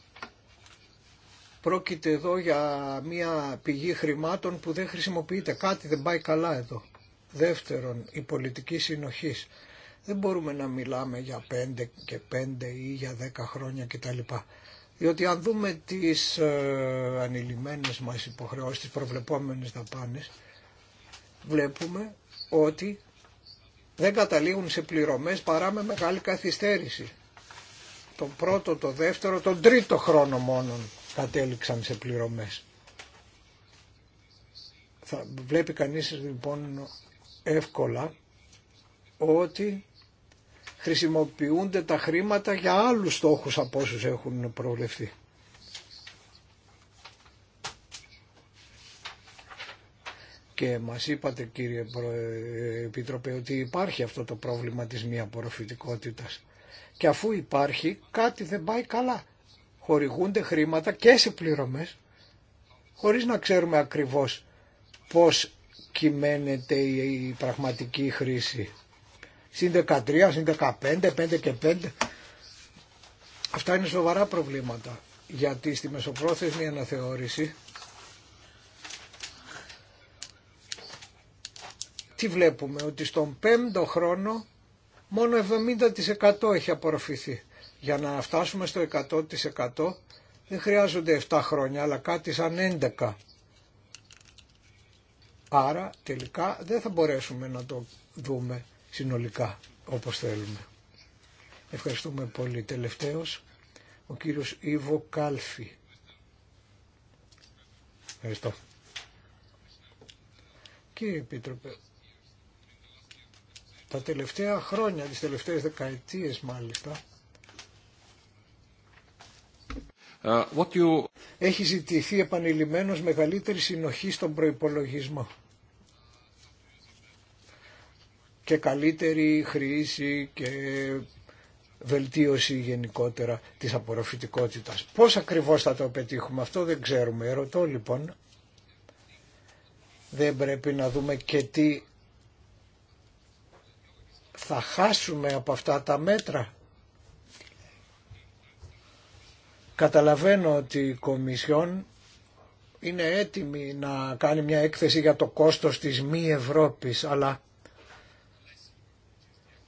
C: Πρόκειται εδώ για μια πηγή χρημάτων που δεν χρησιμοποιείται. Κάτι δεν πάει καλά εδώ. Δεύτερον, η πολιτική συνοχή. Δεν μπορούμε να μιλάμε για 5 και 5 ή για 10 χρόνια κτλ. Διότι αν δούμε τις ε, ανηλυμένες μας υποχρεώσεις, τις προβλεπόμενες δαπάνες, βλέπουμε ότι δεν καταλήγουν σε πληρωμές παρά με μεγάλη καθυστέρηση. Τον πρώτο, το δεύτερο, τον τρίτο χρόνο μόνο κατέληξαν σε πληρωμές. Θα βλέπει κανείς λοιπόν εύκολα ότι χρησιμοποιούνται τα χρήματα για άλλους στόχους από όσους έχουν προβλεφθεί. Και μας είπατε κύριε Επίτροπε ότι υπάρχει αυτό το πρόβλημα της μη απορροφητικότητας. Και αφού υπάρχει κάτι δεν πάει καλά. Χορηγούνται χρήματα και σε πληρωμές χωρίς να ξέρουμε ακριβώς πώς κυμαίνεται η πραγματική χρήση συν 13, συν 15, 5 και 5. Αυτά είναι σοβαρά προβλήματα γιατί στη μεσοπρόθεσμη αναθεώρηση τι βλέπουμε ότι στον πέμπτο χρόνο μόνο 70% έχει απορροφηθεί. Για να φτάσουμε στο 100% δεν χρειάζονται 7 χρόνια αλλά κάτι σαν 11. Άρα τελικά δεν θα μπορέσουμε να το δούμε συνολικά όπως θέλουμε. Ευχαριστούμε πολύ. Τελευταίος, ο κύριος Ιβο Κάλφη. Ευχαριστώ. Κύριε Επίτροπε, τα τελευταία χρόνια, τις τελευταίες δεκαετίες μάλιστα, uh, what you... έχει ζητηθεί επανειλημμένως μεγαλύτερη συνοχή στον προϋπολογισμό. και καλύτερη χρήση και βελτίωση γενικότερα της απορροφητικότητας. Πώς ακριβώς θα το πετύχουμε αυτό δεν ξέρουμε. Ερωτώ λοιπόν, δεν πρέπει να δούμε και τι θα χάσουμε από αυτά τα μέτρα. Καταλαβαίνω ότι η Κομισιόν είναι έτοιμη να κάνει μια έκθεση για το κόστος της μη Ευρώπης, αλλά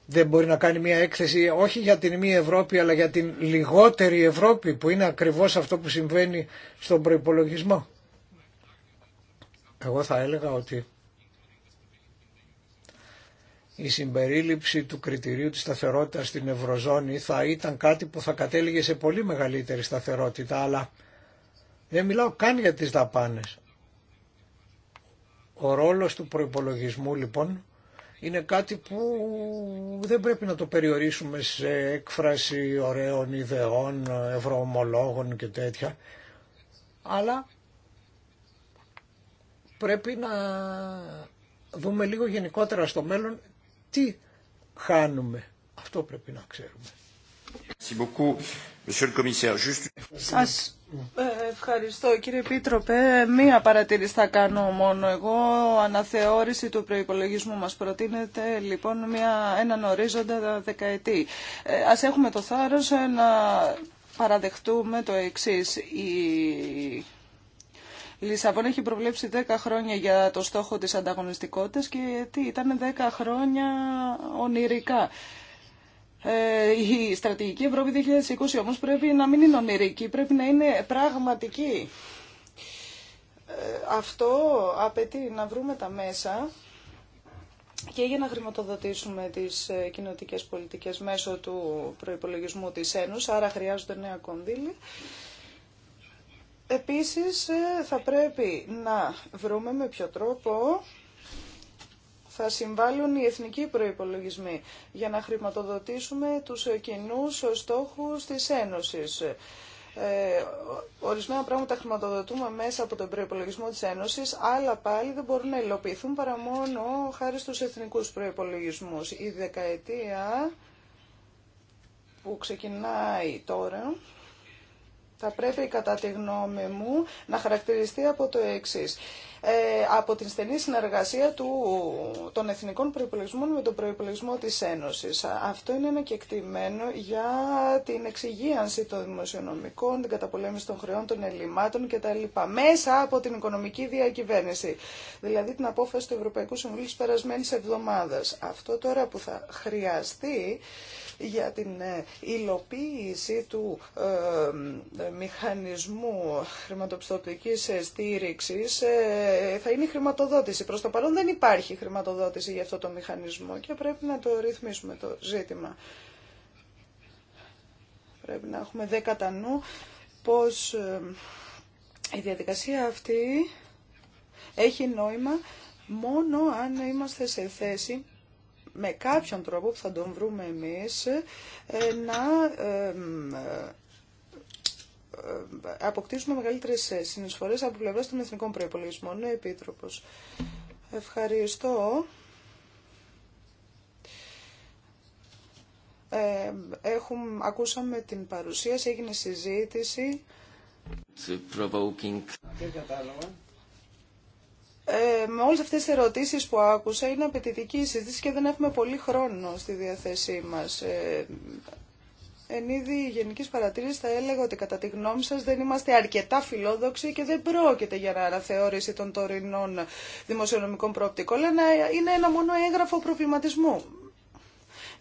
C: δεν μπορεί να κάνει μια έκθεση όχι για την μη Ευρώπη αλλά για την λιγότερη Ευρώπη που είναι ακριβώς αυτό που συμβαίνει στον προϋπολογισμό. Εγώ θα έλεγα ότι η συμπερίληψη του κριτηρίου της σταθερότητας στην Ευρωζώνη θα ήταν κάτι που θα κατέληγε σε πολύ μεγαλύτερη σταθερότητα αλλά δεν μιλάω καν για τις δαπάνες. Ο ρόλος του προϋπολογισμού λοιπόν είναι κάτι που δεν πρέπει να το περιορίσουμε σε έκφραση ωραίων ιδεών, ευρωομολόγων και τέτοια, αλλά πρέπει να δούμε λίγο γενικότερα στο μέλλον τι χάνουμε. Αυτό πρέπει να ξέρουμε.
B: Σας ε, ευχαριστώ κύριε Επίτροπε. Μία παρατήρηση θα κάνω μόνο εγώ. Αναθεώρηση πίτροπε. μια, λοιπόν, έναν ορίζοντα δεκαετή. Ε, ας έχουμε το θάρρος ε, να παραδεχτούμε το εξής. Η... Λισαβόνα έχει προβλέψει 10 χρόνια για το στόχο της ανταγωνιστικότητας και τι, ήταν 10 χρόνια ονειρικά. Ε, η στρατηγική Ευρώπη 2020 όμως πρέπει να μην είναι ονειρική, πρέπει να είναι πραγματική. Ε, αυτό απαιτεί να βρούμε τα μέσα και για να χρηματοδοτήσουμε τις ε, κοινωτικές πολιτικές μέσω του προϋπολογισμού της Ένωσης, άρα χρειάζονται νέα κονδύλια. Επίσης θα πρέπει να βρούμε με ποιο τρόπο θα συμβάλλουν οι εθνικοί προϋπολογισμοί για να χρηματοδοτήσουμε τους κοινούς στόχους της Ένωσης. Ε, ορισμένα πράγματα χρηματοδοτούμε μέσα από τον προϋπολογισμό της Ένωσης, αλλά πάλι δεν μπορούν να υλοποιηθούν παρά μόνο χάρη στους εθνικούς προϋπολογισμούς. Η δεκαετία που ξεκινάει τώρα θα πρέπει κατά τη γνώμη μου να χαρακτηριστεί από το εξής. Ε, από την στενή συνεργασία του, των εθνικών προϋπολογισμών με τον προϋπολογισμό της Ένωσης. Αυτό είναι ένα κεκτημένο για την εξυγίανση των δημοσιονομικών, την καταπολέμηση των χρεών, των ελλημάτων κτλ. Μέσα από την οικονομική διακυβέρνηση. Δηλαδή την απόφαση του Ευρωπαϊκού Συμβουλίου της περασμένης εβδομάδας. Αυτό τώρα που θα χρειαστεί για την ε, υλοποίηση του ε, ε, μηχανισμού χρηματοπιστωτικής στήριξης θα είναι η χρηματοδότηση. Προς το παρόν δεν υπάρχει χρηματοδότηση για αυτό το μηχανισμό και πρέπει να το ρυθμίσουμε το ζήτημα. Πρέπει να έχουμε δε κατά νου πως η διαδικασία αυτή έχει νόημα μόνο αν είμαστε σε θέση με κάποιον τρόπο που θα τον βρούμε εμείς ε, να ε, ε, αποκτήσουμε μεγαλύτερες συνεισφορές από πλευράς των εθνικών προϋπολογισμών. Ναι, Επίτροπος. Ευχαριστώ. έχουμε, ακούσαμε την παρουσίαση, έγινε συζήτηση. Ε, με όλες αυτές τις ερωτήσεις που άκουσα είναι απαιτητική η συζήτηση και δεν έχουμε πολύ χρόνο στη διαθέσή μας. Ε, εν είδη γενικής παρατήρησης θα έλεγα ότι κατά τη γνώμη σας δεν είμαστε αρκετά φιλόδοξοι και δεν πρόκειται για να αναθεώρηση των τωρινών δημοσιονομικών προοπτικών, είναι ένα μόνο έγγραφο προβληματισμού.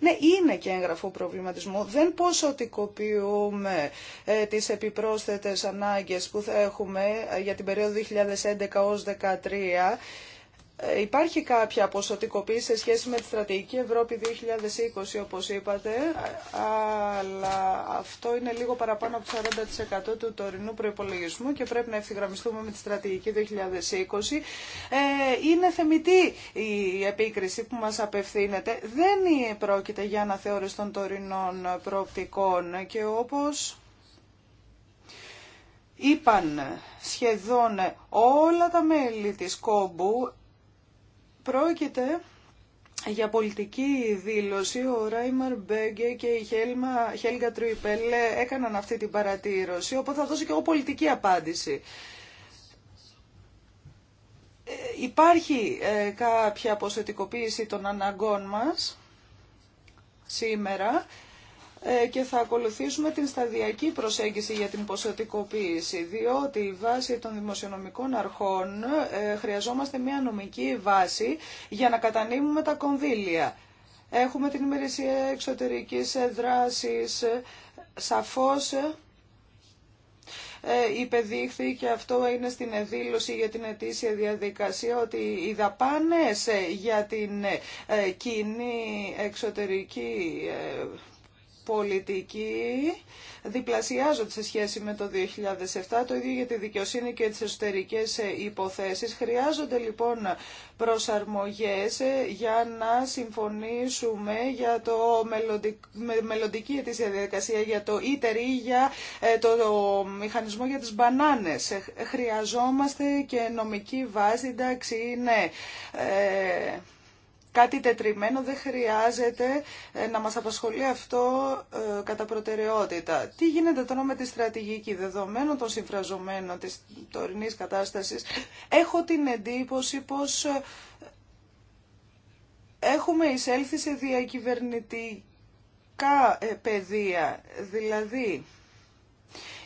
B: Ναι, είναι και έγγραφο προβληματισμού. Δεν ποσοτικοποιούμε ε, τις επιπρόσθετες ανάγκες που θα έχουμε ε, για την περίοδο 2011 ως 2013 ε, υπάρχει κάποια ποσοτικοποίηση σε σχέση με τη στρατηγική Ευρώπη 2020 όπως είπατε, αλλά αυτό είναι λίγο παραπάνω από το 40% του τωρινού προϋπολογισμού και πρέπει να ευθυγραμμιστούμε με τη στρατηγική 2020. Ε, είναι θεμητή η επίκριση που μας απευθύνεται. Δεν πρόκειται για αναθεώρηση των τωρινών προοπτικών και όπως είπαν σχεδόν όλα τα μέλη της κόμπου Πρόκειται για πολιτική δήλωση, ο Ράιμαρ Μπέγκε και η Χέλμα, Χέλγα Τρουιπέλε έκαναν αυτή την παρατήρωση, οπότε θα δώσω και εγώ πολιτική απάντηση. Ε, υπάρχει ε, κάποια ποσοτικοποίηση των αναγκών μας σήμερα. Ε, και θα ακολουθήσουμε την σταδιακή προσέγγιση για την ποσοτικοποίηση, διότι η βάση των δημοσιονομικών αρχών ε, χρειαζόμαστε μια νομική βάση για να κατανείμουμε τα κονδύλια. Έχουμε την ημερησία εξωτερικής ε, δράσης, σαφώς υπεδείχθη και αυτό είναι στην δήλωση για την ετήσια διαδικασία ότι οι δαπάνες για την κοινή εξωτερική πολιτική διπλασιάζονται σε σχέση με το 2007, το ίδιο για τη δικαιοσύνη και τις εσωτερικές ε, υποθέσεις. Χρειάζονται λοιπόν προσαρμογές ε, για να συμφωνήσουμε για το μελλοντικ... μελλοντική αιτήσια διαδικασία, για το ίτερ ή για ε, το μηχανισμό για τις μπανάνες. Χρειαζόμαστε και νομική βάση, εντάξει, ναι κάτι τετριμένο, δεν χρειάζεται ε, να μας απασχολεί αυτό ε, κατά προτεραιότητα. Τι γίνεται τώρα με τη στρατηγική δεδομένων των συμφραζομένων της τωρινής κατάστασης. Έχω την εντύπωση πως ε, έχουμε εισέλθει σε διακυβερνητικά πεδία, Δηλαδή,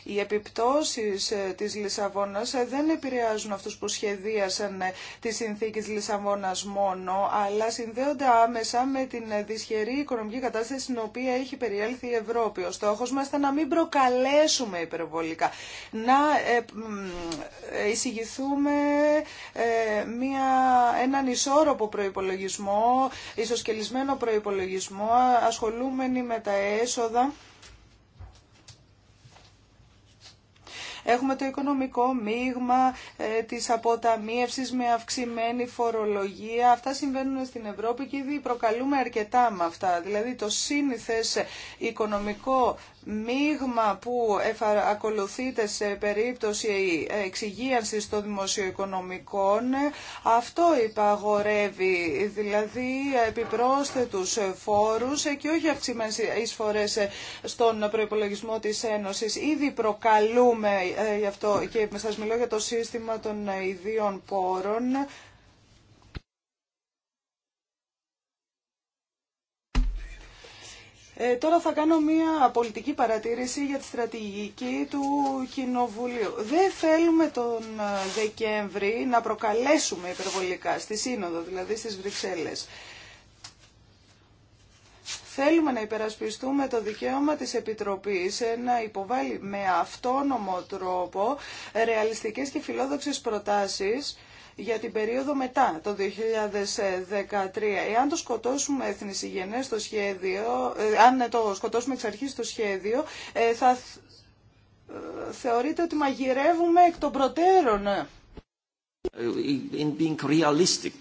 B: οι επιπτώσεις ε, της Λισαβόνας ε, δεν επηρεάζουν αυτούς που σχεδίασαν ε, τη συνθήκη της Λισαβόνας μόνο, αλλά συνδέονται άμεσα με την δυσχερή οικονομική κατάσταση στην οποία έχει περιέλθει η Ευρώπη. Ο στόχος μας ήταν να μην προκαλέσουμε υπερβολικά, να εισηγηθούμε μια, έναν ισόρροπο προϋπολογισμό, ισοσκελισμένο προϋπολογισμό, ασχολούμενοι με τα έσοδα Έχουμε το οικονομικό μείγμα ε, της αποταμίευσης με αυξημένη φορολογία. Αυτά συμβαίνουν στην Ευρώπη και ήδη προκαλούμε αρκετά με αυτά. Δηλαδή το σύνηθες οικονομικό μείγμα που ακολουθείται σε περίπτωση εξυγίανσης των δημοσιοοικονομικών, αυτό υπαγορεύει, δηλαδή επιπρόσθετους φόρους και όχι αυξημένες εισφορές στον προϋπολογισμό της Ένωσης. Ήδη προκαλούμε ε, αυτό και σας μιλώ για το σύστημα των ιδίων πόρων, Ε, τώρα θα κάνω μία πολιτική παρατήρηση για τη στρατηγική του Κοινοβουλίου. Δεν θέλουμε τον ε, Δεκέμβρη να προκαλέσουμε υπερβολικά στη Σύνοδο, δηλαδή στις Βρυξέλλες. Θέλουμε να υπερασπιστούμε το δικαίωμα της Επιτροπής ε, να υποβάλει με αυτόνομο τρόπο ρεαλιστικές και φιλόδοξες προτάσεις για την περίοδο μετά το 2013. Εάν το σκοτώσουμε εθνισυγενές το σχέδιο, ε, αν ε, το σκοτώσουμε εξ αρχής στο σχέδιο, ε, θα θεωρείται ότι μαγειρεύουμε εκ των προτέρων.
A: In being realistic.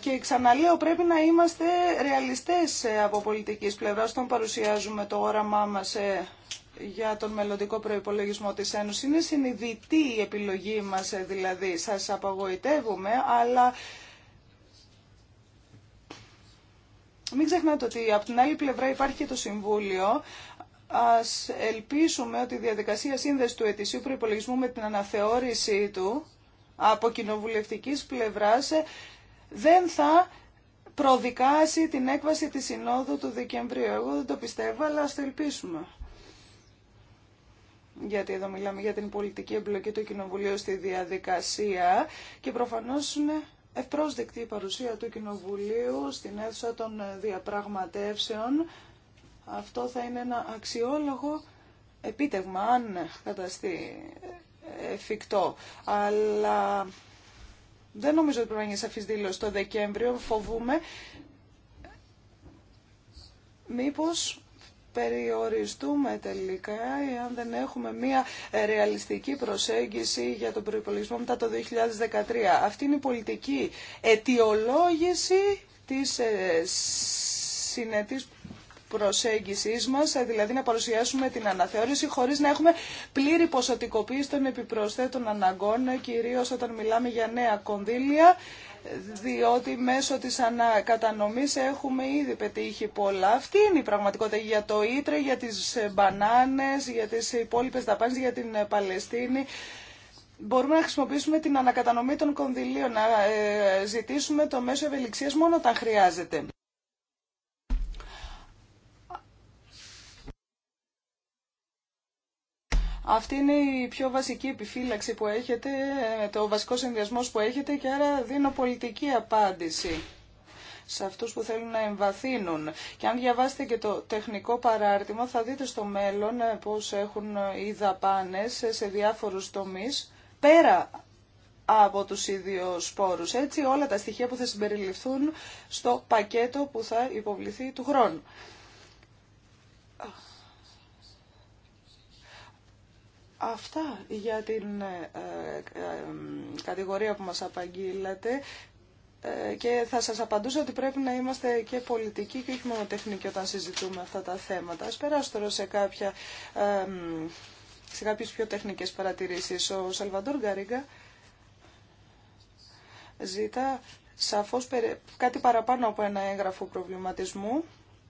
B: και ξαναλέω πρέπει να είμαστε ρεαλιστές από πολιτικής πλευράς όταν παρουσιάζουμε το όραμά μας για τον μελλοντικό προϋπολογισμό της Ένωσης. Είναι συνειδητή η επιλογή μας ε, δηλαδή. Σας απογοητεύουμε, αλλά μην ξεχνάτε ότι από την άλλη πλευρά υπάρχει και το Συμβούλιο. Ας ελπίσουμε ότι η διαδικασία σύνδεση του ετησίου προϋπολογισμού με την αναθεώρησή του από κοινοβουλευτικής πλευράς ε, δεν θα προδικάσει την έκβαση της Συνόδου του Δεκεμβρίου. Εγώ δεν το πιστεύω, αλλά ας το ελπίσουμε γιατί εδώ μιλάμε για την πολιτική εμπλοκή του Κοινοβουλίου στη διαδικασία και προφανώς είναι ευπρόσδεκτη η παρουσία του Κοινοβουλίου στην αίθουσα των διαπραγματεύσεων. Αυτό θα είναι ένα αξιόλογο επίτευγμα, αν καταστεί εφικτό. Αλλά δεν νομίζω ότι πρέπει να είναι σαφής δήλωση το Δεκέμβριο. Φοβούμε μήπως περιοριστούμε τελικά εάν δεν έχουμε μία ρεαλιστική προσέγγιση για τον προϋπολογισμό μετά το 2013. Αυτή είναι η πολιτική αιτιολόγηση της ε, συνετής προσέγγισης μας, ε, δηλαδή να παρουσιάσουμε την αναθεώρηση χωρίς να έχουμε πλήρη ποσοτικοποίηση των επιπροσθέτων αναγκών, ε, κυρίως όταν μιλάμε για νέα κονδύλια διότι μέσω της ανακατανομής έχουμε ήδη πετύχει πολλά. Αυτή είναι η πραγματικότητα για το Ήτρε, για τις μπανάνες, για τις υπόλοιπες δαπάνες, για την Παλαιστίνη. Μπορούμε να χρησιμοποιήσουμε την ανακατανομή των κονδυλίων, να ε, ζητήσουμε το μέσο ευελιξίας μόνο όταν χρειάζεται. Αυτή είναι η πιο βασική επιφύλαξη που έχετε, το βασικό συνδυασμό που έχετε και άρα δίνω πολιτική απάντηση σε αυτούς που θέλουν να εμβαθύνουν. Και αν διαβάσετε και το τεχνικό παράρτημα θα δείτε στο μέλλον ε, πώς έχουν ε, οι δαπάνες ε, σε διάφορους τομείς πέρα από τους ίδιους σπόρους. Έτσι όλα τα στοιχεία που θα συμπεριληφθούν στο πακέτο που θα υποβληθεί του χρόνου. Αυτά για την ε, ε, ε, κατηγορία που μας απαγγείλατε και θα σας απαντούσα ότι πρέπει να είμαστε και πολιτικοί και όχι μόνο τεχνικοί όταν συζητούμε αυτά τα θέματα. Ας περάσω τώρα σε κάποια σε κάποιες πιο τεχνικές παρατηρήσεις. Ο Σαλβαντόρ Γκαρίγκα ζητά σαφώς κάτι παραπάνω από ένα έγγραφο προβληματισμού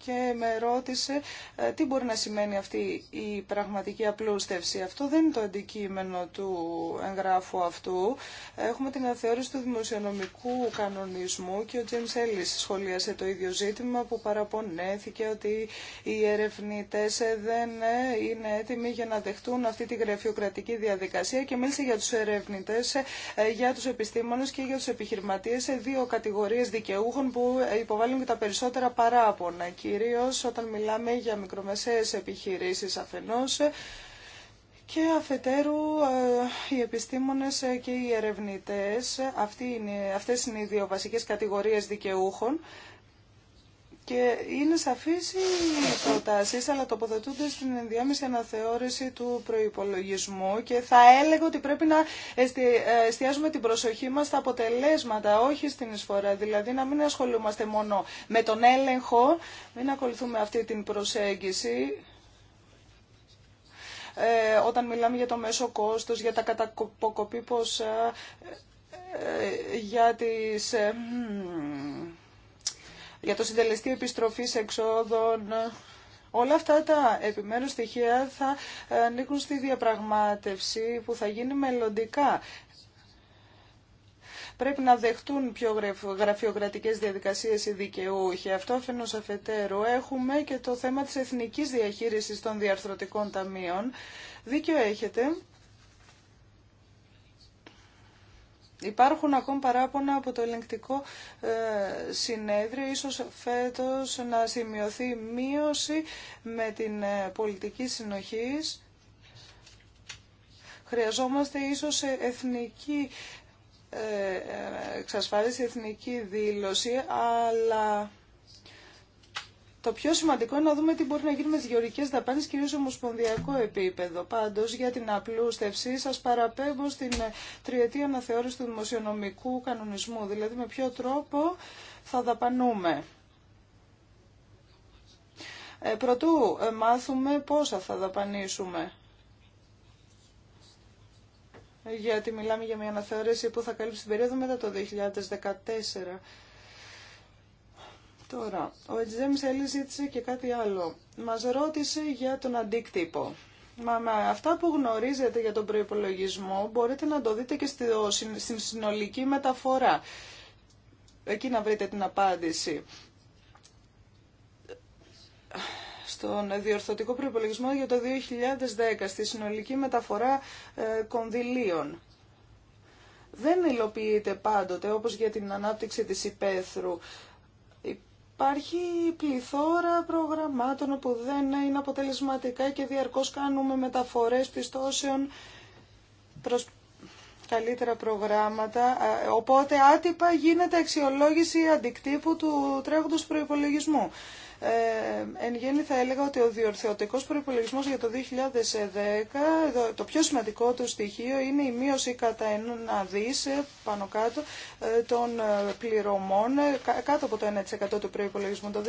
B: και με ρώτησε ε, τι μπορεί να σημαίνει αυτή η πραγματική απλούστευση. Αυτό δεν είναι το αντικείμενο του εγγράφου αυτού. Έχουμε την αθεώρηση του δημοσιονομικού κανονισμού και ο James Ellis σχολίασε το ίδιο ζήτημα που παραπονέθηκε ότι οι ερευνητές ε, δεν ε, είναι έτοιμοι για να δεχτούν αυτή τη γραφειοκρατική διαδικασία και μίλησε για τους ερευνητές, για τους επιστήμονες και για τους επιχειρηματίες σε δύο κατηγορίες δικαιούχων που υποβάλλουν και τα περισσότερα παράπονα. Και κυρίως όταν μιλάμε για μικρομεσαίες επιχειρήσεις αφενός και αφετέρου ε, οι επιστήμονες και οι ερευνητές. είναι, αυτές είναι οι δύο βασικές κατηγορίες δικαιούχων και είναι σαφείς οι προτάσεις, αλλά τοποθετούνται στην ενδιάμεση αναθεώρηση του προϋπολογισμού και θα έλεγα ότι πρέπει να ε, εστιάζουμε την προσοχή μας στα αποτελέσματα, όχι στην εισφορά. Δηλαδή να μην ασχολούμαστε μόνο με τον έλεγχο, μην ακολουθούμε αυτή την προσέγγιση ε, όταν μιλάμε για το μέσο κόστος, για τα κατακοποκοπή ποσά, ε, για τις για το συντελεστή επιστροφής εξόδων. Όλα αυτά τα επιμέρους στοιχεία θα ανήκουν στη διαπραγμάτευση που θα γίνει μελλοντικά. Πρέπει να δεχτούν πιο γραφειοκρατικές διαδικασίες οι δικαιούχοι. Αυτό αφενός αφετέρου έχουμε και το θέμα της εθνικής διαχείρισης των διαρθρωτικών ταμείων. Δίκιο έχετε Υπάρχουν ακόμη παράπονα από το ελεγκτικό ε, συνέδριο, ίσως φέτος να σημειωθεί μείωση με την ε, πολιτική συνοχής. Χρειαζόμαστε ίσως εθνική ε, εξασφάλιση, εθνική δήλωση, αλλά το πιο σημαντικό είναι να δούμε τι μπορεί να γίνει με τι γεωργικέ δαπάνε, κυρίω σε ομοσπονδιακό επίπεδο. Πάντω, για την απλούστευση, σα παραπέμπω στην ε, τριετή αναθεώρηση του δημοσιονομικού κανονισμού, δηλαδή με ποιο τρόπο θα δαπανούμε. Ε, ε, μάθουμε πόσα θα δαπανίσουμε. Γιατί μιλάμε για μια αναθεώρηση που θα καλύψει την περίοδο μετά το 2014. Τώρα, ο Ετζέμι ζήτησε και κάτι άλλο. Μας ρώτησε για τον αντίκτυπο. Μα με αυτά που γνωρίζετε για τον προϋπολογισμό μπορείτε να το δείτε και στην συνολική μεταφορά. Εκεί να βρείτε την απάντηση. Στον διορθωτικό προϋπολογισμό για το 2010, στη συνολική μεταφορά ε, κονδυλίων. Δεν υλοποιείται πάντοτε, όπως για την ανάπτυξη της υπαίθρου, Υπάρχει πληθώρα προγραμμάτων που δεν είναι αποτελεσματικά και διαρκώς κάνουμε μεταφορές πιστώσεων προς καλύτερα προγράμματα. Οπότε άτυπα γίνεται αξιολόγηση αντικτύπου του τρέχοντος προϋπολογισμού. Ε, εν γέννη θα έλεγα ότι ο διορθωτικός προϋπολογισμός για το 2010, το πιο σημαντικό του στοιχείο είναι η μείωση κατά ένα δις ε, πάνω κάτω ε, των ε, πληρωμών κάτω από το 1% του προϋπολογισμού. Το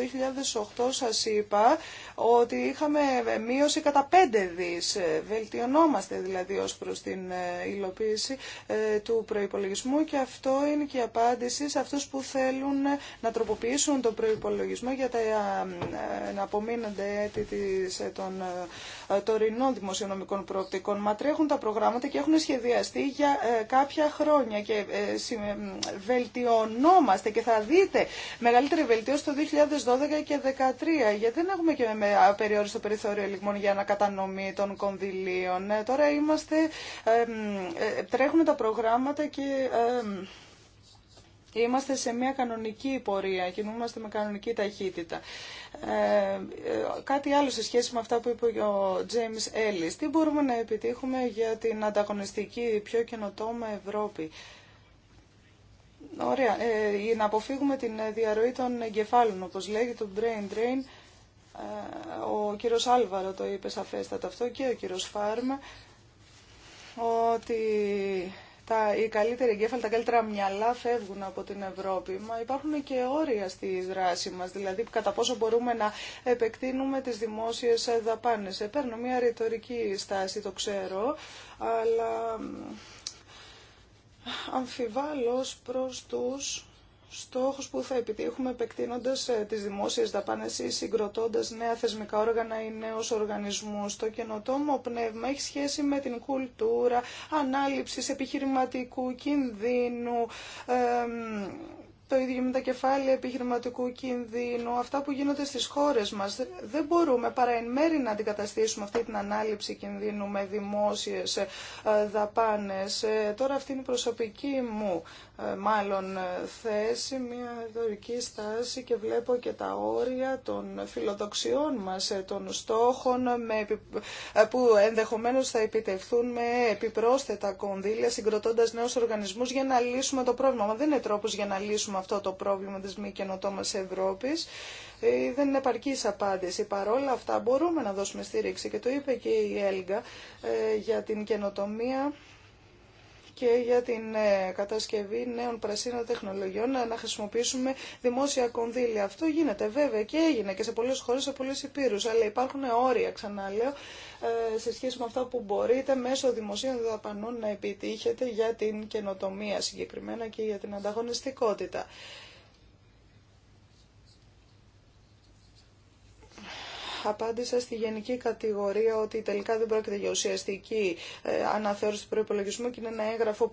B: 2008 σας είπα ότι είχαμε μείωση κατά 5 δις. Βελτιωνόμαστε δηλαδή ως προς την υλοποίηση του προϋπολογισμού και αυτό είναι και η απάντηση σε αυτούς που θέλουν να τροποποιήσουν τον προϋπολογισμό για τα να απομείνονται έτη ε, των ε, τωρινών δημοσιονομικών προοπτικών. Μα τρέχουν τα προγράμματα και έχουν σχεδιαστεί για ε, κάποια χρόνια και βελτιωνόμαστε και θα δείτε μεγαλύτερη βελτίωση το 2012 και 2013 γιατί δεν έχουμε και με απεριόριστο περιθώριο λιγμών για ανακατανομή των κονδυλίων. Τώρα είμαστε, τρέχουν τα προγράμματα και Είμαστε σε μια κανονική πορεία, κινούμαστε με κανονική ταχύτητα. Ε, ε κάτι άλλο σε σχέση με αυτά που είπε ο James Ellis. Τι μπορούμε να επιτύχουμε για την ανταγωνιστική, πιο καινοτόμα Ευρώπη. Ωραία. Ε, να αποφύγουμε την διαρροή των εγκεφάλων, όπως λέγει το brain drain. Ε, ο κύριος Άλβαρο το είπε σαφέστατα αυτό και ο κύριος Φάρμα ότι τα, οι καλύτεροι εγκέφαλοι, τα καλύτερα μυαλά φεύγουν από την Ευρώπη. Μα υπάρχουν και όρια στη δράση μας, δηλαδή κατά πόσο μπορούμε να επεκτείνουμε τις δημόσιες δαπάνες. Ε, παίρνω μια ρητορική στάση, το ξέρω, αλλά αμφιβάλλω προς τους στόχους που θα επιτύχουμε επεκτείνοντας ε, τις δημόσιες δαπάνες ή συγκροτώντας νέα θεσμικά όργανα ή νέους οργανισμούς. Το καινοτόμο πνεύμα έχει σχέση με την κουλτούρα, ανάληψης επιχειρηματικού κινδύνου, το ίδιο με τα κεφάλαια επιχειρηματικού κινδύνου, αυτά που γίνονται στις χώρες μας. Δεν μπορούμε παρά εν μέρη να αντικαταστήσουμε αυτή την ανάληψη κινδύνου με δημόσιες ε, δαπάνες. Ε, τώρα αυτή είναι η προσωπική μου ε, μάλλον ε, θέση, μια δωρική στάση και βλέπω και τα όρια των φιλοδοξιών μας, ε, των στόχων με, που ενδεχομένως θα επιτευχθούν με επιπρόσθετα κονδύλια συγκροτώντας νέους οργανισμούς για να λύσουμε το πρόβλημα. Μα δεν είναι τρόπος για να λύσουμε αυτό το πρόβλημα της μη καινοτόμας Ευρώπης. Δεν είναι επαρκή απάντηση. Παρόλα αυτά μπορούμε να δώσουμε στήριξη και το είπε και η Έλγα για την καινοτομία και για την ε, κατασκευή νέων πρασίνων τεχνολογιών ε, να χρησιμοποιήσουμε δημόσια κονδύλια. Αυτό γίνεται βέβαια και έγινε και σε πολλές χώρες, σε πολλές υπήρους, αλλά υπάρχουν όρια ξαναλέω ε, σε σχέση με αυτά που μπορείτε μέσω δημοσίων δαπανών να επιτύχετε για την καινοτομία συγκεκριμένα και για την ανταγωνιστικότητα. απάντησα στη γενική κατηγορία ότι τελικά δεν πρόκειται για ουσιαστική ε, αναθεώρηση του προπολογισμού και είναι ένα έγγραφο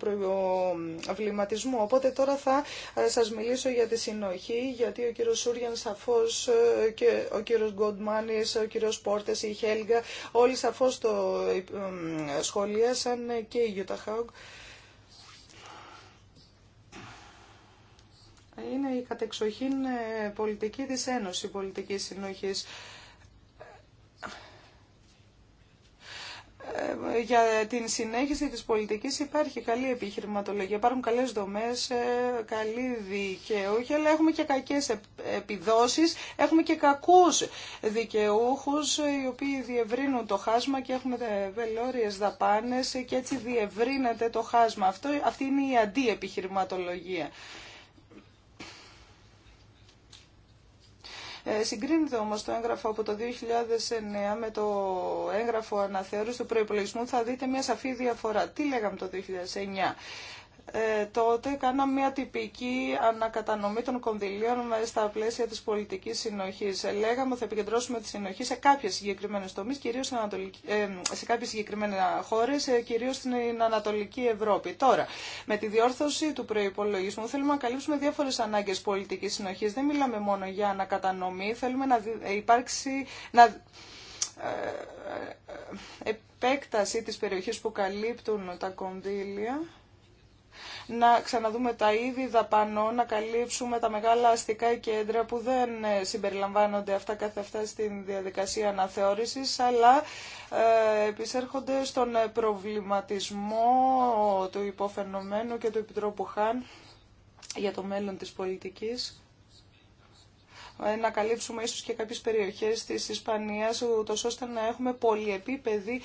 B: προβληματισμού. Οπότε τώρα θα ε, σας μιλήσω για τη συνοχή, γιατί ο κύριος Σούριαν σαφώς ε, και ο κύριος Γκοντμάνης, ο κύριος Πόρτες, η Χέλγα, όλοι σαφώς το σχολίασαν και η Γιούτα Χάουγκ. Είναι η κατεξοχήν πολιτική της Ένωση, η πολιτική συνοχής. Ε, για την συνέχιση της πολιτικής υπάρχει καλή επιχειρηματολογία, υπάρχουν καλές δομές, ε, καλή δικαιούχη, αλλά έχουμε και κακές επιδόσεις, έχουμε και κακούς δικαιούχους ε, οι οποίοι διευρύνουν το χάσμα και έχουμε βελόριες δαπάνες και έτσι διευρύνεται το χάσμα. αυτή είναι η αντίεπιχειρηματολογία. Ε, συγκρίνεται όμως το έγγραφο από το 2009 με το έγγραφο αναθεώρηση του προϋπολογισμού. Θα δείτε μια σαφή διαφορά. Τι λέγαμε το 2009 ε, τότε κάναμε μια τυπική ανακατανομή των κονδυλίων στα πλαίσια της πολιτικής συνοχής. Ε, λέγαμε ότι θα επικεντρώσουμε τη συνοχή σε κάποιες συγκεκριμένες τομείς, κυρίως στην Ανατολική, ε, σε κάποιες συγκεκριμένες χώρες, ε, κυρίως στην Ανατολική Ευρώπη. Τώρα, με τη διόρθωση του προϋπολογισμού θέλουμε να καλύψουμε διάφορες ανάγκες πολιτικής συνοχής. Δεν μιλάμε μόνο για ανακατανομή, θέλουμε να ε, υπάρξει... Να, επέκταση της περιοχής που καλύπτουν τα κονδύλια να ξαναδούμε τα είδη δαπανών, να καλύψουμε τα μεγάλα αστικά κέντρα που δεν ε, συμπεριλαμβάνονται αυτά καθ' αυτά στην διαδικασία αναθεώρησης, αλλά ε, επισέρχονται στον προβληματισμό του υποφαινομένου και του Επιτρόπου Χάν για το μέλλον της πολιτικής ε, να καλύψουμε ίσως και κάποιες περιοχές της Ισπανίας, ούτως ώστε να έχουμε πολυεπίπεδη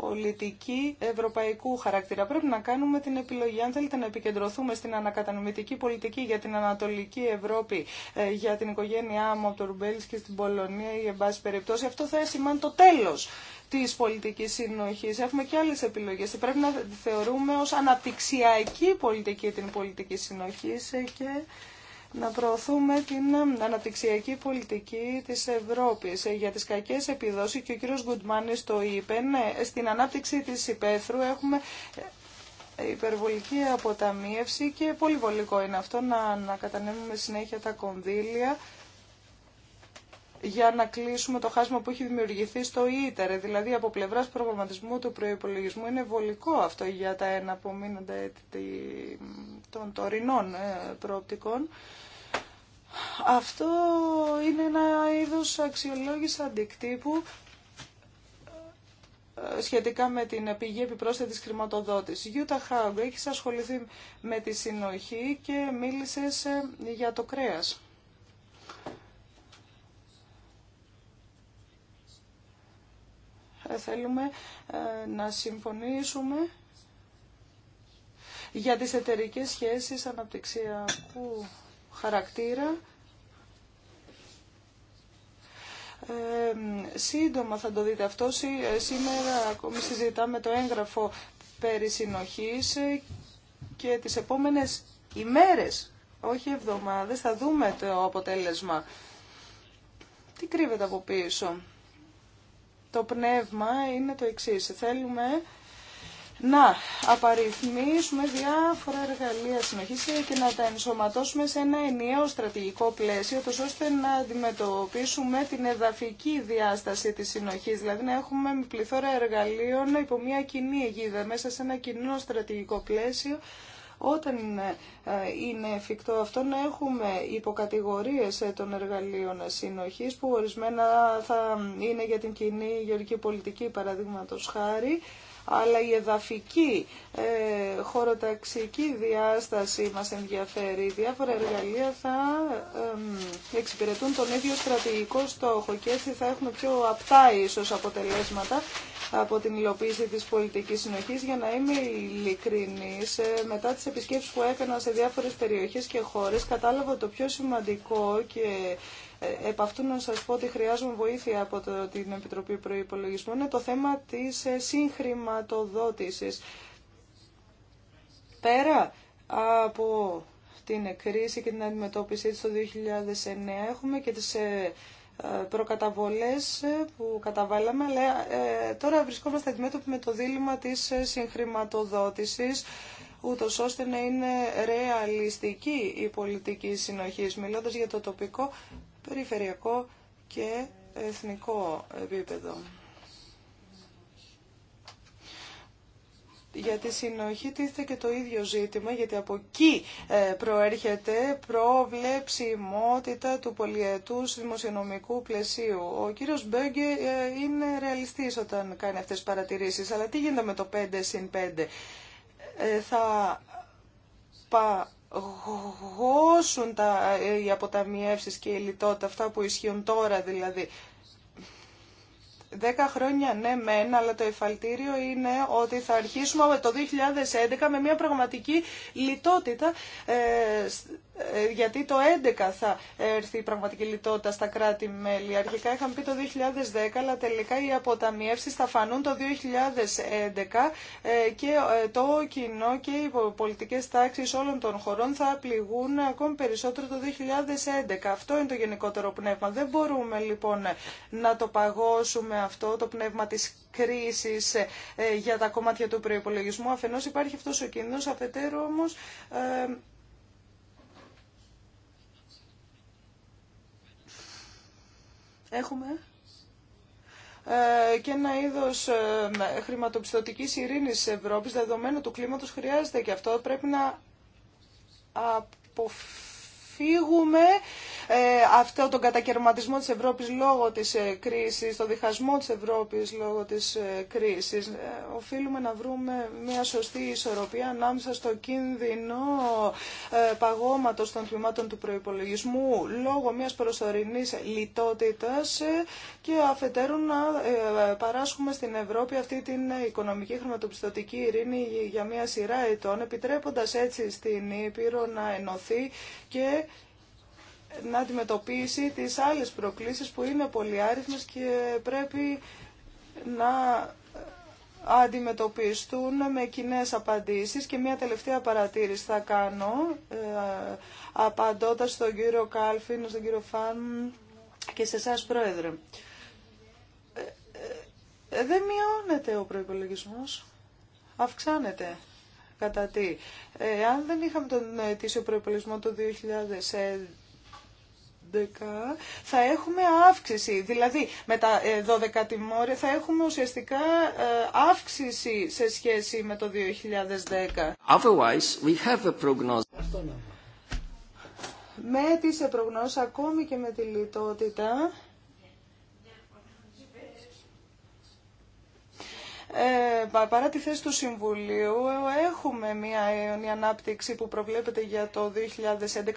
B: πολιτική ευρωπαϊκού χαρακτήρα. Πρέπει να κάνουμε την επιλογή. Αν θέλετε να επικεντρωθούμε στην ανακατανομητική πολιτική για την Ανατολική Ευρώπη, ε, για την οικογένειά μου από το Ρουμπέλης και στην Πολωνία ή εν πάση περιπτώσει, αυτό θα σημαίνει το τέλος της πολιτικής συνοχής. Έχουμε και άλλες επιλογές. Πρέπει να θεωρούμε ως αναπτυξιακή πολιτική την πολιτική συνοχή ε, και να προωθούμε την αναπτυξιακή πολιτική της Ευρώπης για τις κακές επιδόσεις και ο κύριος Γκουτμάνης το είπε. Ναι, στην ανάπτυξη της υπαίθρου έχουμε υπερβολική αποταμίευση και πολύ βολικό είναι αυτό να, να κατανέμουμε συνέχεια τα κονδύλια για να κλείσουμε το χάσμα που έχει δημιουργηθεί στο ίτερε. Δηλαδή από πλευράς προγραμματισμού του προϋπολογισμού είναι βολικό αυτό για τα ένα εναπομείνοντα μείνονται των τωρινών ε, προοπτικών. Αυτό είναι ένα είδος αξιολόγηση αντικτύπου ε, σχετικά με την πηγή επιπρόσθετης χρηματοδότησης. Γιούτα Χάουγκ, έχει ασχοληθεί με τη συνοχή και μίλησε ε, για το κρέας. Ε, θέλουμε ε, να συμφωνήσουμε για τις εταιρικές σχέσεις αναπτυξιακού χαρακτήρα. Ε, σύντομα θα το δείτε αυτό. Σήμερα ακόμη συζητάμε το έγγραφο περί συνοχής και τις επόμενες ημέρες, όχι εβδομάδες, θα δούμε το αποτέλεσμα. Τι κρύβεται από πίσω. Το πνεύμα είναι το εξής. Θέλουμε να απαριθμίσουμε διάφορα εργαλεία συνοχής και να τα ενσωματώσουμε σε ένα ενιαίο στρατηγικό πλαίσιο, ώστε να αντιμετωπίσουμε την εδαφική διάσταση της συνοχής, δηλαδή να έχουμε πληθώρα εργαλείων υπό μια κοινή αιγίδα, μέσα σε ένα κοινό στρατηγικό πλαίσιο, όταν ε, είναι εφικτό αυτό να έχουμε υποκατηγορίες ε, των εργαλείων συνοχής που ορισμένα θα είναι για την κοινή γεωργική πολιτική παραδείγματος χάρη αλλά η εδαφική ε, χωροταξική διάσταση μας ενδιαφέρει. Διάφορα εργαλεία θα εξυπηρετούν τον ίδιο στρατηγικό στόχο και έτσι θα έχουμε πιο απτά ίσως αποτελέσματα από την υλοποίηση της πολιτικής συνοχής. Για να είμαι ειλικρινής, ε, μετά τις επισκέψεις που έκανα σε διάφορες περιοχές και χώρες, κατάλαβα το πιο σημαντικό και επ' αυτού να σας πω ότι χρειάζομαι βοήθεια από το, την Επιτροπή Προϋπολογισμού είναι το θέμα της ε, συγχρηματοδότησης. Πέρα από την κρίση και την αντιμετώπιση της το 2009 έχουμε και τις ε, ε, προκαταβολές που καταβάλαμε, αλλά τώρα βρισκόμαστε αντιμέτωποι με το δίλημα της συγχρηματοδότησης, ούτω ώστε να είναι ρεαλιστική η πολιτική συνοχή. Μιλώντας για το τοπικό περιφερειακό και εθνικό επίπεδο. Για τη συνοχή τίθεται και το ίδιο ζήτημα, γιατί από εκεί ε, προέρχεται προβλέψιμότητα του πολιετούς δημοσιονομικού πλαισίου. Ο κύριος Μπέγκε ε, είναι ρεαλιστής όταν κάνει αυτές τις παρατηρήσεις, αλλά τι γίνεται με το 5 συν 5. Ε, θα γώσουν τα, οι αποταμιεύσεις και η λιτότητα, αυτά που ισχύουν τώρα δηλαδή. Δέκα χρόνια ναι μεν, αλλά το εφαλτήριο είναι ότι θα αρχίσουμε το 2011 με μια πραγματική λιτότητα ε, ε, γιατί το 2011 θα έρθει η πραγματική λιτότητα στα κράτη-μέλη. Αρχικά είχαμε πει το 2010, αλλά τελικά οι αποταμιεύσεις θα φανούν το 2011 ε, και ε, το κοινό και οι πολιτικές τάξεις όλων των χωρών θα πληγούν ακόμη περισσότερο το 2011. Αυτό είναι το γενικότερο πνεύμα. Δεν μπορούμε λοιπόν να το παγώσουμε αυτό το πνεύμα της κρίσης για τα κομμάτια του προϋπολογισμού. Αφενός υπάρχει αυτός ο κίνδυνος, αφετέρου όμως Έχουμε ε, και ένα είδος ε, χρηματοπιστωτικής ειρήνης της Ευρώπης, δεδομένου του κλίματος χρειάζεται και αυτό. Πρέπει να αποφύγουμε ε, αυτό τον κατακαιρματισμό της Ευρώπης λόγω της ε, κρίσης, τον διχασμό της Ευρώπης λόγω της ε, κρίσης. Οφείλουμε να βρούμε μια σωστή ισορροπία ανάμεσα στο κίνδυνο παγώματος των τμήματων του προϋπολογισμού λόγω μιας προσωρινής λιτότητας και αφετέρου να παράσχουμε στην Ευρώπη αυτή την οικονομική χρηματοπιστωτική ειρήνη για μια σειρά ετών, επιτρέποντας έτσι στην Ήπειρο να ενωθεί και να αντιμετωπίσει τις άλλες προκλήσεις που είναι πολυάριθμες και πρέπει να αντιμετωπιστούν με κοινέ απαντήσεις και μια τελευταία παρατήρηση θα κάνω ε, απαντώντας στον κύριο Κάλφιν, στον κύριο Φαν και σε εσά πρόεδρε. Ε, ε, δεν μειώνεται ο προϋπολογισμός, αυξάνεται. Κατά τι. Ε, αν δεν είχαμε τον ετήσιο προϋπολογισμό το 2011, θα έχουμε αύξηση. Δηλαδή με τα 12 ε, τιμόρια θα έχουμε ουσιαστικά ε, αύξηση σε σχέση με το 2010.
A: Otherwise, we have a prognosis.
B: Με τις προγνώσεις, ακόμη και με τη λιτότητα, Ε, παρά τη θέση του Συμβουλίου έχουμε μια αιωνία ανάπτυξη που προβλέπεται για το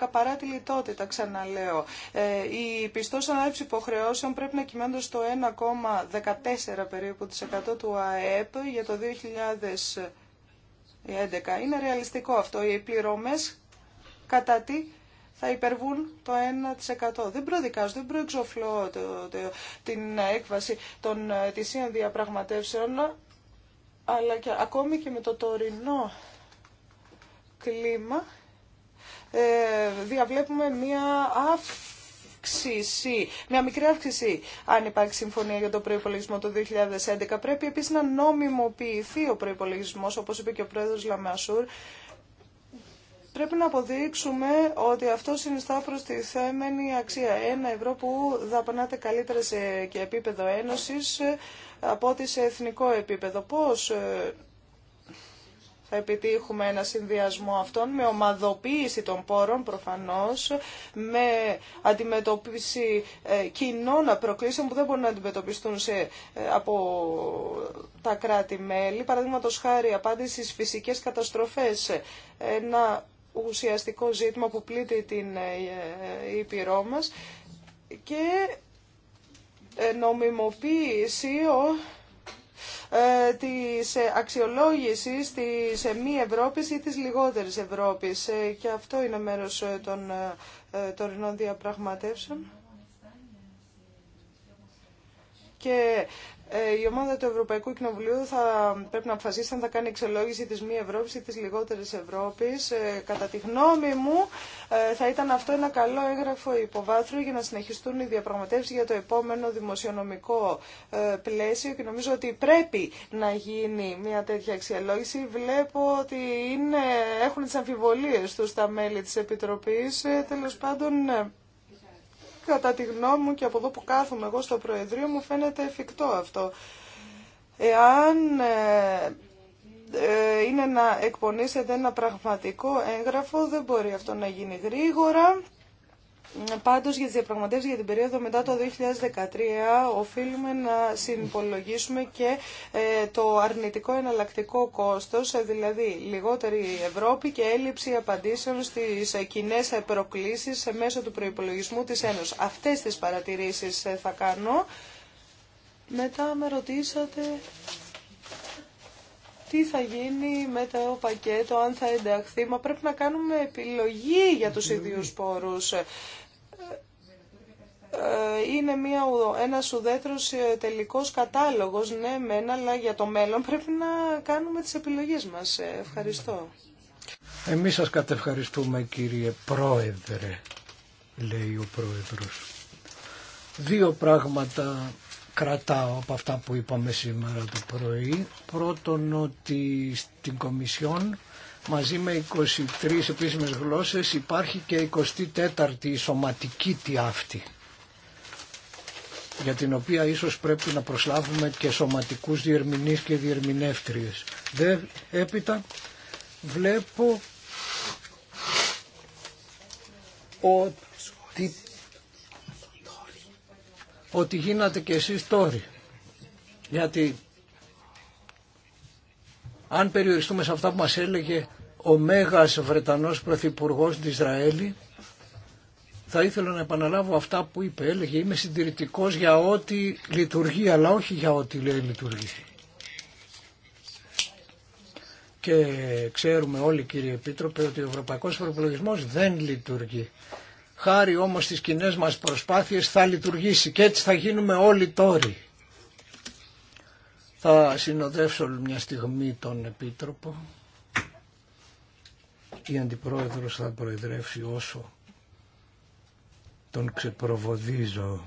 B: 2011 παρά τη λιτότητα ξαναλέω. Ε, η πιστός ανάπτυξη υποχρεώσεων πρέπει να κυμαίνονται στο 1,14 περίπου της 100 του ΑΕΠ για το 2011. Είναι ρεαλιστικό αυτό. Οι πληρωμές κατά τι θα υπερβούν το 1%. Δεν προδικάζω, δεν προεξοφλώ το, το, την έκβαση των ε, ετησίων διαπραγματεύσεων, αλλά και ακόμη και με το τωρινό κλίμα ε, διαβλέπουμε μία αύξηση, μία μικρή αύξηση αν υπάρχει συμφωνία για το προϋπολογισμό το 2011. Πρέπει επίσης να νόμιμοποιηθεί ο προϋπολογισμός, όπως είπε και ο πρόεδρος Λαμασούρ, Πρέπει να αποδείξουμε ότι αυτό συνιστά τη θέμενη αξία. Ένα ευρώ που δαπανάται καλύτερα σε και επίπεδο ένωσης ε, από ότι σε εθνικό επίπεδο. Πώς ε, θα επιτύχουμε ένα συνδυασμό αυτών με ομαδοποίηση των πόρων προφανώς, με αντιμετωπίση ε, κοινών προκλήσεων που δεν μπορούν να αντιμετωπιστούν σε, από τα κράτη-μέλη. Παραδείγματο χάρη απάντηση στι φυσικές καταστροφές, ένα ουσιαστικό ζήτημα που πλήττει την ε, ε, Ήπειρό μας και ε, νομιμοποίηση της αξιολόγησης της μη Ευρώπης ή της λιγότερης Ευρώπης. Και αυτό είναι μέρος των τωρινών διαπραγματεύσεων. Και ε, η ομάδα του Ευρωπαϊκού Κοινοβουλίου θα πρέπει να αποφασίσει αν θα κάνει εξολόγηση της μη Ευρώπης ή της λιγότερης Ευρώπης. Ε, κατά τη γνώμη μου ε, θα ήταν αυτό ένα καλό έγγραφο υποβάθρου για να συνεχιστούν οι διαπραγματεύσεις για το επόμενο δημοσιονομικό πλαίσιο και νομίζω ότι πρέπει να γίνει μια τέτοια αξιολόγηση. Βλέπω ότι έχουν τις αμφιβολίες τους τα μέλη της Επιτροπής. τέλος πάντων κατά τη γνώμη μου και από εδώ που κάθομαι εγώ στο Προεδρείο μου φαίνεται εφικτό αυτό. Εάν ε, ε, είναι να εκπονήσετε ένα πραγματικό έγγραφο, δεν μπορεί αυτό να γίνει γρήγορα Πάντω για τι διαπραγματεύσει για την περίοδο μετά το 2013 οφείλουμε να συνυπολογίσουμε και ε, το αρνητικό εναλλακτικό κόστος, ε, δηλαδή λιγότερη Ευρώπη και έλλειψη απαντήσεων στις ε, κοινέ προκλήσει μέσω του προϋπολογισμού της Ένωσης. Αυτές τις παρατηρήσεις θα κάνω. Μετά με ρωτήσατε τι θα γίνει με το πακέτο, αν θα ενταχθεί. Μα πρέπει να κάνουμε επιλογή για τους ίδιους πόρους. Ε, είναι μια, ένας ουδέτερος ε, τελικός κατάλογος, ναι μεν, αλλά για το μέλλον πρέπει να κάνουμε τις επιλογές μας. Ε, ευχαριστώ.
C: Εμείς σας κατευχαριστούμε κύριε Πρόεδρε, λέει ο Πρόεδρος. Δύο πράγματα κρατάω από αυτά που είπαμε σήμερα το πρωί. Πρώτον ότι στην Κομισιόν μαζί με 23 επίσημες γλώσσες υπάρχει και 24η σωματική τη αυτή για την οποία ίσως πρέπει να προσλάβουμε και σωματικούς διερμηνείς και διερμηνεύτριες. Δε, έπειτα βλέπω ότι, ότι γίνατε και εσείς τώρα. Γιατί αν περιοριστούμε σε αυτά που μας έλεγε ο Μέγας Βρετανός Πρωθυπουργός της Ισραήλ θα ήθελα να επαναλάβω αυτά που είπε. Έλεγε είμαι συντηρητικό για ό,τι λειτουργεί, αλλά όχι για ό,τι λέει λειτουργεί. Και ξέρουμε όλοι κύριε Επίτροπε ότι ο Ευρωπαϊκός Προπολογισμός δεν λειτουργεί. Χάρη όμως στις κοινέ μας προσπάθειες θα λειτουργήσει και έτσι θα γίνουμε όλοι τόροι. Θα συνοδεύσω μια στιγμή τον Επίτροπο. Η Αντιπρόεδρος θα προεδρεύσει όσο τον ξεπροβοδίζω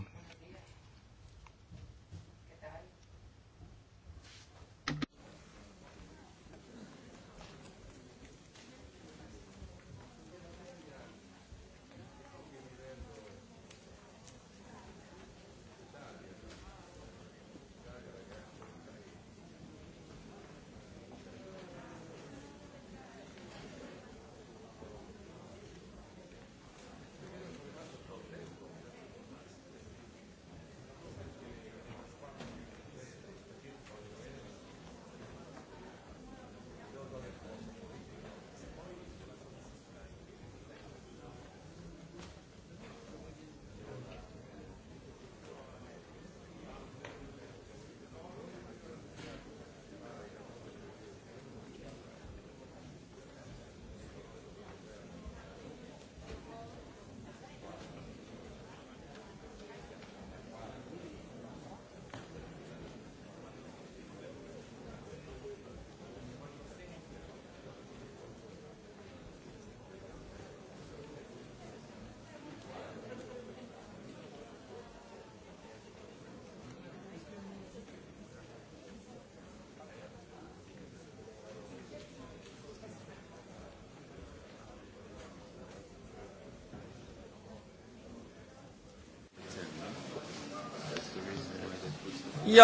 A: Äh,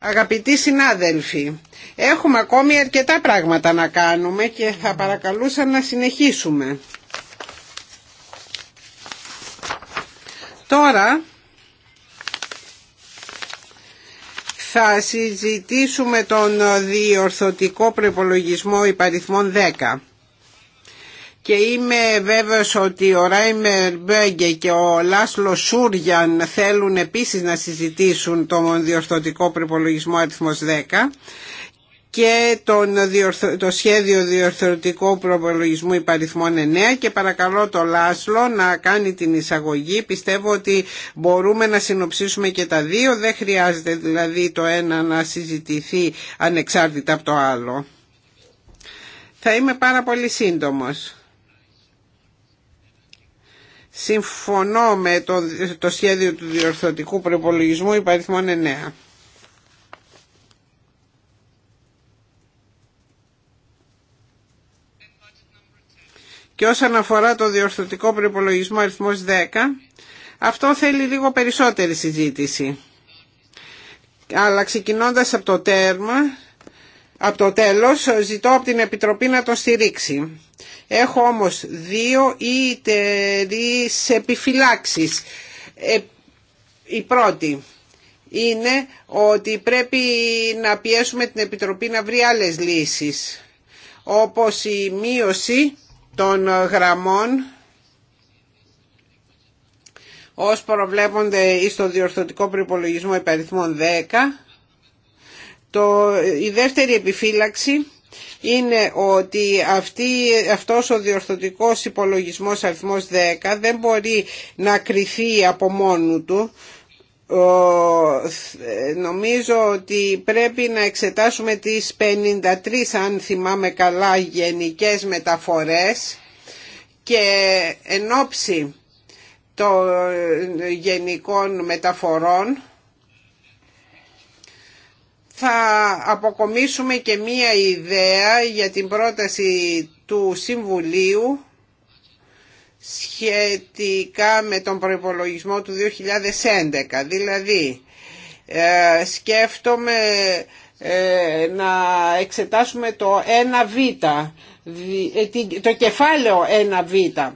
A: Αγαπητοί συνάδελφοι, έχουμε ακόμη αρκετά πράγματα να κάνουμε και θα παρακαλούσα να συνεχίσουμε. Τώρα θα συζητήσουμε τον διορθωτικό προπολογισμό υπαριθμών 10 και είμαι βέβαιος ότι ο Ράιμερ Μπέγκε και ο Λάσλο Σούριαν θέλουν επίσης να συζητήσουν το διορθωτικό προπολογισμό αριθμός 10 και τον το σχέδιο διορθωτικού προπολογισμού υπαριθμών 9 και παρακαλώ το Λάσλο να κάνει την εισαγωγή. Πιστεύω ότι μπορούμε να συνοψίσουμε και τα δύο, δεν χρειάζεται δηλαδή το ένα να συζητηθεί ανεξάρτητα από το άλλο. Θα είμαι πάρα πολύ σύντομος. Συμφωνώ με το, το σχέδιο του διορθωτικού προπολογισμού υπαριθμών 9. Και όσον αφορά το διορθωτικό προπολογισμό αριθμός 10, αυτό θέλει λίγο περισσότερη συζήτηση. Αλλά ξεκινώντας από το τέρμα, από το τέλος ζητώ από την Επιτροπή να το στηρίξει. Έχω όμως δύο ή τρεις επιφυλάξεις. Ε, η πρώτη είναι ότι πρέπει να πιέσουμε την Επιτροπή να βρει άλλες λύσεις, όπως η μείωση των γραμμών ως προβλέπονται στο διορθωτικό προϋπολογισμό υπαριθμών 10 το, η δεύτερη επιφύλαξη είναι ότι αυτή, αυτός ο διορθωτικός υπολογισμός αριθμός 10 δεν μπορεί να κριθεί από μόνο του. Νομίζω ότι πρέπει να εξετάσουμε τις 53 αν θυμάμαι καλά γενικές μεταφορές και εν ώψη των γενικών μεταφορών θα αποκομίσουμε και μία ιδέα για την πρόταση του Συμβουλίου σχετικά με τον προϋπολογισμό του 2011. Δηλαδή, ε, σκέφτομαι ε, να εξετάσουμε το 1β, ε, το κεφάλαιο 1β,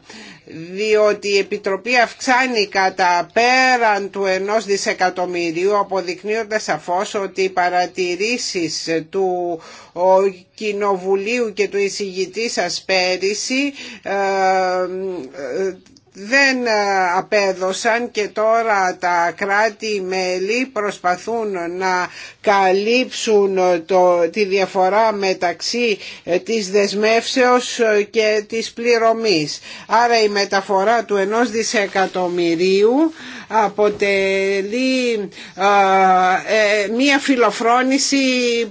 A: διότι η Επιτροπή αυξάνει κατά πέραν του ενός δισεκατομμυρίου αποδεικνύοντας σαφώς ότι οι παρατηρήσεις του Κοινοβουλίου και του εισηγητή σας πέρυσι ε, ε, δεν ε, απέδωσαν και τώρα τα κράτη-μέλη προσπαθούν να καλύψουν ε, το, τη διαφορά μεταξύ ε, της δεσμεύσεως και της πληρωμής. Άρα η μεταφορά του ενός δισεκατομμυρίου αποτελεί ε, μία φιλοφρόνηση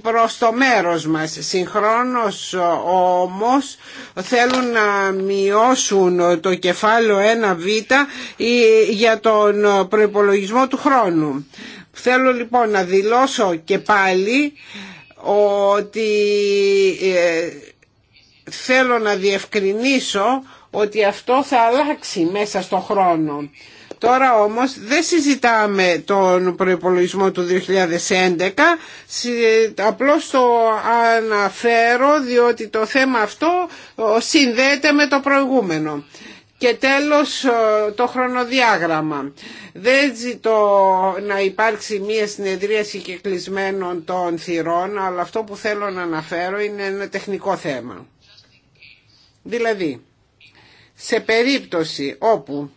A: προς το μέρος μας. Συγχρόνως όμως θέλουν να μειώσουν το κεφάλαιο 1β ε, για τον προϋπολογισμό του χρόνου. Θέλω λοιπόν να δηλώσω και πάλι ότι ε, θέλω να διευκρινίσω ότι αυτό θα αλλάξει μέσα στο χρόνο. Τώρα όμως δεν συζητάμε τον προϋπολογισμό του 2011, απλώς το αναφέρω διότι το θέμα αυτό συνδέεται με το προηγούμενο. Και τέλος το χρονοδιάγραμμα. Δεν ζητώ να υπάρξει μία συνεδρίαση συγκεκρισμένων των θυρών, αλλά αυτό που θέλω να αναφέρω είναι ένα τεχνικό θέμα. Δηλαδή, σε περίπτωση όπου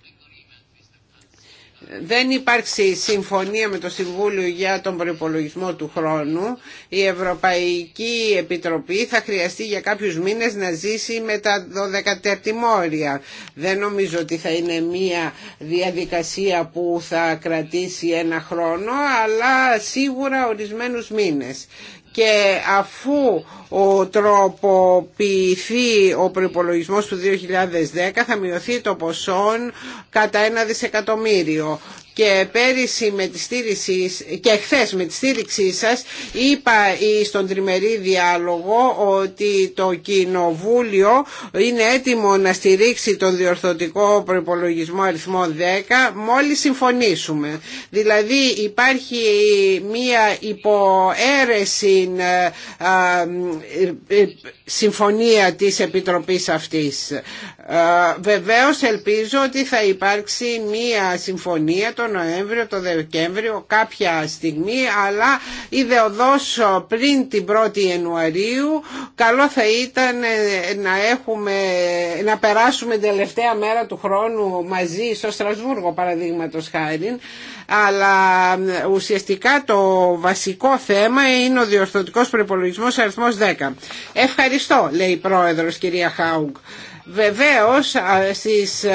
A: δεν υπάρξει συμφωνία με το Συμβούλιο για τον προπολογισμό του χρόνου, η Ευρωπαϊκή Επιτροπή θα χρειαστεί για κάποιους μήνες να ζήσει με τα 12 τετιμόρια. Δεν νομίζω ότι θα είναι μία διαδικασία που θα κρατήσει ένα χρόνο, αλλά σίγουρα ορισμένους μήνες και αφού ο τροποποιηθεί ο προπολογισμό του 2010 θα μειωθεί το ποσό κατά ένα δισεκατομμύριο και πέρυσι με τη στήριξη και χθε με τη στήριξή σας είπα στον τριμερή διάλογο ότι το Κοινοβούλιο είναι έτοιμο να στηρίξει τον διορθωτικό προπολογισμό αριθμό 10 μόλις συμφωνήσουμε. Δηλαδή υπάρχει μία υποαίρεση ε, ε, ε, συμφωνία της Επιτροπής αυτής. Βεβαίως ελπίζω ότι θα υπάρξει μία συμφωνία τον Νοέμβριο, το Δεκέμβριο κάποια στιγμή αλλά ιδεοδός πριν την 1η Ιανουαρίου καλό θα ήταν ε, να, έχουμε, να περάσουμε την τελευταία μέρα του χρόνου μαζί στο Στρασβούργο παραδείγματος χάρη αλλά ουσιαστικά το βασικό θέμα είναι ο διορθωτικός προπολογισμό αριθμός 10. Ευχαριστώ, λέει η πρόεδρος κυρία Χάουγκ. Βεβαίως στις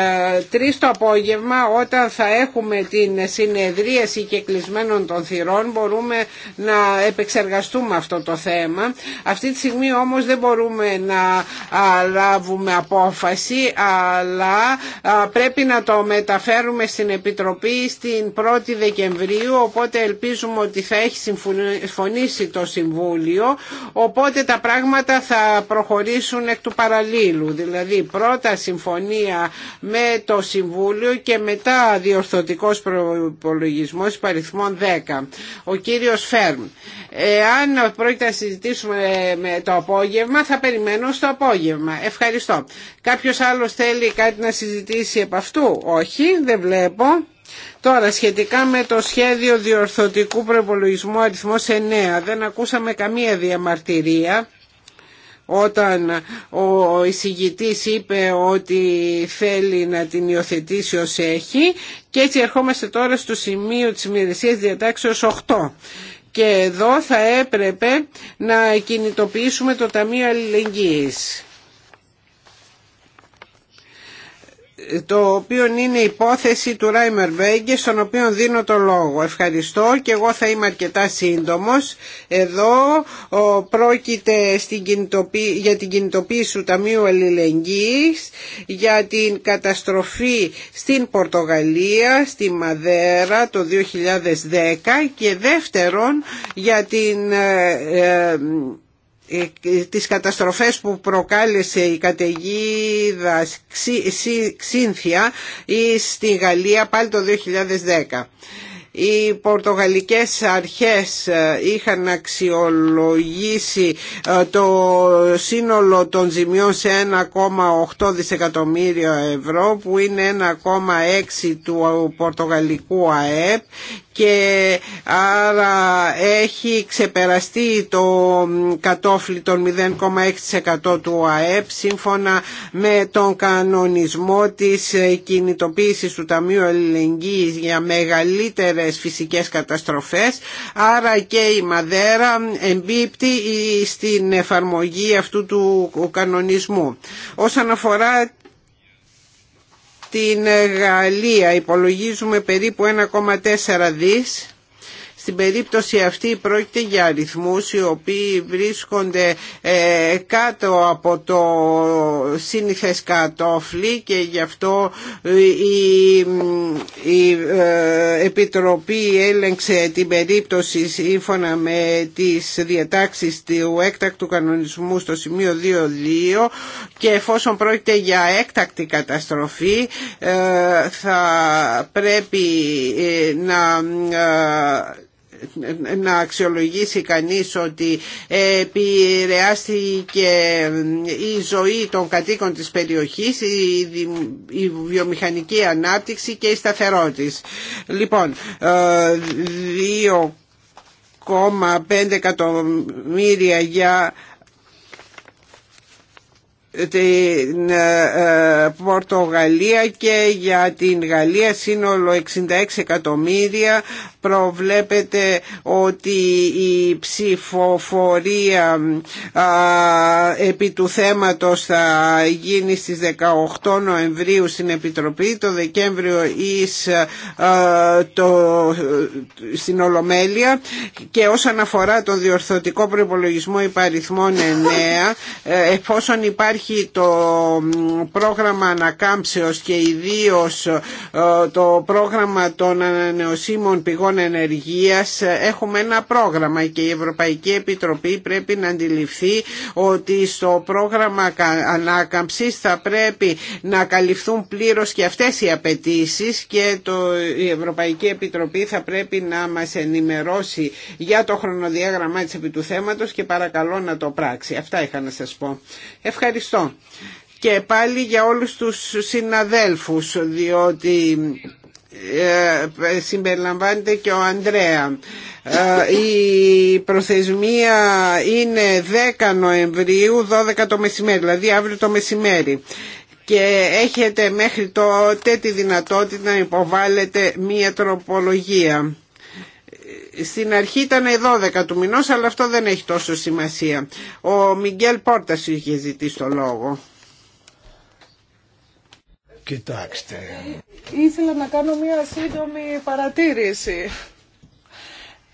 A: 3 το απόγευμα όταν θα έχουμε την συνεδρίαση και κλεισμένων των θυρών μπορούμε να επεξεργαστούμε αυτό το θέμα. Αυτή τη στιγμή όμως δεν μπορούμε να λάβουμε απόφαση αλλά πρέπει να το μεταφέρουμε στην Επιτροπή στην 1η Δεκεμβρίου οπότε ελπίζουμε ότι θα έχει συμφωνήσει το Συμβούλιο οπότε τα πράγματα θα προχωρήσουν εκ του παραλίλου δηλαδή πρώτα συμφωνία με το Συμβούλιο και μετά διορθωτικός προπολογισμό αριθμών 10. Ο κύριος Φέρμ. Αν πρόκειται να συζητήσουμε με το απόγευμα, θα περιμένω στο απόγευμα. Ευχαριστώ. Κάποιος άλλος θέλει κάτι να συζητήσει επ' αυτού. Όχι, δεν βλέπω. Τώρα, σχετικά με το σχέδιο διορθωτικού προπολογισμού αριθμός 9, δεν ακούσαμε καμία διαμαρτυρία όταν ο εισηγητής είπε ότι θέλει να την υιοθετήσει ως έχει και έτσι ερχόμαστε τώρα στο σημείο της ημερησίας διατάξεως 8 και εδώ θα έπρεπε να κινητοποιήσουμε το Ταμείο Αλληλεγγύης το οποίο είναι υπόθεση του Ράιμερ Βέγγε, στον οποίο δίνω το λόγο. Ευχαριστώ και εγώ θα είμαι αρκετά σύντομος. Εδώ πρόκειται στην για την κινητοποίηση του Ταμείου Αλληλεγγύης για την καταστροφή στην Πορτογαλία, στη Μαδέρα το 2010 και δεύτερον για την ε, ε, ε, ε, τις καταστροφές που προκάλεσε η καταιγίδα Ξύνθια ή στη Γαλλία πάλι το 2010. Οι πορτογαλικές αρχές ε, είχαν αξιολογήσει το σύνολο των ζημιών σε 1,8 δισεκατομμύριο ευρώ που είναι 1,6 του πορτογαλικού ΑΕΠ και άρα έχει ξεπεραστεί το κατόφλι των 0,6% του ΑΕΠ σύμφωνα με τον κανονισμό της κινητοποίησης του Ταμείου Ελληνικής για μεγαλύτερες φυσικές καταστροφές άρα και η Μαδέρα εμπίπτει στην εφαρμογή αυτού του κανονισμού. Όσον αφορά στην Γαλλία υπολογίζουμε περίπου 1,4 δις στην περίπτωση αυτή πρόκειται για αριθμούς οι οποίοι βρίσκονται ε, κάτω από το σύνηθες κατόφλι και γι' αυτό ε, η ε, Επιτροπή έλεγξε την περίπτωση σύμφωνα με τις διατάξεις του έκτακτου κανονισμού στο σημείο 2.2 και εφόσον πρόκειται για έκτακτη καταστροφή θα πρέπει να να αξιολογήσει κανείς ότι επηρεάστηκε η ζωή των κατοίκων της περιοχής, η βιομηχανική ανάπτυξη και η σταθερότης. Λοιπόν, 2,5 ε, εκατομμύρια για την ε, ε, Πορτογαλία και για την Γαλλία σύνολο 66 εκατομμύρια προβλέπεται ότι η ψηφοφορία επί του θέματος θα γίνει στις 18 Νοεμβρίου στην Επιτροπή το Δεκέμβριο εις το, στην Ολομέλεια και όσον αφορά το διορθωτικό προϋπολογισμό υπαριθμών 9 ε, εφόσον υπάρχει το πρόγραμμα ανακάμψεως και ιδίως ε, το πρόγραμμα των ανανεωσίμων πηγών ενεργείας έχουμε ένα πρόγραμμα και η Ευρωπαϊκή Επιτροπή πρέπει να αντιληφθεί ότι στο πρόγραμμα ανάκαμψης θα πρέπει να καλυφθούν πλήρως και αυτές οι απαιτήσει και το, η Ευρωπαϊκή Επιτροπή θα πρέπει να μας ενημερώσει για το χρονοδιάγραμμά της επί του θέματος και παρακαλώ να το πράξει. Αυτά είχα να σας πω. Ευχαριστώ. Και πάλι για όλους τους συναδέλφους, διότι ε, συμπεριλαμβάνεται και ο Ανδρέα. Ε, η προθεσμία είναι 10 Νοεμβρίου, 12 το μεσημέρι, δηλαδή αύριο το μεσημέρι και έχετε μέχρι τότε τη δυνατότητα να υποβάλλετε μία τροπολογία. Στην αρχή ήταν 12 του μηνός, αλλά αυτό δεν έχει τόσο σημασία. Ο Μιγγέλ Πόρτας είχε ζητήσει το λόγο.
C: Κοιτάξτε.
B: Ήθελα να κάνω μια σύντομη παρατήρηση.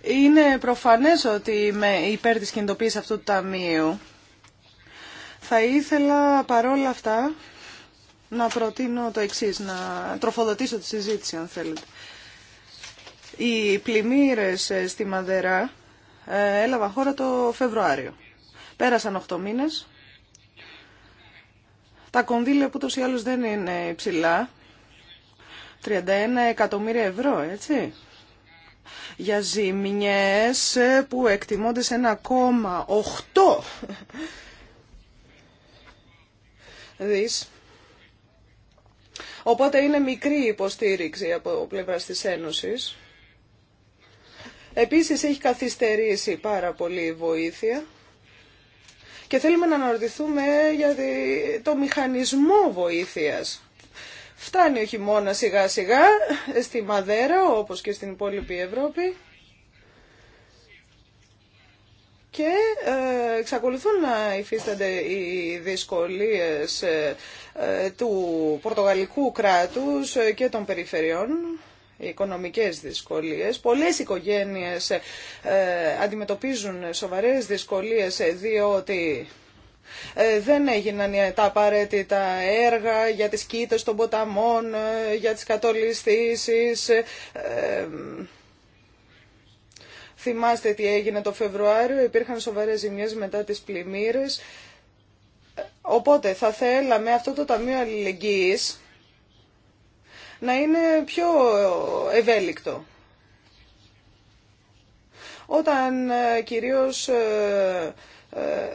B: Είναι προφανές ότι είμαι υπέρ της κινητοποίησης αυτού του ταμείου. Θα ήθελα παρόλα αυτά να προτείνω το εξής, να τροφοδοτήσω τη συζήτηση αν θέλετε. Οι πλημμύρες ε, στη Μαδερά έλαβαν χώρα το Φεβρουάριο. Πέρασαν 8 μήνες. Τα κονδύλια που τόσοι ή δεν είναι υψηλά, 31 εκατομμύρια ευρώ, έτσι, για ζημιές ε, που εκτιμώνται σε 1,8 δις. Οπότε είναι μικρή υποστήριξη από πλευράς της Ένωσης. Επίσης έχει καθυστερήσει πάρα πολύ η βοήθεια και θέλουμε να αναρωτηθούμε για το μηχανισμό βοήθειας. Φτάνει Φτάνει χειμώνα σιγά σιγά στη Μαδέρα όπως και στην υπόλοιπη Ευρώπη και ε, εξακολουθούν να υφίστανται οι δυσκολίες ε, ε, του πορτογαλικού κράτους και των περιφερειών οικονομικές δυσκολίες. Πολλές οικογένειες ε, αντιμετωπίζουν σοβαρές δυσκολίες ε, διότι ε, δεν έγιναν τα απαραίτητα έργα για τις κοίτες των ποταμών, για τις κατολιστήσεις. Θυμάστε τι έγινε το Φεβρουάριο, υπήρχαν σοβαρές ζημιές μετά τις πλημμύρες. Οπότε θα θέλαμε αυτό το Ταμείο Αλληλεγγύης να είναι πιο ευέλικτο. Όταν ε, κυρίως ε, ε,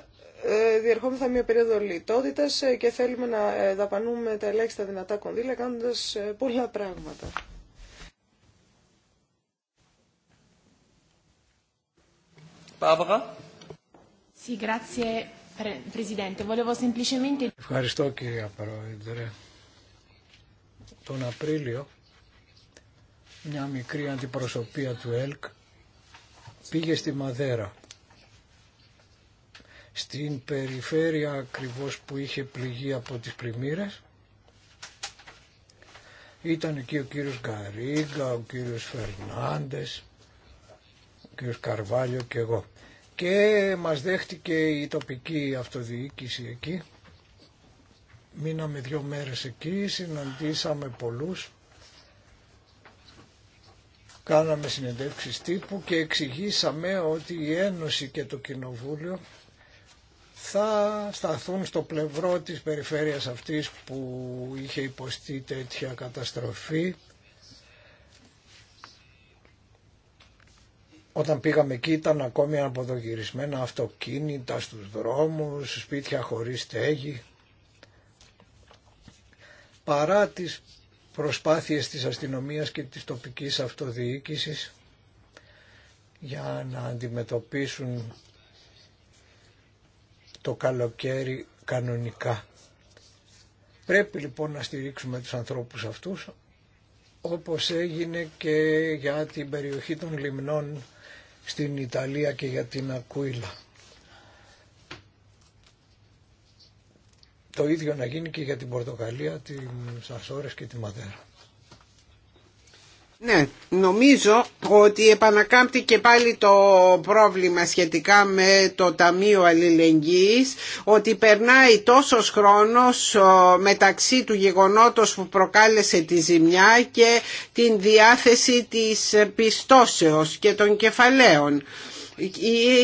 B: διερχόμεθα μια περίοδο λιτότητας και θέλουμε να δαπανούμε τα ελάχιστα δυνατά κονδύλια κάνοντας πολλά πράγματα.
C: Ευχαριστώ κύριε Πρόεδρε τον Απρίλιο μια μικρή αντιπροσωπεία του ΕΛΚ πήγε στη Μαδέρα στην περιφέρεια ακριβώς που είχε πληγεί από τις πλημμύρες ήταν εκεί ο κύριος Γκαρίγκα, ο κύριος Φερνάντες, ο κύριος Καρβάλιο και εγώ. Και μας δέχτηκε η τοπική αυτοδιοίκηση εκεί Μείναμε δύο μέρες εκεί, συναντήσαμε πολλούς, κάναμε συνεντεύξεις τύπου και εξηγήσαμε ότι η Ένωση και το Κοινοβούλιο θα σταθούν στο πλευρό της περιφέρειας αυτής που είχε υποστεί τέτοια καταστροφή. Όταν πήγαμε εκεί ήταν ακόμη αποδογυρισμένα αυτοκίνητα στους δρόμους, σπίτια χωρίς στέγη παρά τις προσπάθειες της αστυνομίας και της τοπικής αυτοδιοίκησης για να αντιμετωπίσουν το καλοκαίρι κανονικά. Πρέπει λοιπόν να στηρίξουμε τους ανθρώπους αυτούς όπως έγινε και για την περιοχή των λιμνών στην Ιταλία και για την Ακούιλα. το ίδιο να γίνει και για την Πορτοκαλία, την σασόρες και τη Ματέρα.
A: Ναι, νομίζω ότι επανακάμπτει και πάλι το πρόβλημα σχετικά με το Ταμείο Αλληλεγγύης ότι περνάει τόσος χρόνος μεταξύ του γεγονότος που προκάλεσε τη ζημιά και την διάθεση της πιστώσεως και των κεφαλαίων.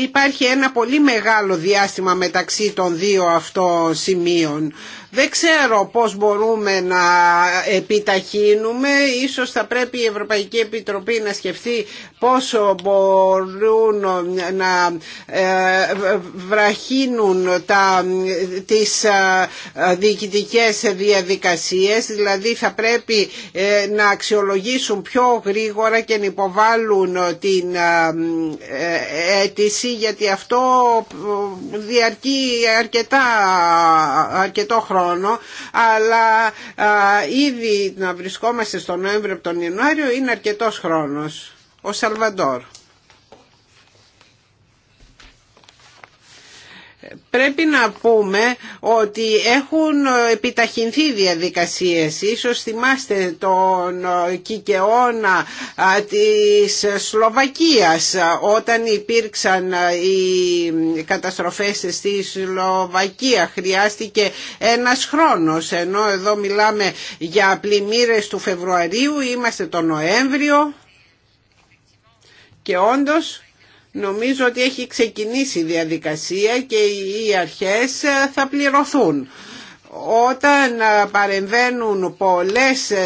A: Υπάρχει ένα πολύ μεγάλο διάστημα μεταξύ των δύο αυτών σημείων. Δεν ξέρω πώς μπορούμε να επιταχύνουμε. Ίσως θα πρέπει η Ευρωπαϊκή Επιτροπή να σκεφτεί πόσο μπορούν να ε, βραχύνουν τα, τις ε, διοικητικές διαδικασίες. Δηλαδή θα πρέπει ε, να αξιολογήσουν πιο γρήγορα και να υποβάλουν την αίτηση γιατί αυτό διαρκεί αρκετά, αρκετό χρόνο χρόνο αλλά ήδη να βρισκόμαστε στον Νοέμβριο από τον Ιανουάριο είναι αρκετός χρόνος. Ο Σαλβαντόρ. Πρέπει να πούμε ότι έχουν επιταχυνθεί διαδικασίες. Ίσως θυμάστε τον κικαιώνα της Σλοβακίας όταν υπήρξαν οι καταστροφές στη Σλοβακία. Χρειάστηκε ένας χρόνος ενώ εδώ μιλάμε για πλημμύρες του Φεβρουαρίου, είμαστε τον Νοέμβριο και όντως Νομίζω ότι έχει ξεκινήσει η διαδικασία και οι αρχές θα πληρωθούν όταν ε, παρεμβαίνουν πολλές ε,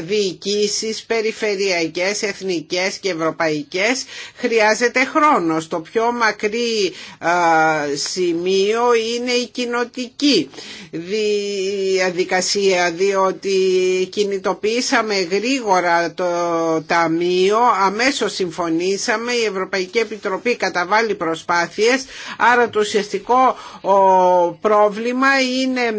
A: διοικήσεις περιφερειακές, εθνικές και ευρωπαϊκές χρειάζεται χρόνο. Το πιο μακρύ ε, σημείο είναι η κοινοτική διαδικασία διότι κινητοποιήσαμε γρήγορα το Ταμείο, αμέσως συμφωνήσαμε, η Ευρωπαϊκή Επιτροπή καταβάλει προσπάθειες, άρα το ουσιαστικό πρόβλημα είναι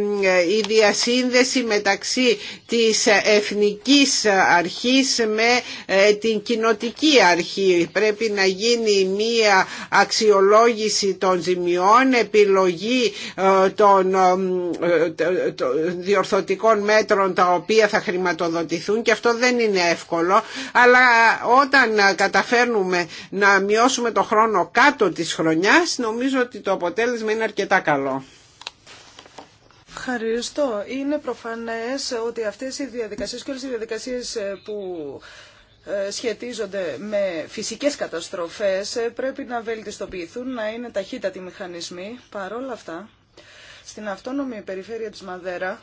A: η διασύνδεση μεταξύ της εθνικής αρχής με ε, την κοινοτική αρχή. Πρέπει να γίνει μία αξιολόγηση των ζημιών, επιλογή ε, των ε, διορθωτικών μέτρων τα οποία θα χρηματοδοτηθούν και αυτό δεν είναι εύκολο, αλλά όταν καταφέρνουμε να μειώσουμε το χρόνο κάτω της χρονιάς, νομίζω ότι το αποτέλεσμα είναι αρκετά καλό.
B: Ευχαριστώ. Είναι προφανές ότι αυτές οι διαδικασίες και όλες οι διαδικασίες ε, που ε, σχετίζονται με φυσικές καταστροφές ε, πρέπει να βελτιστοποιηθούν, να είναι ταχύτατοι μηχανισμοί. Παρόλα αυτά, στην αυτόνομη περιφέρεια της Μαδέρα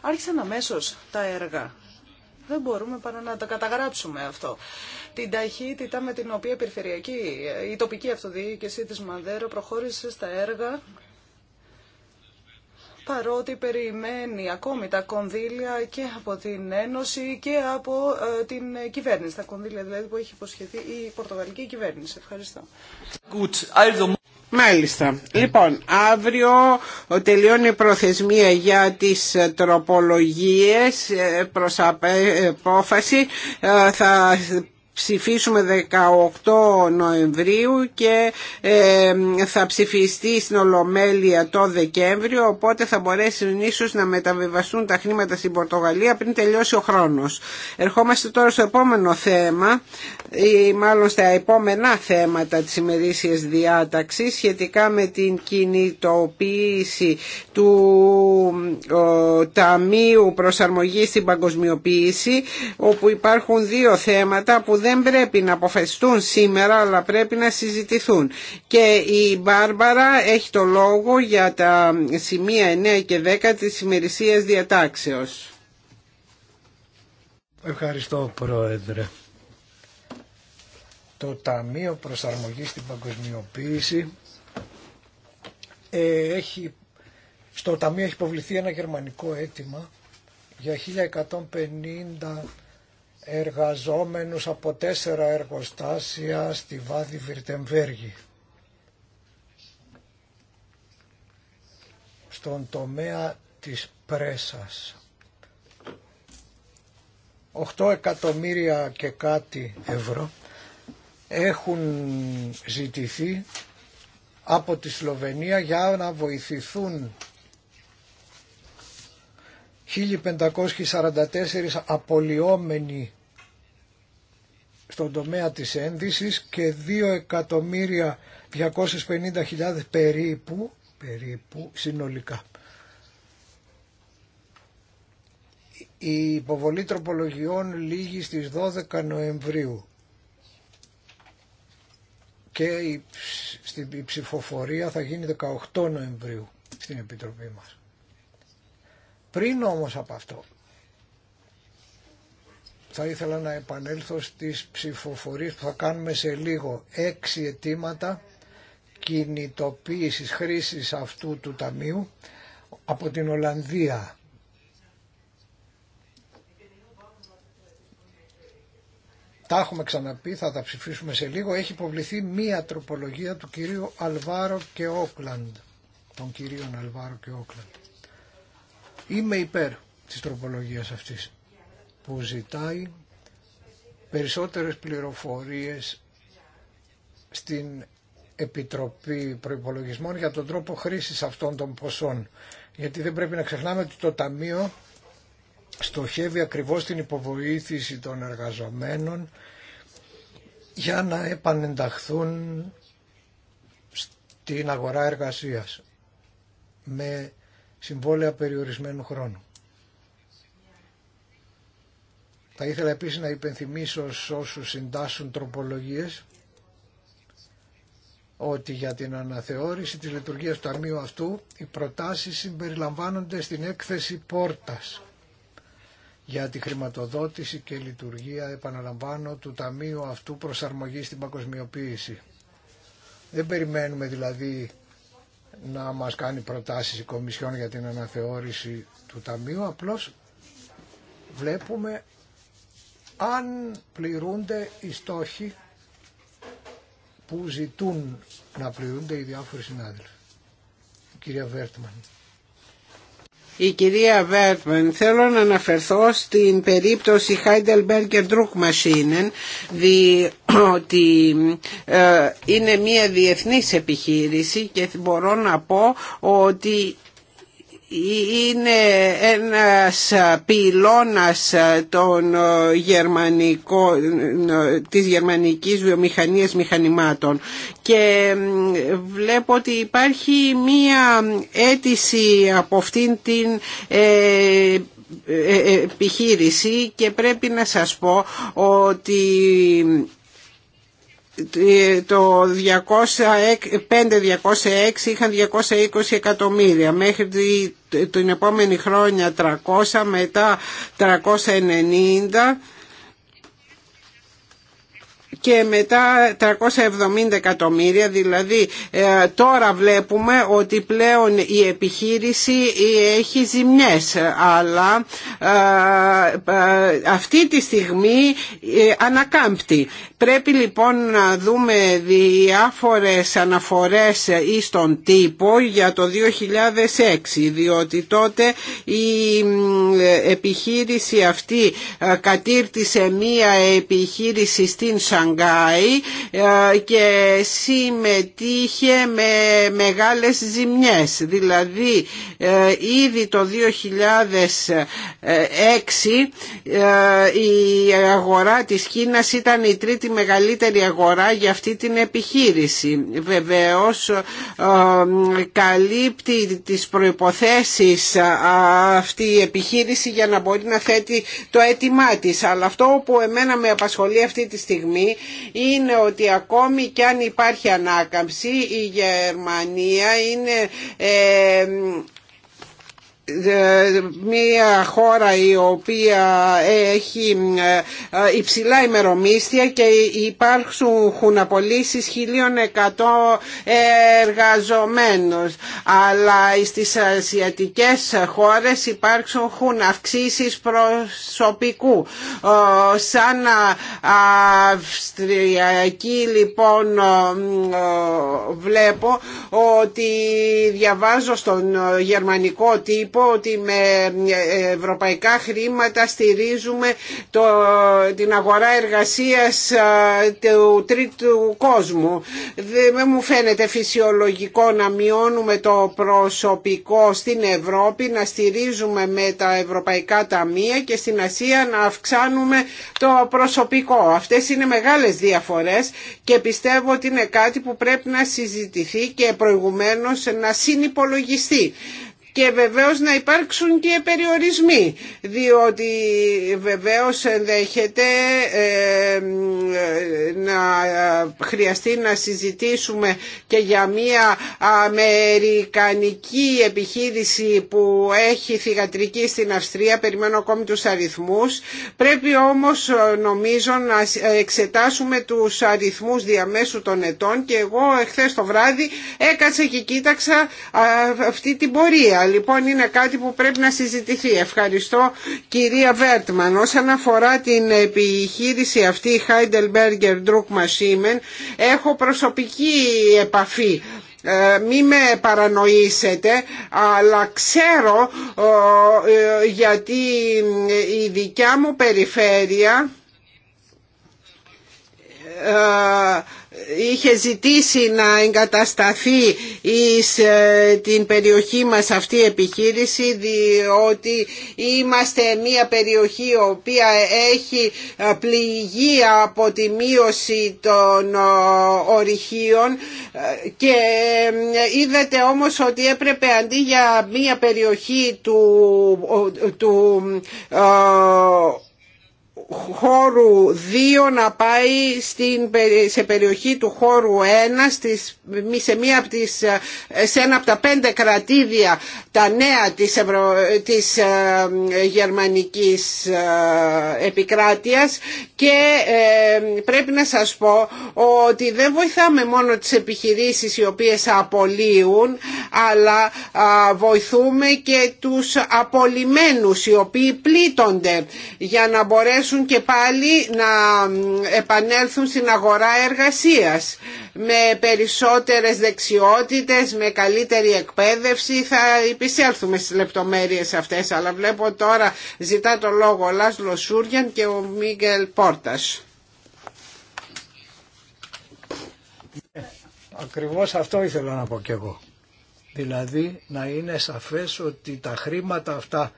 B: άρχισαν αμέσως τα έργα. Δεν μπορούμε παρά να το καταγράψουμε αυτό. Την ταχύτητα με την οποία η, περιφερειακή, η τοπική αυτοδιοίκηση της Μαδέρα προχώρησε στα έργα παρότι περιμένει ακόμη τα κονδύλια και από την Ένωση και από ε, την κυβέρνηση. Τα κονδύλια δηλαδή που έχει υποσχεθεί η Πορτογαλική κυβέρνηση. Ευχαριστώ.
A: Μάλιστα. Λοιπόν, αύριο τελειώνει η προθεσμία για τις ε, τροπολογίες ε, προς απόφαση. Θα ψηφίσουμε 18 Νοεμβρίου και θα ψηφιστεί στην Ολομέλεια το Δεκέμβριο οπότε θα μπορέσουν ίσως να μεταβιβαστούν τα χρήματα στην Πορτογαλία πριν τελειώσει ο χρόνος. Ερχόμαστε τώρα στο επόμενο θέμα ή μάλλον στα επόμενα θέματα της ημερήσιας διάταξης σχετικά με την κινητοποίηση του ο, Ταμείου Προσαρμογής στην Παγκοσμιοποίηση όπου υπάρχουν δύο θέματα που δεν πρέπει να αποφεστούν σήμερα αλλά πρέπει να συζητηθούν. Και η Μπάρμπαρα έχει το λόγο για τα σημεία 9 και 10 της ημερησίας διατάξεως.
C: Ευχαριστώ Πρόεδρε. Το Ταμείο Προσαρμογής στην Παγκοσμιοποίηση ε, έχει, στο Ταμείο έχει υποβληθεί ένα γερμανικό αίτημα για 1150 εργαζόμενους από τέσσερα εργοστάσια στη Βάδη Βιρτεμβέργη. Στον τομέα της πρέσας. 8 εκατομμύρια και κάτι ευρώ έχουν ζητηθεί από τη Σλοβενία για να βοηθηθούν 1544 απολυόμενοι στον τομέα της ένδυσης και 2.250.000 περίπου, περίπου συνολικά. Η υποβολή τροπολογιών λήγει στις 12 Νοεμβρίου και η, ψηφοφορία θα γίνει 18 Νοεμβρίου στην Επιτροπή μας. Πριν όμως από αυτό θα ήθελα να επανέλθω στις ψηφοφορίες που θα κάνουμε σε λίγο. Έξι αιτήματα κινητοποίησης χρήσης αυτού του ταμείου από την Ολλανδία. Τα έχουμε ξαναπεί, θα τα ψηφίσουμε σε λίγο. Έχει υποβληθεί μία τροπολογία του κυρίου Αλβάρο και Όκλαντ. Των κυρίων Αλβάρο και Όκλαντ. Είμαι υπέρ της τροπολογίας αυτής που ζητάει περισσότερες πληροφορίες στην Επιτροπή Προϋπολογισμών για τον τρόπο χρήσης αυτών των ποσών. Γιατί δεν πρέπει να ξεχνάμε ότι το Ταμείο στοχεύει ακριβώς την υποβοήθηση των εργαζομένων για να επανενταχθούν στην αγορά εργασίας με συμβόλαια περιορισμένου χρόνου. Θα ήθελα επίσης να υπενθυμίσω σε όσους συντάσσουν τροπολογίες ότι για την αναθεώρηση της λειτουργίας του Ταμείου αυτού οι προτάσεις συμπεριλαμβάνονται στην έκθεση πόρτας για τη χρηματοδότηση και λειτουργία, επαναλαμβάνω, του Ταμείου αυτού προσαρμογή στην παγκοσμιοποίηση. Δεν περιμένουμε δηλαδή να μας κάνει προτάσεις η Κομισιόν για την αναθεώρηση του Ταμείου, απλώς βλέπουμε αν πληρούνται οι στόχοι που ζητούν να πληρούνται οι διάφοροι συνάδελφοι. Η κυρία Βέρτμαν.
A: Η κυρία Βέρτμαν, θέλω να αναφερθώ στην περίπτωση Heidelberg και Druckmaschinen, διότι ε, είναι μια διεθνής επιχείρηση και μπορώ να πω ότι είναι ένας πυλώνας των γερμανικών, της γερμανικής βιομηχανίας μηχανημάτων και βλέπω ότι υπάρχει μία αίτηση από αυτήν την ε, ε, ε, επιχείρηση και πρέπει να σας πω ότι το 5-206 είχαν 220 εκατομμύρια μέχρι την επόμενη χρόνια 300 μετά 390 και μετά 370 εκατομμύρια δηλαδή ε, τώρα βλέπουμε ότι πλέον η επιχείρηση ε, έχει ζημιές αλλά ε, αυτή τη στιγμή ανακάμπτει. Πρέπει λοιπόν να δούμε διάφορες αναφορές ή στον τύπο για το 2006 διότι τότε η επιχείρηση αυτή κατήρτησε μία επιχείρηση στην Σαγκάλα Σανγκάη ε, και συμμετείχε με μεγάλες ζημιές. Δηλαδή ε, ήδη το 2006 ε, η αγορά της Κίνας ήταν η τρίτη μεγαλύτερη αγορά για αυτή την επιχείρηση. Βεβαίως καλύπτει τις προϋποθέσεις αυτή η επιχείρηση για να μπορεί να θέτει το αίτημά της. Αλλά αυτό που εμένα με απασχολεί αυτή τη στιγμή είναι ότι ακόμη και αν υπάρχει ανάκαμψη η Γερμανία είναι ε, μια χώρα η οποία έχει ε, ε, υψηλά ημερομίσθια και υπάρχουν απολύσει 1.100 εργαζομένους αλλά στις ασιατικές χώρες υπάρχουν αυξήσεις προσωπικού ε, σαν Αυστριακή λοιπόν βλέπω ότι διαβάζω στον γερμανικό τύπο πω ότι με ευρωπαϊκά χρήματα στηρίζουμε το, την αγορά εργασίας του τρίτου κόσμου. Δεν μου φαίνεται φυσιολογικό να μειώνουμε το προσωπικό στην Ευρώπη, να στηρίζουμε με τα ευρωπαϊκά ταμεία και στην Ασία να αυξάνουμε το προσωπικό. Αυτές είναι μεγάλες διαφορές και πιστεύω ότι είναι κάτι που πρέπει να συζητηθεί και προηγουμένως να συνυπολογιστεί και βεβαίως να υπάρξουν και περιορισμοί διότι βεβαίως ενδέχεται ε, να χρειαστεί να συζητήσουμε και για μια αμερικανική επιχείρηση που έχει θηγατρική στην Αυστρία, περιμένω ακόμη τους αριθμούς. Πρέπει όμως νομίζω να εξετάσουμε τους αριθμούς διαμέσου των ετών και εγώ εχθές το βράδυ έκατσα και κοίταξα αυτή την πορεία λοιπόν είναι κάτι που πρέπει να συζητηθεί. Ευχαριστώ κυρία Βέρτμαν. Όσον αφορά την επιχείρηση αυτή Heidelberger Druckmaschinen έχω προσωπική επαφή ε, μη με παρανοήσετε αλλά ξέρω ε, ε, γιατί η δικιά μου περιφέρεια είχε ζητήσει να εγκατασταθεί εις ε, την περιοχή μας αυτή η επιχείρηση διότι είμαστε μια περιοχή η οποία έχει ε, πληγεί από τη μείωση των ε, ορυχείων και είδατε όμως ότι έπρεπε αντί για μια περιοχή του, του χώρου 2 να πάει στην, σε περιοχή του χώρου 1 στις, σε, μία από τις, ε, σε ένα από τα πέντε κρατήδια τα νέα της, της ε, γερμανικής ε, επικράτειας και πρέπει να σας πω ότι δεν βοηθάμε μόνο τις επιχειρήσεις οι οποίες απολύουν αλλά βοηθούμε και τους απολυμένους οι οποίοι πλήττονται για να μπορέσουν και πάλι να επανέλθουν στην αγορά εργασίας. Με περισσότερες δεξιότητες, με καλύτερη εκπαίδευση θα επισέλθουμε στις λεπτομέρειες αυτές. Αλλά βλέπω τώρα ζητά το λόγο ο Λάσλο Σούριαν και ο Μίγκελ Πόρτας.
C: Ε, ακριβώς αυτό ήθελα να πω κι εγώ. Δηλαδή να είναι σαφές ότι τα χρήματα αυτά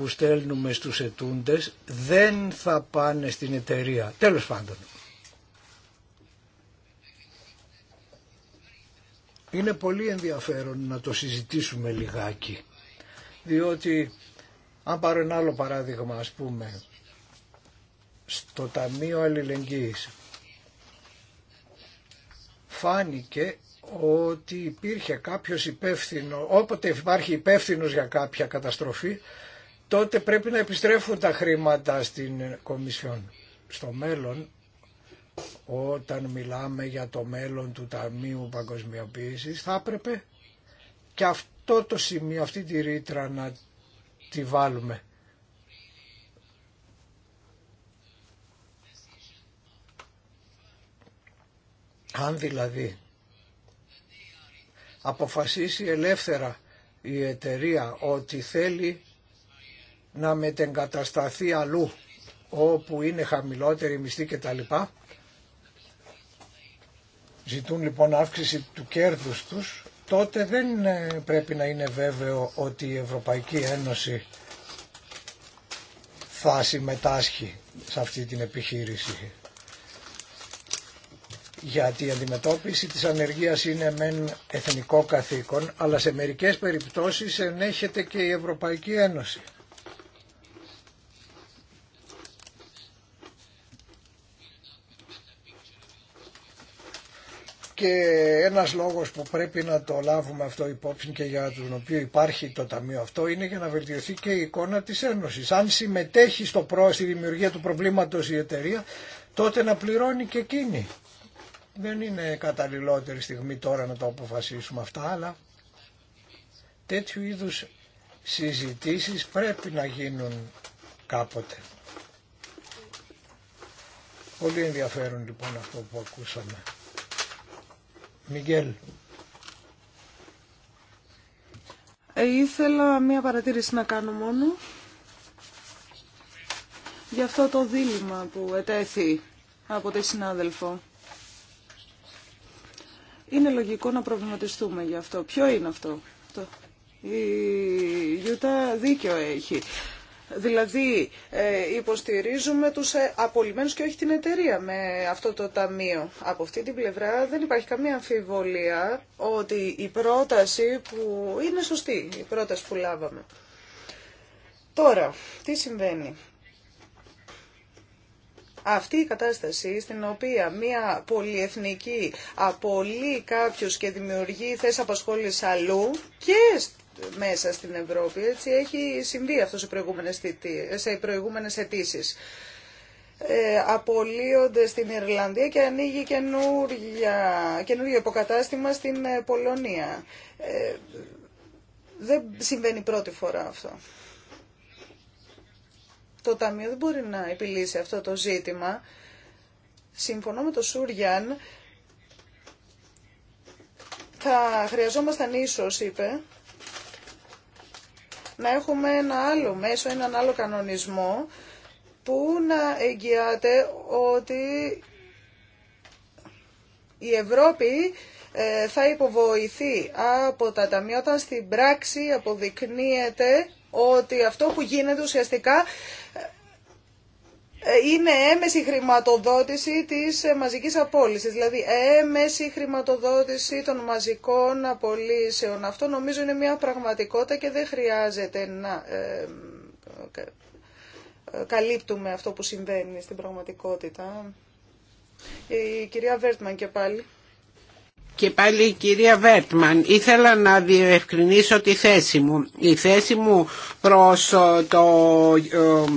C: που στέλνουμε στους ετούντες δεν θα πάνε στην εταιρεία. Τέλος πάντων. Είναι πολύ ενδιαφέρον να το συζητήσουμε λιγάκι. Διότι αν πάρω ένα άλλο παράδειγμα ας πούμε στο Ταμείο Αλληλεγγύης φάνηκε ότι υπήρχε κάποιος υπεύθυνο, όποτε υπάρχει υπεύθυνο για κάποια καταστροφή τότε πρέπει να επιστρέφουν τα χρήματα στην Κομισιόν. Στο μέλλον, όταν μιλάμε για το μέλλον του Ταμείου Παγκοσμιοποίησης, θα έπρεπε και αυτό το σημείο, αυτή τη ρήτρα να τη βάλουμε. Αν δηλαδή αποφασίσει ελεύθερα η εταιρεία ότι θέλει να μετεγκατασταθεί αλλού όπου είναι χαμηλότερη μισθή κτλ. Ζητούν λοιπόν αύξηση του κέρδους τους, τότε δεν ε, πρέπει να είναι βέβαιο ότι η Ευρωπαϊκή Ένωση θα συμμετάσχει σε αυτή την επιχείρηση. Γιατί η αντιμετώπιση της ανεργίας είναι μεν εθνικό καθήκον, αλλά σε μερικές περιπτώσεις ενέχεται και η Ευρωπαϊκή Ένωση. και ένας λόγος που πρέπει να το λάβουμε αυτό υπόψη και για τον οποίο υπάρχει το ταμείο αυτό είναι για να βελτιωθεί και η εικόνα της Ένωσης. Αν συμμετέχει στο προ, στη δημιουργία του προβλήματος η εταιρεία τότε να πληρώνει και εκείνη. Δεν είναι καταλληλότερη στιγμή τώρα να το αποφασίσουμε αυτά αλλά τέτοιου είδους συζητήσεις πρέπει να γίνουν κάποτε. Πολύ ενδιαφέρον λοιπόν αυτό που ακούσαμε. Μιγγέλ.
B: Ε, ήθελα μία παρατήρηση να κάνω μόνο για αυτό το δίλημα που ετέθη από τη συνάδελφο. Είναι λογικό να προβληματιστούμε γι' αυτό. Ποιο είναι αυτό. Το... Η Γιούτα δίκιο έχει. Δηλαδή ε, υποστηρίζουμε τους ε, απολυμμένους και όχι την εταιρεία με αυτό το ταμείο. Από αυτή την πλευρά δεν υπάρχει καμία αμφιβολία ότι η πρόταση που είναι σωστή, η πρόταση που λάβαμε. Τώρα, τι συμβαίνει. Αυτή η κατάσταση στην οποία μια πολυεθνική απολύει κάποιους και δημιουργεί θέσεις απασχόλησης αλλού και μέσα στην Ευρώπη. Έτσι έχει συμβεί αυτό σε προηγούμενες, σε προηγούμενες αιτήσει. Ε, απολύονται στην Ιρλανδία και ανοίγει καινούργιο υποκατάστημα στην ε, Πολωνία. Ε, δεν συμβαίνει πρώτη φορά αυτό. Το Ταμείο δεν μπορεί να επιλύσει αυτό το ζήτημα. Συμφωνώ με τον Σούριαν. Θα χρειαζόμασταν ίσως, είπε, να έχουμε ένα άλλο μέσο, έναν άλλο κανονισμό που να εγγυάται ότι η Ευρώπη ε, θα υποβοηθεί από τα ταμεία όταν στην πράξη αποδεικνύεται ότι αυτό που γίνεται ουσιαστικά είναι έμεση χρηματοδότηση της μαζικής απόλυσης, δηλαδή έμεση χρηματοδότηση των μαζικών απολύσεων. Αυτό νομίζω είναι μια πραγματικότητα και δεν χρειάζεται να ε, ε, καλύπτουμε αυτό που συμβαίνει στην πραγματικότητα. Η κυρία Βέρτμαν και πάλι
A: και πάλι η κυρία Βέρτμαν. Ήθελα να διευκρινίσω τη θέση μου. Η θέση μου προς ε, το ε,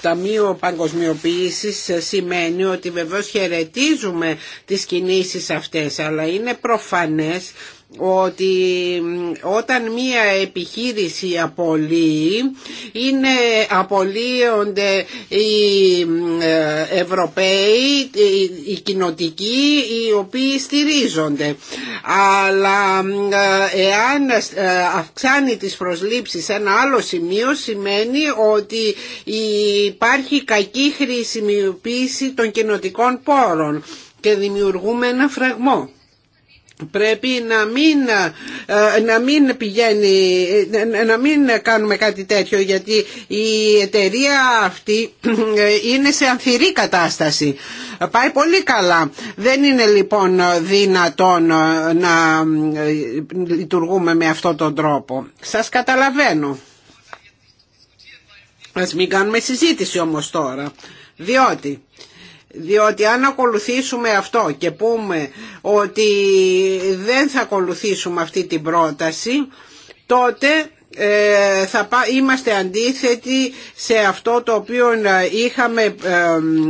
A: Ταμείο Παγκοσμιοποίησης σημαίνει ότι βεβαίως χαιρετίζουμε τις κινήσεις αυτές, αλλά είναι προφανές ότι όταν μία επιχείρηση απολύει είναι απολύονται οι ε, Ευρωπαίοι, οι κοινοτικοί οι οποίοι στηρίζονται αλλά ε, εάν ε, αυξάνει τις προσλήψεις σε ένα άλλο σημείο σημαίνει ότι υπάρχει κακή χρησιμοποίηση των κοινοτικών πόρων και δημιουργούμε ένα φραγμό. Πρέπει να μην, ε, να μην πηγαίνει, ε, να μην κάνουμε κάτι τέτοιο γιατί η εταιρεία αυτή ε, είναι σε ανθυρή κατάσταση. Πάει πολύ καλά. Δεν είναι λοιπόν δυνατόν να λειτουργούμε με αυτόν τον τρόπο. Σας καταλαβαίνω. Ας μην κάνουμε συζήτηση όμως τώρα. Διότι διότι αν ακολουθήσουμε αυτό και πούμε ότι δεν θα ακολουθήσουμε αυτή την πρόταση, τότε ε, θα είμαστε αντίθετοι σε αυτό το οποίο ε, είχαμε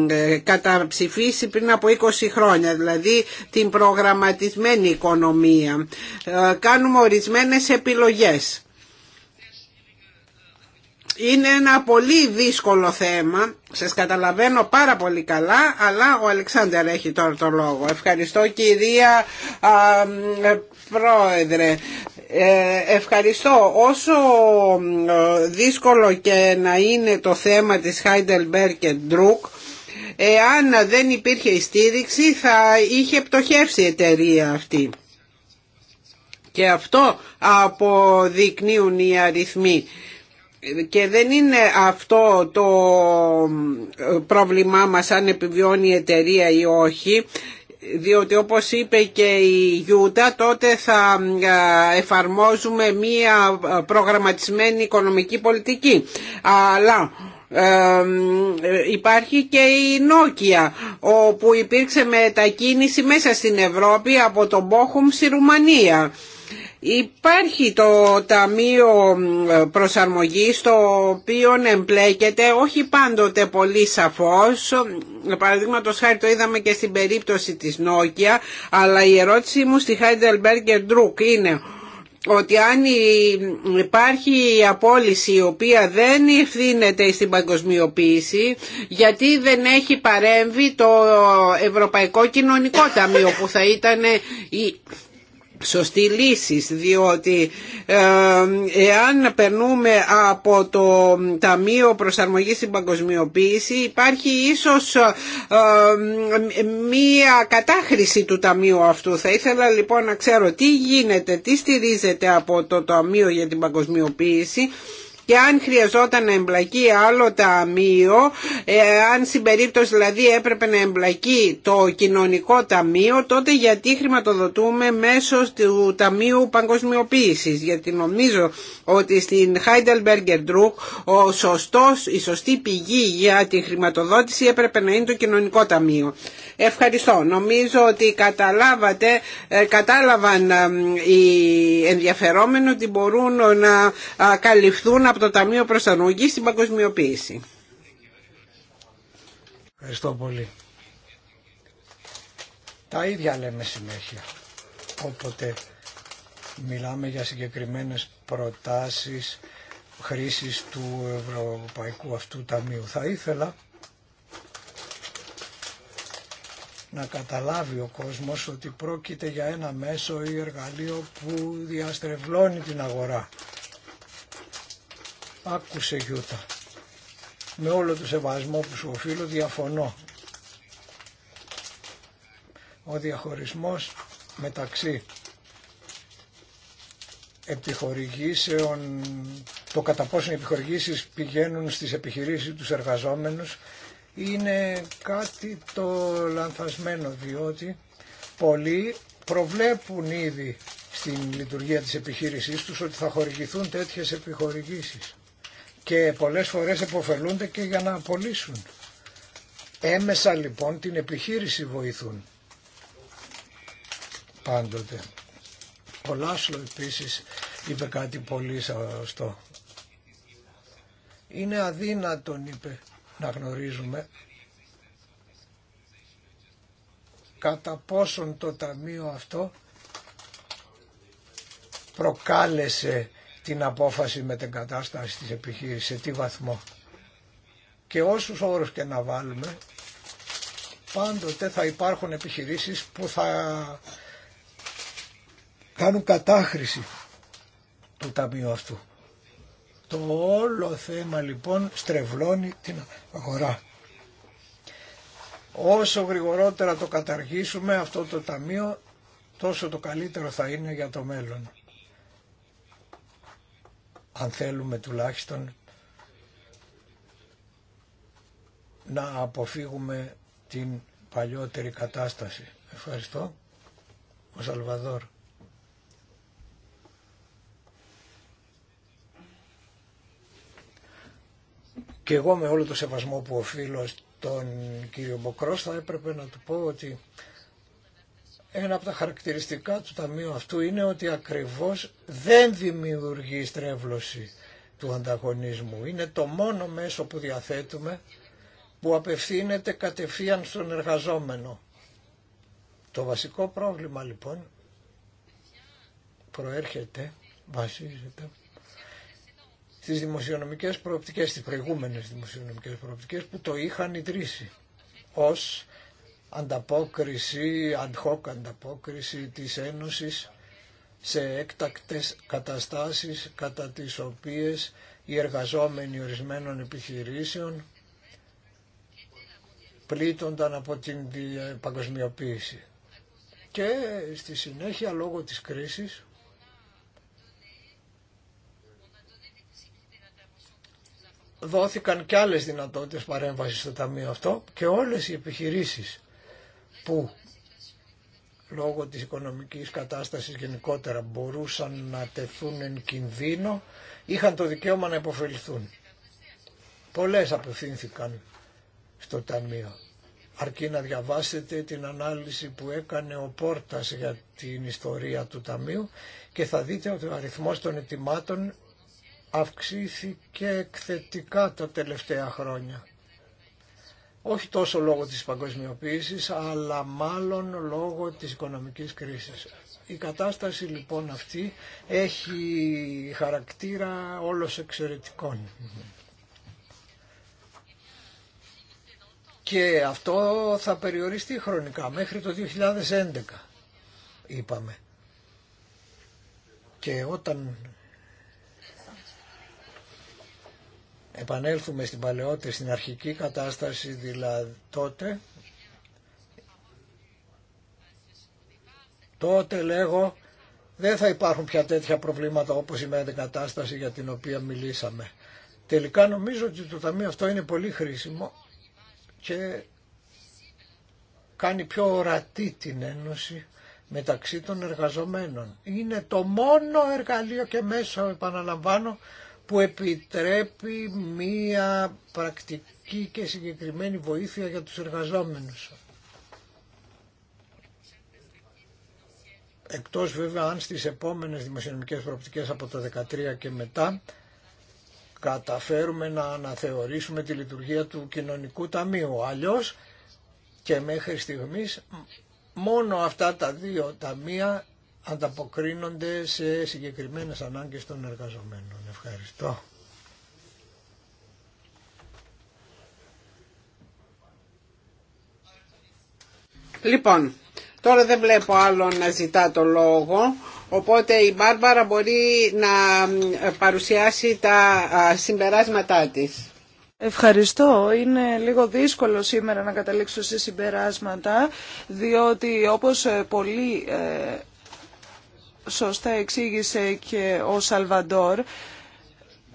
A: ε, καταψηφίσει πριν από 20 χρόνια, δηλαδή την προγραμματισμένη οικονομία. Κάνουμε ορισμένες επιλογές είναι ένα πολύ δύσκολο θέμα, σας καταλαβαίνω πάρα πολύ καλά, αλλά ο Αλεξάνδρ έχει τώρα το λόγο. Ευχαριστώ κυρία Πρόεδρε. Ε, ευχαριστώ. Όσο δύσκολο και να είναι το θέμα της Heidelberg και Druck, εάν δεν υπήρχε η στήριξη θα είχε πτωχεύσει η εταιρεία αυτή. Και αυτό αποδεικνύουν οι αριθμοί και δεν είναι αυτό το πρόβλημά μας αν επιβιώνει η εταιρεία ή όχι διότι όπως είπε και η Γιούτα τότε θα εφαρμόζουμε μία προγραμματισμένη οικονομική πολιτική αλλά ε, υπάρχει και η Νόκια όπου υπήρξε μετακίνηση μέσα στην Ευρώπη από τον Μπόχουμ στη Ρουμανία Υπάρχει το Ταμείο Προσαρμογής το οποίο εμπλέκεται όχι πάντοτε πολύ σαφώς παραδείγματο χάρη το είδαμε και στην περίπτωση της Νόκια αλλά η ερώτησή μου στη Heidelberger Druck είναι ότι αν υπάρχει η απόλυση η οποία δεν ευθύνεται στην παγκοσμιοποίηση γιατί δεν έχει παρέμβει το Ευρωπαϊκό Κοινωνικό Ταμείο που θα ήταν η σωστή λύση διότι εάν περνούμε από το Ταμείο Προσαρμογής στην Παγκοσμιοποίηση υπάρχει ίσως μία κατάχρηση του Ταμείου αυτού. Θα ήθελα λοιπόν να ξέρω τι γίνεται, τι στηρίζεται από το Ταμείο για την Παγκοσμιοποίηση και αν χρειαζόταν να εμπλακεί άλλο ταμείο, ε, αν στην δηλαδή έπρεπε να εμπλακεί το κοινωνικό ταμείο, τότε γιατί χρηματοδοτούμε μέσω του Ταμείου Παγκοσμιοποίησης. Γιατί νομίζω ότι στην Heidelberger Druck ο σωστός, η σωστή πηγή για τη χρηματοδότηση έπρεπε να είναι το κοινωνικό ταμείο. Ευχαριστώ. Νομίζω ότι ε, κατάλαβαν ε, οι ενδιαφερόμενοι ότι μπορούν να καλυφθούν το Ταμείο Προσαρμογής στην Παγκοσμιοποίηση.
C: Ευχαριστώ πολύ. Τα ίδια λέμε συνέχεια. Όποτε μιλάμε για συγκεκριμένες προτάσεις χρήσης του Ευρωπαϊκού Αυτού Ταμείου. Θα ήθελα να καταλάβει ο κόσμος ότι πρόκειται για ένα μέσο ή εργαλείο που διαστρεβλώνει την αγορά Άκουσε Γιούτα. Με όλο το σεβασμό που σου οφείλω διαφωνώ. Ο διαχωρισμός μεταξύ επιχορηγήσεων, το κατά πόσο επιχορηγήσεις πηγαίνουν στις επιχειρήσεις τους εργαζόμενους είναι κάτι το λανθασμένο διότι πολλοί προβλέπουν ήδη στην λειτουργία της επιχείρησής τους ότι θα χορηγηθούν τέτοιες επιχορηγήσεις και πολλές φορές εποφελούνται και για να απολύσουν. Έμεσα λοιπόν την επιχείρηση βοηθούν πάντοτε. Ο Λάσλο επίσης είπε κάτι πολύ σωστό. Είναι αδύνατον είπε να γνωρίζουμε κατά πόσον το ταμείο αυτό προκάλεσε την απόφαση με την κατάσταση της επιχείρησης, σε τι βαθμό. Και όσους όρους και να βάλουμε, πάντοτε θα υπάρχουν επιχειρήσεις που θα κάνουν κατάχρηση του ταμείου αυτού. Το όλο θέμα λοιπόν στρεβλώνει την αγορά. Όσο γρηγορότερα το καταργήσουμε αυτό το ταμείο, τόσο το καλύτερο θα είναι για το μέλλον αν θέλουμε τουλάχιστον να αποφύγουμε την παλιότερη κατάσταση. Ευχαριστώ. Ο Σαλβαδόρ. Και εγώ με όλο το σεβασμό που οφείλω στον κύριο Μποκρός θα έπρεπε να του πω ότι ένα από τα χαρακτηριστικά του ταμείου αυτού είναι ότι ακριβώς δεν δημιουργεί στρέβλωση του ανταγωνισμού. Είναι το μόνο μέσο που διαθέτουμε που απευθύνεται κατευθείαν στον εργαζόμενο. Το βασικό πρόβλημα λοιπόν προέρχεται, βασίζεται στις δημοσιονομικές προοπτικές, στις προηγούμενες δημοσιονομικές προοπτικές που το είχαν ιδρύσει ως ανταπόκριση, ad hoc ανταπόκριση της Ένωσης σε έκτακτες καταστάσεις κατά τις οποίες οι εργαζόμενοι ορισμένων επιχειρήσεων πλήττονταν από την παγκοσμιοποίηση. Και στη συνέχεια λόγω της κρίσης δόθηκαν και άλλες δυνατότητες παρέμβασης στο Ταμείο αυτό και όλες οι επιχειρήσεις που λόγω της οικονομικής κατάστασης γενικότερα μπορούσαν να τεθούν εν κινδύνο, είχαν το δικαίωμα να υποφεληθούν. Πολλές απευθύνθηκαν στο Ταμείο. Αρκεί να διαβάσετε την ανάλυση που έκανε ο Πόρτας για την ιστορία του Ταμείου και θα δείτε ότι ο αριθμός των ετοιμάτων αυξήθηκε εκθετικά τα τελευταία χρόνια όχι τόσο λόγω της παγκοσμιοποίησης, αλλά μάλλον λόγω της οικονομικής κρίσης. Η κατάσταση λοιπόν αυτή έχει χαρακτήρα όλος εξαιρετικών. Και αυτό θα περιοριστεί χρονικά, μέχρι το 2011, είπαμε. Και όταν επανέλθουμε στην παλαιότερη, στην αρχική κατάσταση δηλαδή τότε, τότε λέγω δεν θα υπάρχουν πια τέτοια προβλήματα όπως η κατάσταση για την οποία μιλήσαμε. Τελικά νομίζω ότι το ταμείο αυτό είναι πολύ χρήσιμο και κάνει πιο ορατή την ένωση μεταξύ των εργαζομένων. Είναι το μόνο εργαλείο και μέσο, επαναλαμβάνω, που επιτρέπει μία πρακτική και συγκεκριμένη βοήθεια για τους εργαζόμενους. Εκτός βέβαια αν στις επόμενες δημοσιονομικές προοπτικές από το 2013 και μετά καταφέρουμε να αναθεωρήσουμε τη λειτουργία του κοινωνικού ταμείου. Αλλιώς και μέχρι στιγμής μόνο αυτά τα δύο ταμεία ανταποκρίνονται σε συγκεκριμένες ανάγκες των εργαζομένων. Ευχαριστώ.
A: Λοιπόν, τώρα δεν βλέπω άλλο να ζητά το λόγο, οπότε η Μπάρμπαρα μπορεί να παρουσιάσει τα συμπεράσματά
B: της. Ευχαριστώ. Είναι λίγο δύσκολο σήμερα να καταλήξω σε συμπεράσματα, διότι όπως ε, πολλοί ε, σωστά εξήγησε και ο Σαλβαντόρ,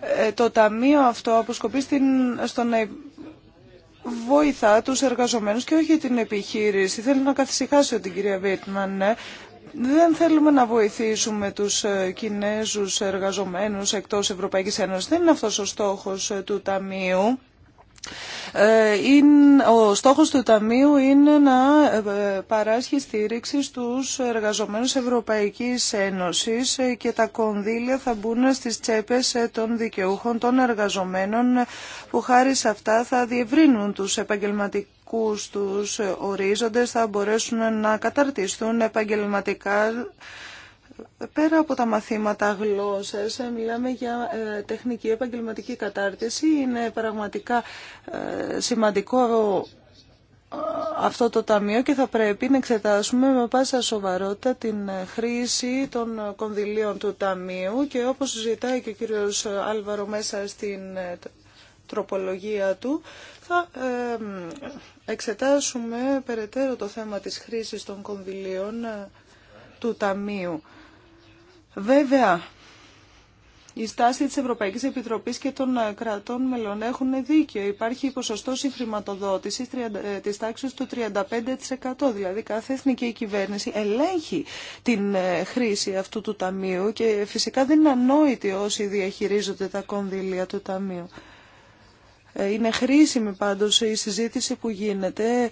B: ε, το ταμείο αυτό αποσκοπεί στην, στο να βοηθά τους εργαζομένους και όχι την επιχείρηση. Θέλω να καθησυχάσω την κυρία Βίτμαν. Ε. Δεν θέλουμε να βοηθήσουμε τους ε, Κινέζους εργαζομένους εκτός Ευρωπαϊκής Ένωσης. Δεν είναι αυτός ο στόχος του Ταμείου. Ε, ο στόχος του Ταμείου είναι να ε, παράσχει στήριξη στους εργαζομένους Ευρωπαϊκής Ένωσης ε, και τα κονδύλια θα μπουν στις τσέπες των δικαιούχων των εργαζομένων που χάρη σε αυτά θα διευρύνουν τους επαγγελματικούς τους ορίζοντες θα μπορέσουν να καταρτιστούν επαγγελματικά Πέρα από τα μαθήματα γλώσσες, μιλάμε για ε, τεχνική επαγγελματική κατάρτιση. Είναι πραγματικά ε, σημαντικό ε, αυτό το ταμείο και θα πρέπει να εξετάσουμε με πάσα σοβαρότητα την χρήση των κονδυλίων του ταμείου και όπως ζητάει και ο κύριος Άλβαρο μέσα στην τροπολογία του θα εξετάσουμε περαιτέρω το θέμα της χρήσης των κονδυλίων του ταμείου. Βέβαια, η στάση της Ευρωπαϊκής Επιτροπής και των ε, κρατών μελών έχουν δίκιο. Υπάρχει ποσοστό συγχρηματοδότησης ε, της τάξης του 35%. Δηλαδή κάθε εθνική κυβέρνηση ελέγχει την ε, χρήση αυτού του ταμείου και φυσικά δεν είναι ανόητοι όσοι διαχειρίζονται τα κονδύλια του ταμείου. Είναι χρήσιμη πάντως η συζήτηση που γίνεται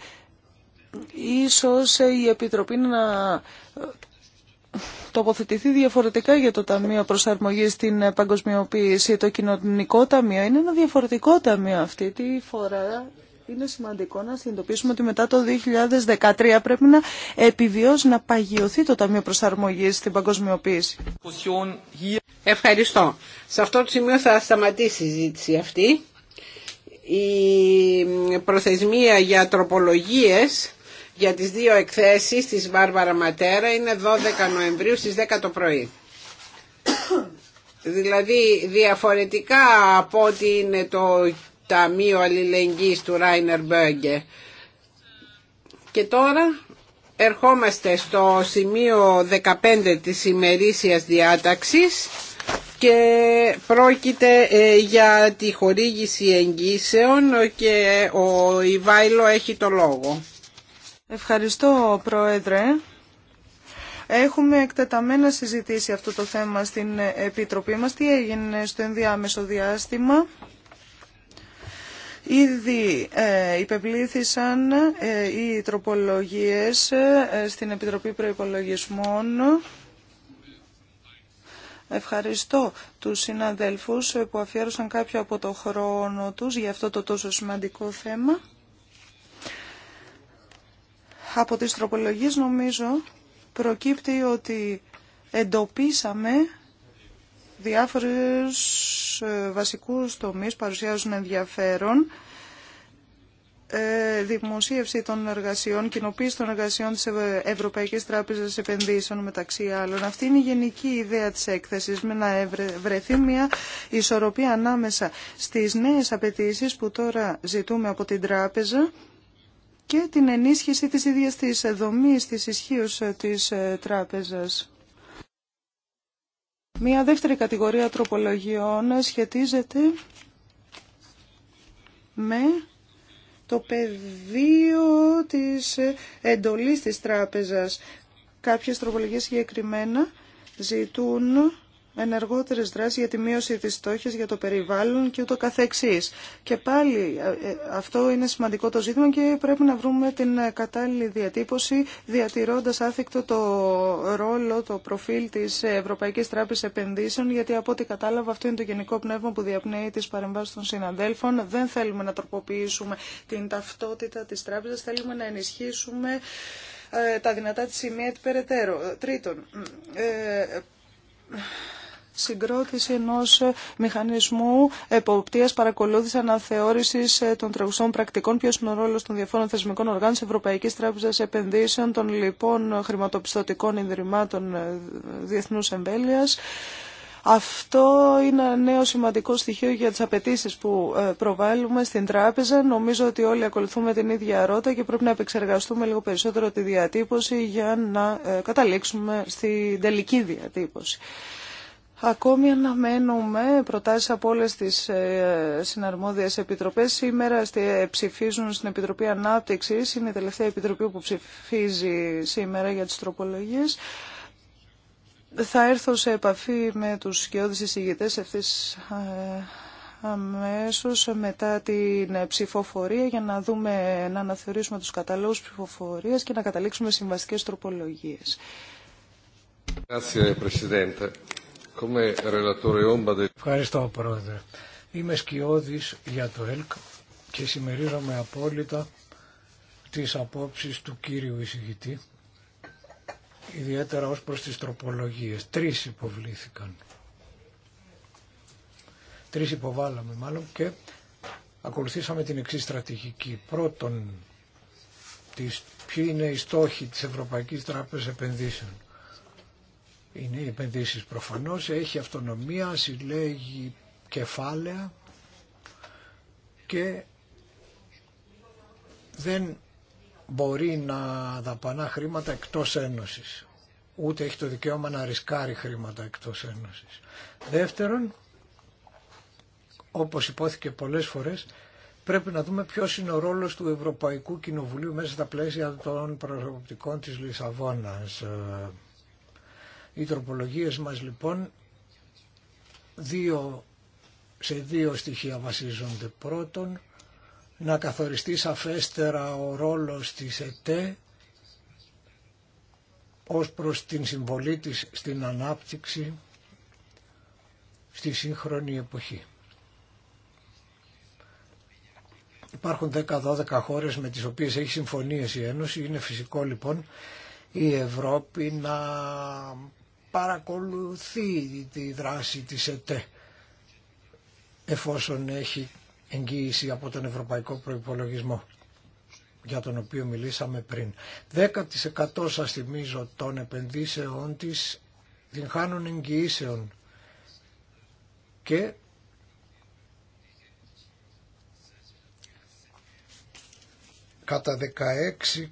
B: ίσως η Επιτροπή να τοποθετηθεί διαφορετικά για το Ταμείο προσαρμογή στην ε, Παγκοσμιοποίηση. Το Κοινωνικό Ταμείο είναι ένα διαφορετικό ταμείο αυτή τη φορά. Είναι σημαντικό να συνειδητοποιήσουμε ότι μετά το 2013 πρέπει να επιβιώσει, να παγιωθεί το Ταμείο προσαρμογή στην Παγκοσμιοποίηση.
A: Ευχαριστώ. Σε αυτό το σημείο θα σταματήσει η συζήτηση αυτή. Η προθεσμία για τροπολογίες για τις δύο εκθέσεις της Βάρβαρα Ματέρα είναι 12 Νοεμβρίου στις 10 το πρωί. δηλαδή διαφορετικά από ό,τι είναι το Ταμείο Αλληλεγγύης του Ράινερ Μπέγκε. Και τώρα ερχόμαστε στο σημείο 15 της ημερήσιας διάταξης και πρόκειται ε, για τη χορήγηση εγγύσεων και ο Ιβάιλο έχει το λόγο.
B: Ευχαριστώ, Πρόεδρε. Έχουμε εκτεταμένα συζητήσει αυτό το θέμα στην Επιτροπή μας. Τι έγινε στο ενδιάμεσο διάστημα. Ήδη ε, ε οι τροπολογίες ε, στην Επιτροπή Προϋπολογισμών. Ευχαριστώ τους συναδέλφους που αφιέρωσαν κάποιο από το χρόνο τους για αυτό το τόσο σημαντικό θέμα. Από τις τροπολογίες νομίζω προκύπτει ότι εντοπίσαμε διάφορες ε, βασικούς τομείς παρουσιάζουν ενδιαφέρον ε, δημοσίευση των εργασιών, κοινοποίηση των εργασιών της Ευρωπαϊκής Τράπεζας Επενδύσεων μεταξύ άλλων. Αυτή είναι η γενική ιδέα της έκθεσης, με να βρεθεί μια ισορροπία ανάμεσα στις νέες απαιτήσει που τώρα ζητούμε από την Τράπεζα και την ενίσχυση της ίδιας της δομής της ισχύω ε, της ε, τράπεζας. Μία δεύτερη κατηγορία τροπολογιών σχετίζεται με το πεδίο της ε, εντολής της τράπεζας. Κάποιες τροπολογίες συγκεκριμένα ζητούν ενεργότερες δράσεις για τη μείωση της στόχης για το περιβάλλον και ούτω καθεξής. Και πάλι ε, ε, αυτό είναι σημαντικό το ζήτημα και πρέπει να βρούμε την ε, κατάλληλη διατύπωση διατηρώντας άθικτο το ρόλο, το προφίλ της Ευρωπαϊκής Τράπεζας Επενδύσεων γιατί από ό,τι κατάλαβα αυτό είναι το γενικό πνεύμα που διαπνέει τις παρεμβάσεις των συναδέλφων. Δεν θέλουμε να τροποποιήσουμε την ταυτότητα της τράπεζας, θέλουμε να ενισχύσουμε τα δυνατά της σημεία περαιτέρω. Τρίτον, συγκρότηση ενό ε, μηχανισμού εποπτείας παρακολούθησης αναθεώρηση ε, των τρεχουσών πρακτικών. Ποιο είναι ο ρόλο των διαφόρων θεσμικών οργάνων τη Ευρωπαϊκής Τράπεζας Επενδύσεων των λοιπόν ε, χρηματοπιστωτικών ιδρυμάτων διεθνού εμβέλεια. Αυτό είναι ένα νέο σημαντικό στοιχείο για τις απαιτήσει που προβάλλουμε στην τράπεζα. Νομίζω ότι όλοι ακολουθούμε την ίδια ρότα και πρέπει να επεξεργαστούμε λίγο περισσότερο τη διατύπωση για να καταλήξουμε στην τελική διατύπωση. Ακόμη αναμένουμε προτάσεις από όλες τις ε, συναρμόδιες επιτροπές. Σήμερα ε, ψηφίζουν στην Επιτροπή Ανάπτυξης, είναι η τελευταία επιτροπή που ψηφίζει σήμερα για τις τροπολογίες. Θα έρθω σε επαφή με τους σκιώδεις εισηγητές ε, αμέσως μετά την ψηφοφορία για να δούμε, να αναθεωρήσουμε τους καταλόγους ψηφοφορίας και να καταλήξουμε συμβαστικές τροπολογίες.
C: Grazie, Presidente. Ευχαριστώ πρόεδρε. Είμαι σκιώδης για το ΕΛΚ και συμμερίζομαι απόλυτα τις απόψεις του κύριου εισηγητή, ιδιαίτερα ως προς τις τροπολογίες. Τρεις υποβλήθηκαν. Τρεις υποβάλαμε μάλλον και ακολουθήσαμε την εξή στρατηγική. Πρώτον, τις, ποιοι είναι οι στόχοι της Ευρωπαϊκής Τράπεζας Επενδύσεων είναι οι επενδύσεις προφανώς, έχει αυτονομία, συλλέγει κεφάλαια και δεν μπορεί να δαπανά χρήματα εκτός ένωσης. Ούτε έχει το δικαίωμα να ρισκάρει χρήματα εκτός ένωσης. Δεύτερον, όπως υπόθηκε πολλές φορές, πρέπει να δούμε ποιος είναι ο ρόλος του Ευρωπαϊκού Κοινοβουλίου μέσα στα πλαίσια των προοπτικών της Λισαβόνας. Οι τροπολογίες μας λοιπόν δύο, σε δύο στοιχεία βασίζονται. Πρώτον, να καθοριστεί σαφέστερα ο ρόλος της ΕΤΕ ως προς την συμβολή της στην ανάπτυξη στη σύγχρονη εποχή. Υπάρχουν 10-12 χώρες με τις οποίες έχει συμφωνίες η Ένωση. Είναι φυσικό λοιπόν η Ευρώπη να παρακολουθεί τη δράση της ΕΤΕ εφόσον έχει εγγύηση από τον Ευρωπαϊκό Προϋπολογισμό για τον οποίο μιλήσαμε πριν. 10% σας θυμίζω των επενδύσεών της την εγγυήσεων και κατά 16,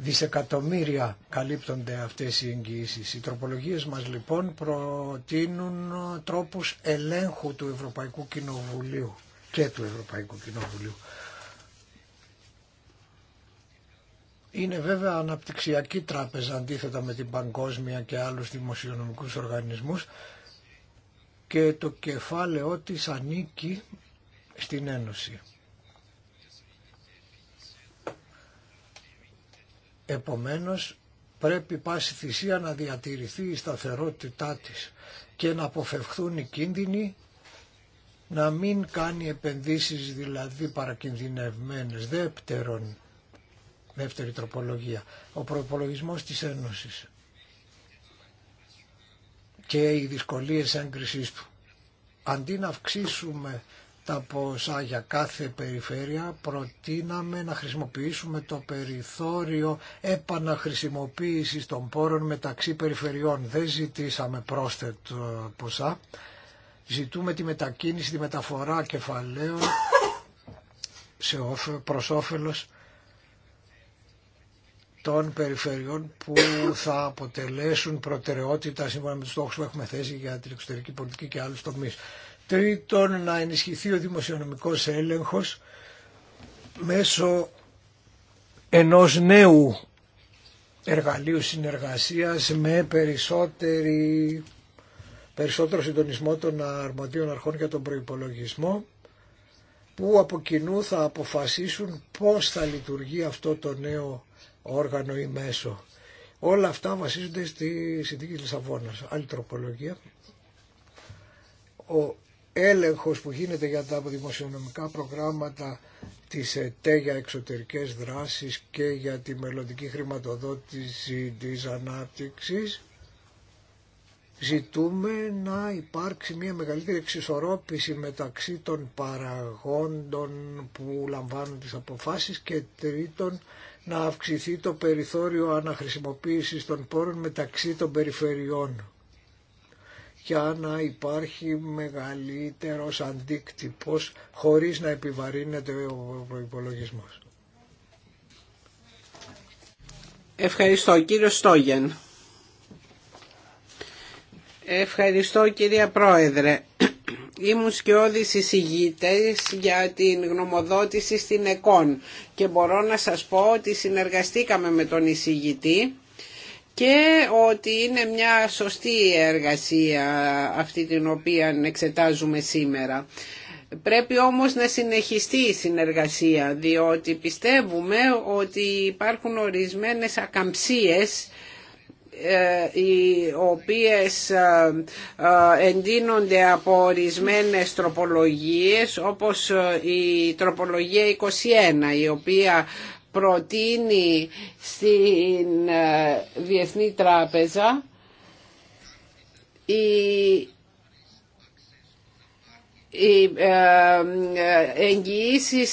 C: δισεκατομμύρια καλύπτονται αυτές οι εγγυήσεις. Οι τροπολογίες μας λοιπόν προτείνουν τρόπους ελέγχου του Ευρωπαϊκού Κοινοβουλίου και του Ευρωπαϊκού Κοινοβουλίου. Είναι βέβαια αναπτυξιακή τράπεζα αντίθετα με την παγκόσμια και άλλους δημοσιονομικούς οργανισμούς και το κεφάλαιό της ανήκει στην Ένωση. Επομένως πρέπει πάση θυσία να διατηρηθεί η σταθερότητά της και να αποφευχθούν οι κίνδυνοι να μην κάνει επενδύσεις δηλαδή παρακινδυνευμένες. Δεύτερον, δεύτερη τροπολογία, ο προϋπολογισμός της Ένωσης και οι δυσκολίες έγκρισής του. Αντί να αυξήσουμε τα ποσά για κάθε περιφέρεια προτείναμε να χρησιμοποιήσουμε το περιθώριο επαναχρησιμοποίησης των πόρων μεταξύ περιφερειών. Δεν ζητήσαμε πρόσθετο ποσά. Ζητούμε τη μετακίνηση, τη μεταφορά κεφαλαίων σε προς όφελος των περιφερειών που θα αποτελέσουν προτεραιότητα σύμφωνα με τους στόχους που έχουμε θέσει για την εξωτερική πολιτική και άλλους τομείς. Τρίτον, να ενισχυθεί ο δημοσιονομικός έλεγχος μέσω ενός νέου εργαλείου συνεργασίας με περισσότερη, περισσότερο συντονισμό των αρμοδίων αρχών για τον προϋπολογισμό που από κοινού θα αποφασίσουν πώς θα λειτουργεί αυτό το νέο όργανο ή μέσο. Όλα αυτά βασίζονται στη συνθήκη της Λισαβόνας. Άλλη τροπολογία. Ο έλεγχος που γίνεται για τα δημοσιονομικά προγράμματα της ΕΤΕ για εξωτερικές δράσεις και για τη μελλοντική χρηματοδότηση της ανάπτυξης ζητούμε να υπάρξει μια μεγαλύτερη εξισορρόπηση μεταξύ των παραγόντων που λαμβάνουν τις αποφάσεις και τρίτον να αυξηθεί το περιθώριο αναχρησιμοποίησης των πόρων μεταξύ των περιφερειών για να υπάρχει μεγαλύτερος αντίκτυπος χωρίς να επιβαρύνεται ο υπολογισμός.
A: Ευχαριστώ κύριο Στόγεν. Ευχαριστώ κυρία Πρόεδρε. Ήμουν σκιώδης εισηγήτες για την γνωμοδότηση στην ΕΚΟΝ και μπορώ να σας πω ότι συνεργαστήκαμε με τον εισηγητή και ότι είναι μια σωστή εργασία αυτή την οποία εξετάζουμε σήμερα. Πρέπει όμως να συνεχιστεί η συνεργασία διότι πιστεύουμε ότι υπάρχουν ορισμένες ακαμψίες ε, οι οποίες ε, ε, εντείνονται από ορισμένες τροπολογίες όπως η τροπολογία 21 η οποία προτείνει στην ε, Διεθνή Τράπεζα η οι ε, ε, εγγυήσει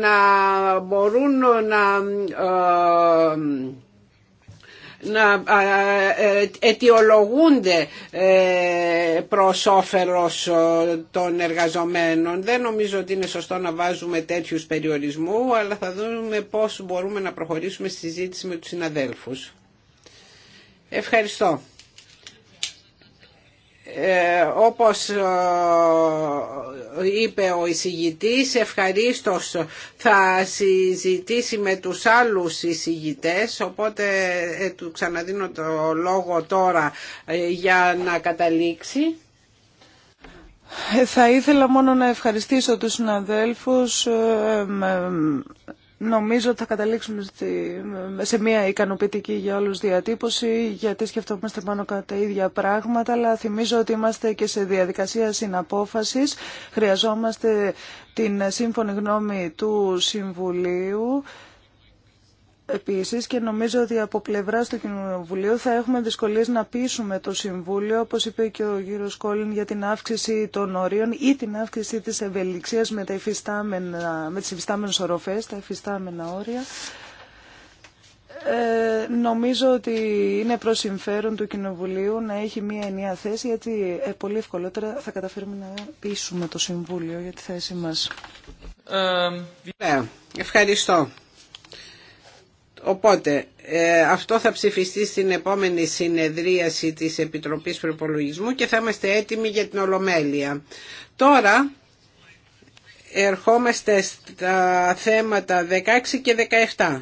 A: να μπορούν να να αιτιολογούνται ε, προς όφελος των εργαζομένων. Δεν νομίζω ότι είναι σωστό να βάζουμε τέτοιους περιορισμού, αλλά θα δούμε πώς μπορούμε να προχωρήσουμε στη συζήτηση με τους συναδέλφους. Ευχαριστώ. Ε, όπως ε, είπε ο εισηγητής ευχαρίστως θα συζητήσει με τους άλλους εισηγητές οπότε ε, του ξαναδίνω το λόγο τώρα για να καταλήξει.
B: Θα ήθελα μόνο να ευχαριστήσω τους συναδέλφους Νομίζω ότι θα καταλήξουμε σε μια ικανοποιητική για όλους διατύπωση, γιατί σκεφτόμαστε πάνω κατά τα ίδια πράγματα, αλλά θυμίζω ότι είμαστε και σε διαδικασία συναπόφασης. Χρειαζόμαστε την σύμφωνη γνώμη του Συμβουλίου. Επίση, και νομίζω ότι από πλευρά του Κοινοβουλίου θα έχουμε δυσκολίε να πείσουμε το Συμβούλιο, όπω είπε και ο κύριος Κόλλιν, για την αύξηση των ορίων ή την αύξηση τη ευελιξία με, με τις υφιστάμενε οροφές, τα υφιστάμενα όρια. Ε, νομίζω ότι είναι προ συμφέρον του Κοινοβουλίου να έχει μία ενιαία θέση, γιατί ε, πολύ ευκολότερα θα καταφέρουμε να πείσουμε το Συμβούλιο για τη θέση μας. Ε, ναι, ευχαριστώ.
A: Οπότε ε, αυτό θα ψηφιστεί στην επόμενη συνεδρίαση της Επιτροπής Προπολογισμού και θα είμαστε έτοιμοι για την Ολομέλεια. Τώρα ερχόμαστε στα θέματα 16 και 17.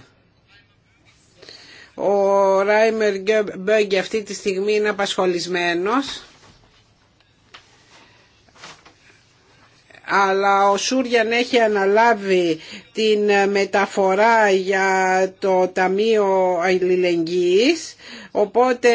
A: Ο Ράιμερ Μπέγκε αυτή τη στιγμή είναι απασχολησμένος. αλλά ο Σούριαν έχει αναλάβει την ε, μεταφορά για το Ταμείο Αλληλεγγύης, οπότε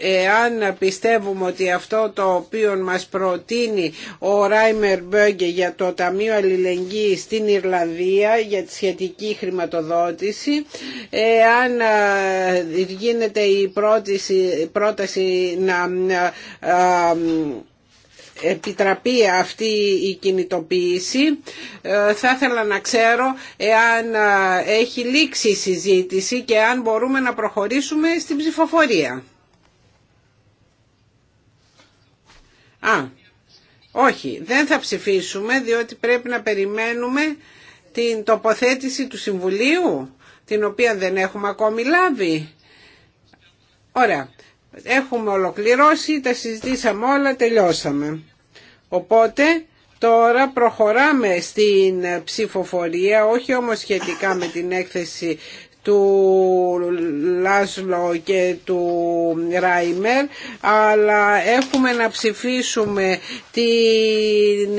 A: ε, εάν πιστεύουμε ότι αυτό το οποίο μας προτείνει ο Ράιμερ Μπέγκε για το Ταμείο Αλληλεγγύης στην Ιρλανδία για τη σχετική χρηματοδότηση, εάν ε, γίνεται η πρόταση να επιτραπεί αυτή η κινητοποίηση. Ε, θα ήθελα να ξέρω εάν ε, έχει λήξει η συζήτηση και αν μπορούμε να προχωρήσουμε στην ψηφοφορία. Α, όχι, δεν θα ψηφίσουμε διότι πρέπει να περιμένουμε την τοποθέτηση του Συμβουλίου, την οποία δεν έχουμε ακόμη λάβει. Ωραία. Έχουμε ολοκληρώσει, τα συζητήσαμε όλα, τελειώσαμε. Οπότε τώρα προχωράμε στην ψηφοφορία, όχι όμως σχετικά με την έκθεση του Λάσλο και του Ράιμερ αλλά έχουμε να ψηφίσουμε την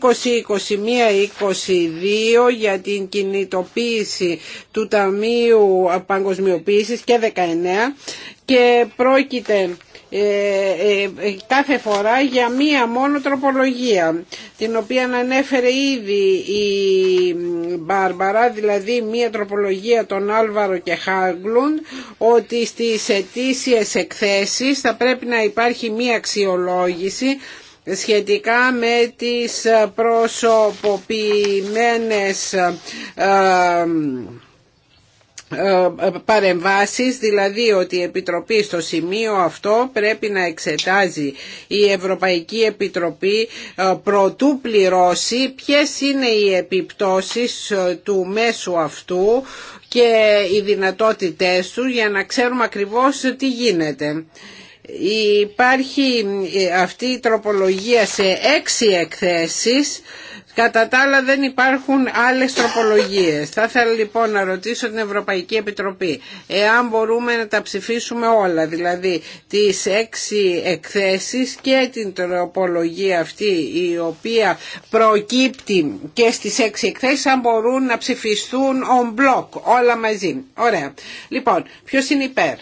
A: 2021-2022 ε, για την κινητοποίηση του Ταμείου Παγκοσμιοποίησης και 19 και πρόκειται ε, ε, ε, κάθε φορά για μία μόνο τροπολογία την οποία ανέφερε ήδη η Μπάρμπαρα δηλαδή μία τροπολογία των Άλβαρο και Χάγκλουν ότι στις αιτήσιες εκθέσεις θα πρέπει να υπάρχει μία αξιολόγηση σχετικά με τις προσωποποιημένες ε, ε, παρεμβάσεις, δηλαδή ότι η Επιτροπή στο σημείο αυτό πρέπει να εξετάζει η Ευρωπαϊκή Επιτροπή ε, προτού πληρώσει ποιες είναι οι επιπτώσεις του μέσου αυτού και οι δυνατότητές του για να ξέρουμε ακριβώς τι γίνεται. Υπάρχει αυτή η τροπολογία σε έξι εκθέσεις Κατά τα άλλα δεν υπάρχουν άλλες τροπολογίες. Θα ήθελα λοιπόν να ρωτήσω την Ευρωπαϊκή Επιτροπή εάν μπορούμε να τα ψηφίσουμε όλα, δηλαδή τις έξι εκθέσεις και την τροπολογία αυτή η οποία προκύπτει και στις έξι εκθέσεις αν μπορούν να ψηφιστούν on block όλα μαζί. Ωραία. Λοιπόν, ποιος είναι υπέρ.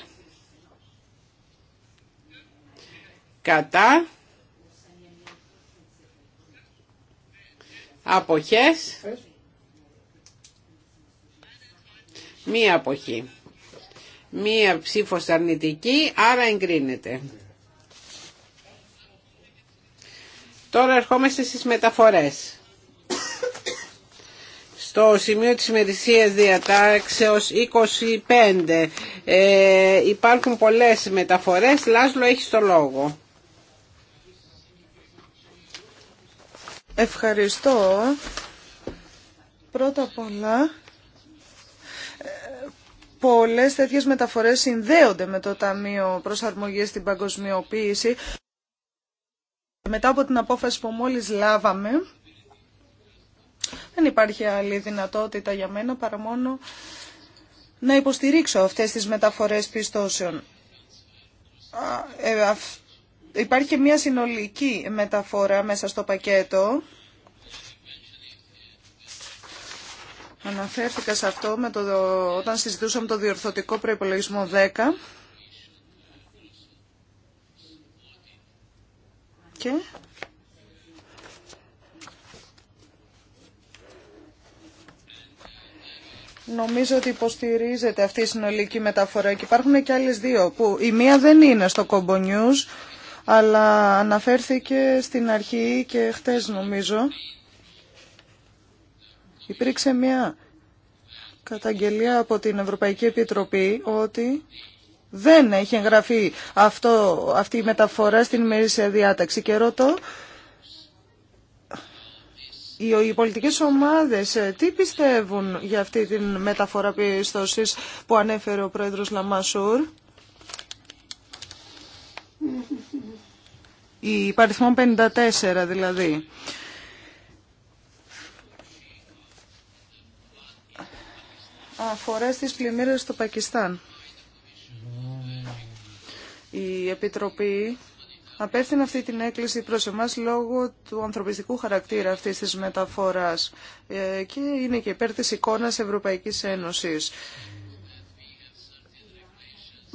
A: Κατά. Αποχές. Μία αποχή. Μία ψήφος αρνητική, άρα εγκρίνεται. Τώρα ερχόμαστε στις μεταφορές. Στο σημείο της ημερησίας διατάξεως 25 ε, υπάρχουν πολλές μεταφορές. Λάσλο έχει το λόγο.
B: Ευχαριστώ. Πρώτα απ' όλα, πολλές τέτοιες μεταφορές συνδέονται με το Ταμείο Προσαρμογής στην Παγκοσμιοποίηση. Μετά από την απόφαση που μόλις λάβαμε, δεν υπάρχει άλλη δυνατότητα για μένα παρά μόνο να υποστηρίξω αυτές τις μεταφορές πιστώσεων. Ε, υπάρχει και μια συνολική μεταφορά μέσα στο πακέτο. Αναφέρθηκα σε αυτό με το, όταν συζητούσαμε το διορθωτικό προϋπολογισμό 10. Και... Νομίζω ότι υποστηρίζεται αυτή η συνολική μεταφορά και υπάρχουν και άλλες δύο που η μία δεν είναι στο Combo αλλά αναφέρθηκε στην αρχή και χτες νομίζω. Υπήρξε μια καταγγελία από την Ευρωπαϊκή Επιτροπή ότι δεν έχει εγγραφεί αυτό, αυτή η μεταφορά στην ημερήσια διάταξη και ρωτώ οι πολιτικές ομάδες ε, τι πιστεύουν για αυτή τη μεταφορά πιστώσης που ανέφερε ο πρόεδρος Λαμασούρ. Mm-hmm η Παριθμό 54 δηλαδή. Αφορά στις πλημμύρες στο Πακιστάν. Η Επιτροπή απέφθηνε αυτή την έκκληση προς εμάς λόγω του ανθρωπιστικού χαρακτήρα αυτής της μεταφοράς ε, και είναι και υπέρ της εικόνας Ευρωπαϊκής Ένωσης.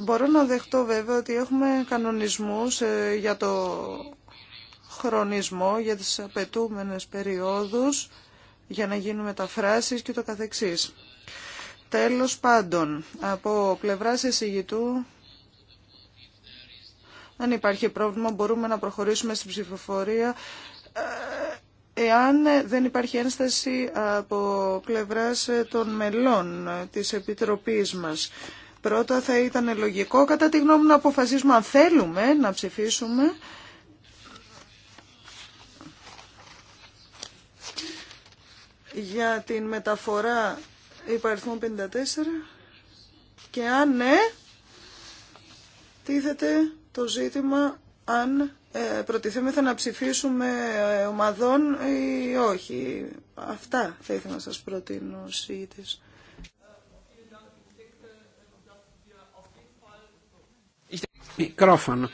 B: Μπορώ να δεχτώ βέβαια ότι έχουμε κανονισμούς ε, για το χρονισμό, για τις απαιτούμενες περιόδους, για να γίνουν μεταφράσεις και το καθεξής. Τέλος πάντων, από πλευράς εισηγητού, αν υπάρχει πρόβλημα μπορούμε να προχωρήσουμε στην ψηφοφορία. Ε, εάν δεν υπάρχει ένσταση από πλευράς των μελών της Επιτροπής μας, Πρώτα θα ήταν λογικό, κατά τη γνώμη μου, να αποφασίσουμε αν θέλουμε να ψηφίσουμε. για την μεταφορά υπαριθμού 54 και αν ναι, τίθεται το ζήτημα αν ε, προτιθέμεθα να ψηφίσουμε ε, ομαδών ή όχι. Αυτά θα ήθελα να σας προτείνω, σύγητες.
A: Μικρόφωνο.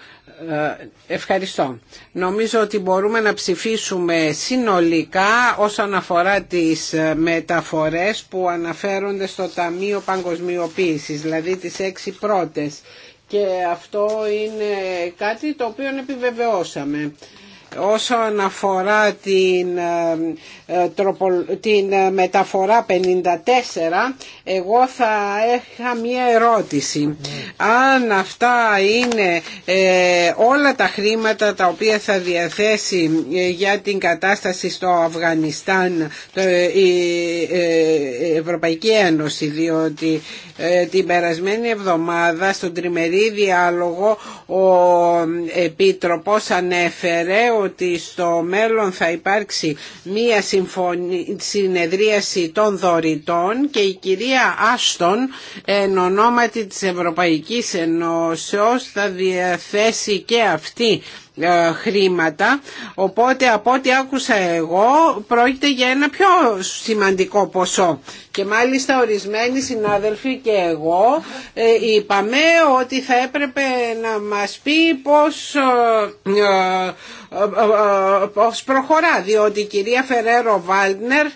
A: Ε, ευχαριστώ. Νομίζω ότι μπορούμε να ψηφίσουμε συνολικά όσον αφορά τις ε, μεταφορές που αναφέρονται στο Ταμείο Παγκοσμιοποίησης, δηλαδή τις έξι πρώτες. Και αυτό είναι κάτι το οποίο επιβεβαιώσαμε. Όσο αφορά την, ε, ε, την ε, μεταφορά 54, εγώ θα είχα μία ερώτηση. Αν αυτά είναι όλα τα χρήματα τα οποία θα διαθέσει για την κατάσταση στο Αφγανιστάν η Ευρωπαϊκή Ένωση, διότι την περασμένη εβδομάδα στον τριμερή διάλογο ο Επίτροπος ανέφερε ότι στο μέλλον θα υπάρξει μία συνεδρίαση των δωρητών και η κυρία Άστον εν ονόματι της Ευρωπαϊκής Ενώσεως θα διαθέσει και αυτή ε, χρήματα οπότε από ό,τι άκουσα εγώ πρόκειται για ένα πιο σημαντικό ποσό και μάλιστα ορισμένοι συνάδελφοι και εγώ ε, είπαμε ότι θα έπρεπε να μας πει πώς ε, ε, πώς προχωρά διότι η κυρία Φερέρο Βάλτνερ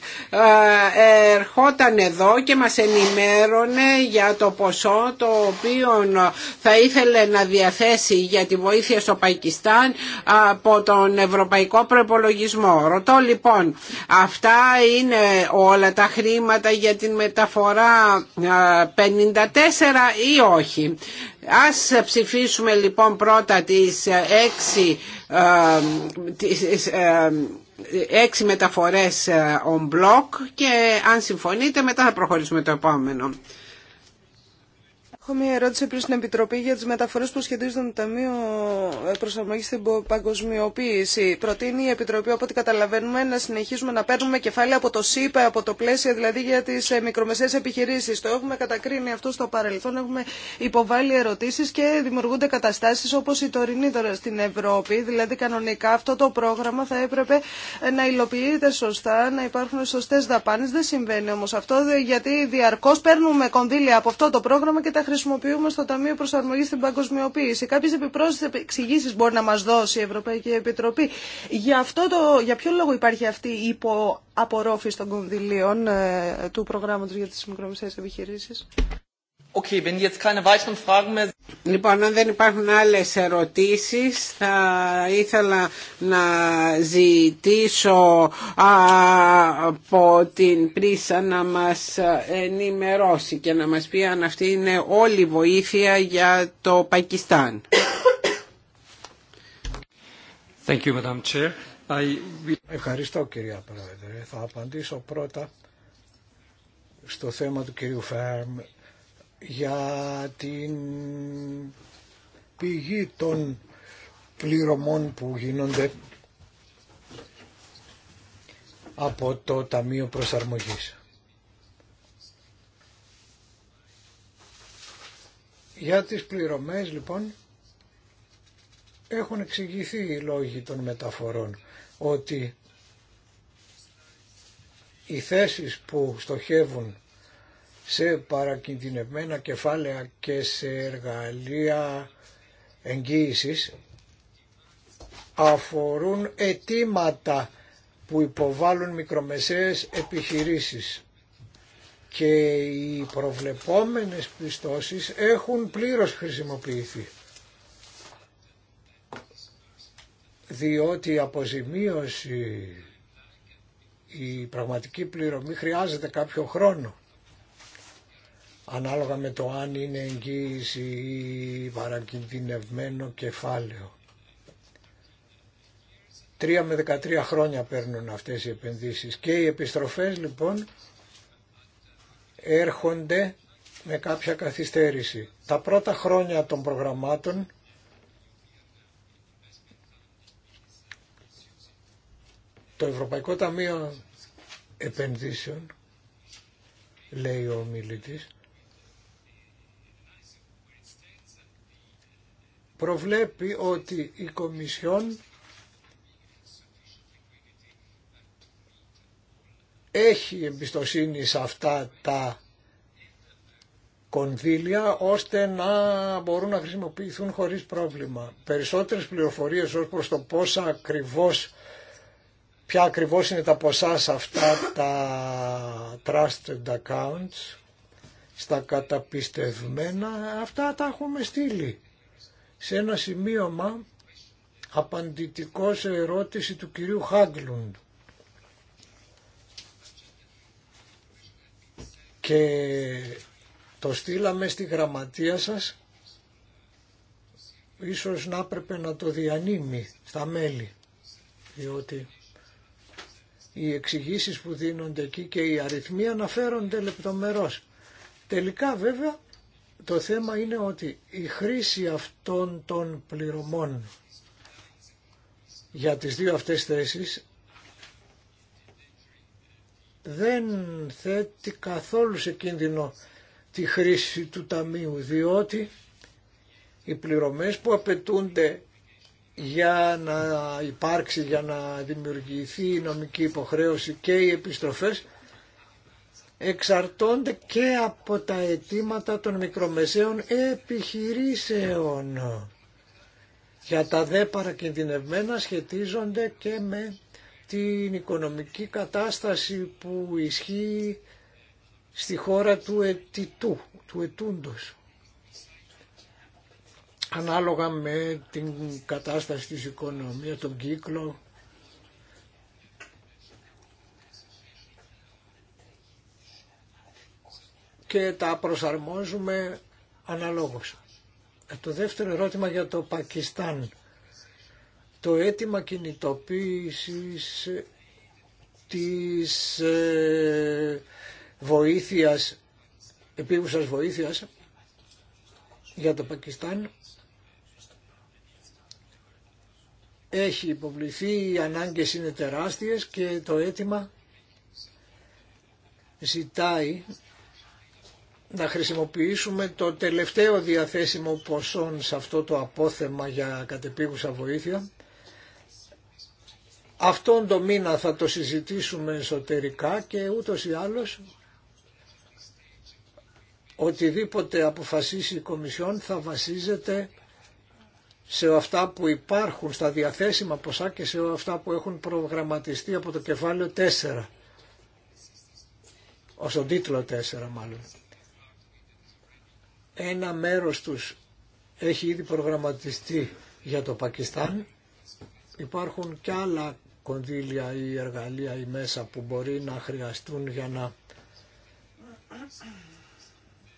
A: ερχόταν εδώ και μας ενημέρωνε για το ποσό το οποίο θα ήθελε να διαθέσει για τη βοήθεια στο Πακιστάν από τον Ευρωπαϊκό Προπολογισμό. Ρωτώ λοιπόν αυτά είναι όλα τα χρήματα για την μεταφορά 54 ή όχι. Ας ψηφίσουμε λοιπόν πρώτα τις 6 τις, 6 μεταφορές on block και αν συμφωνείτε μετά θα προχωρήσουμε το επόμενο.
B: Έχω μια ερώτηση προ την Επιτροπή για τι μεταφορέ που σχετίζονται με το Ταμείο προσαρμογή στην Παγκοσμιοποίηση. Προτείνει η Επιτροπή, από ό,τι καταλαβαίνουμε, να συνεχίσουμε να παίρνουμε κεφάλαια από το ΣΥΠΑ, από το πλαίσιο δηλαδή για τι ε, μικρομεσαίε επιχειρήσει. Το έχουμε κατακρίνει αυτό στο παρελθόν, έχουμε υποβάλει ερωτήσει και δημιουργούνται καταστάσει όπω η τωρινή τώρα στην Ευρώπη. Δηλαδή κανονικά αυτό το πρόγραμμα θα έπρεπε ε, να υλοποιείται σωστά, να υπάρχουν σωστέ δαπάνε. Δεν συμβαίνει όμω αυτό, γιατί διαρκώ παίρνουμε κονδύλια από αυτό το πρόγραμμα και τα χρησιμοποιούμε χρησιμοποιούμε στο Ταμείο Προσαρμογή στην Παγκοσμιοποίηση. Κάποιε επιπρόσθετε εξηγήσει μπορεί να μα δώσει η Ευρωπαϊκή Επιτροπή. Για, αυτό το, για ποιο λόγο υπάρχει αυτή η υποαπορρόφηση των κονδυλίων ε, του προγράμματο για τι μικρομεσαίε επιχειρήσει. Okay, wenn jetzt keine weiteren Fragen mehr...
A: Λοιπόν, αν δεν υπάρχουν άλλες ερωτήσεις, θα ήθελα να ζητήσω από την Πρίσα να μας ενημερώσει και να μας πει αν αυτή είναι όλη η βοήθεια για
C: το Πακιστάν. Thank you, Madam Chair. Ευχαριστώ, κυρία Πρόεδρε. Θα απαντήσω πρώτα στο θέμα του κυρίου Φέρμ για την πηγή των πληρωμών που γίνονται από το Ταμείο Προσαρμογής. Για τις πληρωμές λοιπόν έχουν εξηγηθεί οι λόγοι των μεταφορών ότι οι θέσεις που στοχεύουν σε παρακινδυνευμένα κεφάλαια και σε εργαλεία εγγύησης αφορούν αιτήματα που υποβάλλουν μικρομεσαίες επιχειρήσεις και οι προβλεπόμενες πιστώσεις έχουν πλήρως χρησιμοποιηθεί διότι η αποζημίωση η πραγματική πληρωμή χρειάζεται κάποιο χρόνο ανάλογα με το αν είναι εγγύηση ή παρακινδυνευμένο κεφάλαιο. Τρία με 13 χρόνια παίρνουν αυτές οι επενδύσεις και οι επιστροφές λοιπόν έρχονται με κάποια καθυστέρηση. Τα πρώτα χρόνια των προγραμμάτων το Ευρωπαϊκό Ταμείο Επενδύσεων λέει ο ομιλητής προβλέπει ότι η Κομισιόν έχει εμπιστοσύνη σε αυτά τα κονδύλια ώστε να μπορούν να χρησιμοποιηθούν χωρίς πρόβλημα. Περισσότερες πληροφορίες ως προς το πόσα ακριβώς, ποια ακριβώς είναι τα ποσά σε αυτά τα trusted accounts, στα καταπιστευμένα, αυτά τα έχουμε στείλει σε ένα σημείωμα απαντητικό σε ερώτηση του κυρίου Χάγκλουντ. Και το στείλαμε στη γραμματεία σας, ίσως να έπρεπε να το διανύμει στα μέλη, διότι οι εξηγήσει που δίνονται εκεί και οι αριθμοί αναφέρονται λεπτομερώς. Τελικά βέβαια το θέμα είναι ότι η χρήση αυτών των πληρωμών για τις δύο αυτές θέσεις δεν θέτει καθόλου σε κίνδυνο τη χρήση του ταμείου διότι οι πληρωμές που απαιτούνται για να υπάρξει, για να δημιουργηθεί η νομική υποχρέωση και οι επιστροφές εξαρτώνται και από τα αιτήματα των μικρομεσαίων επιχειρήσεων. Για τα δε παρακινδυνευμένα σχετίζονται και με την οικονομική κατάσταση που ισχύει στη χώρα του ετούντο. του ετούντος. Ανάλογα με την κατάσταση της οικονομίας, τον κύκλο και τα προσαρμόζουμε αναλόγως. Ε, το δεύτερο ερώτημα για το Πακιστάν. Το αίτημα κινητοποίησης ε, της ε, βοήθειας, επίγουσας βοήθειας για το Πακιστάν έχει υποβληθεί, οι ανάγκες είναι τεράστιες και το αίτημα ζητάει να χρησιμοποιήσουμε το τελευταίο διαθέσιμο ποσό σε αυτό το απόθεμα για κατεπίγουσα βοήθεια. Αυτόν το μήνα θα το συζητήσουμε εσωτερικά και ούτως ή άλλως οτιδήποτε αποφασίσει η Κομισιόν θα βασίζεται σε αυτά που υπάρχουν στα διαθέσιμα ποσά και σε αυτά που έχουν προγραμματιστεί από το κεφάλαιο 4, ως τον τίτλο 4 μάλλον. Ένα μέρος τους έχει ήδη προγραμματιστεί για το Πακιστάν. Υπάρχουν και άλλα κονδύλια ή εργαλεία ή μέσα που μπορεί να χρειαστούν για να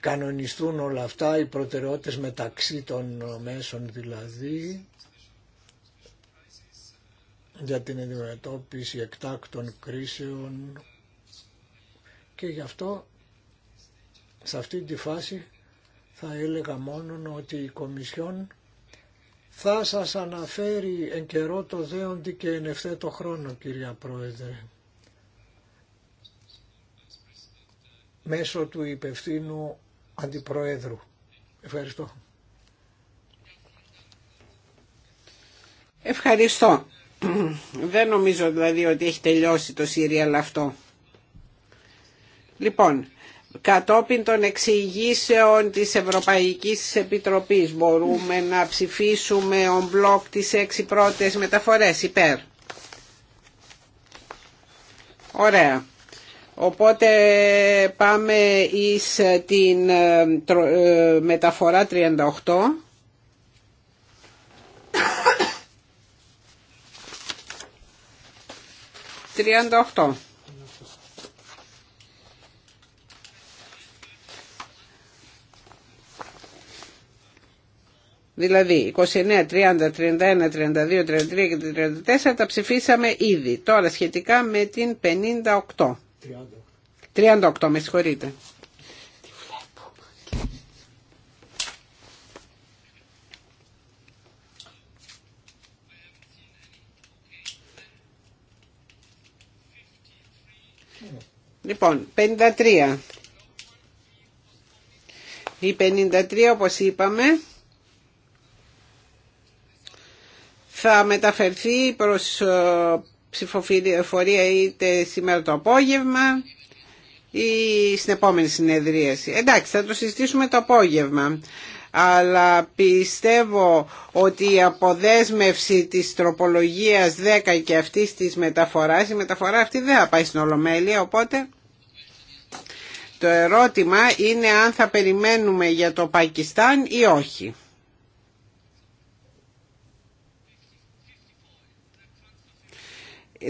C: κανονιστούν όλα αυτά οι προτεραιότητες μεταξύ των μέσων δηλαδή για την αντιμετώπιση εκτάκτων κρίσεων και γι' αυτό σε αυτή τη φάση θα έλεγα μόνο ότι η Κομισιόν θα σας αναφέρει εν καιρό το δέοντι και εν ευθέτω χρόνο, κυρία Πρόεδρε. Μέσω του υπευθύνου Αντιπροέδρου. Ευχαριστώ.
A: Ευχαριστώ. Δεν νομίζω δηλαδή ότι έχει τελειώσει το Σύριαλ αυτό. Λοιπόν, κατόπιν των εξηγήσεων της Ευρωπαϊκής Επιτροπής μπορούμε να ψηφίσουμε ο μπλοκ τις έξι πρώτες μεταφορές υπέρ. Ωραία. Οπότε πάμε εις την ε, ε, μεταφορά 38. 38. Δηλαδή 29, 30, 31, 32, 33 και 34 τα ψηφίσαμε ήδη. Τώρα σχετικά με την 58. 38, 38 με συγχωρείτε. Λοιπόν, 53. Η 53 όπως είπαμε θα μεταφερθεί προς ε, ψηφοφορία είτε σήμερα το απόγευμα ή στην επόμενη συνεδρίαση. Εντάξει, θα το συζητήσουμε το απόγευμα. Αλλά πιστεύω ότι η αποδέσμευση της τροπολογίας 10 και αυτής της μεταφοράς, η μεταφορά αυτή δεν θα πάει στην Ολομέλεια, οπότε... Το ερώτημα είναι αν θα περιμένουμε για το Πακιστάν ή όχι.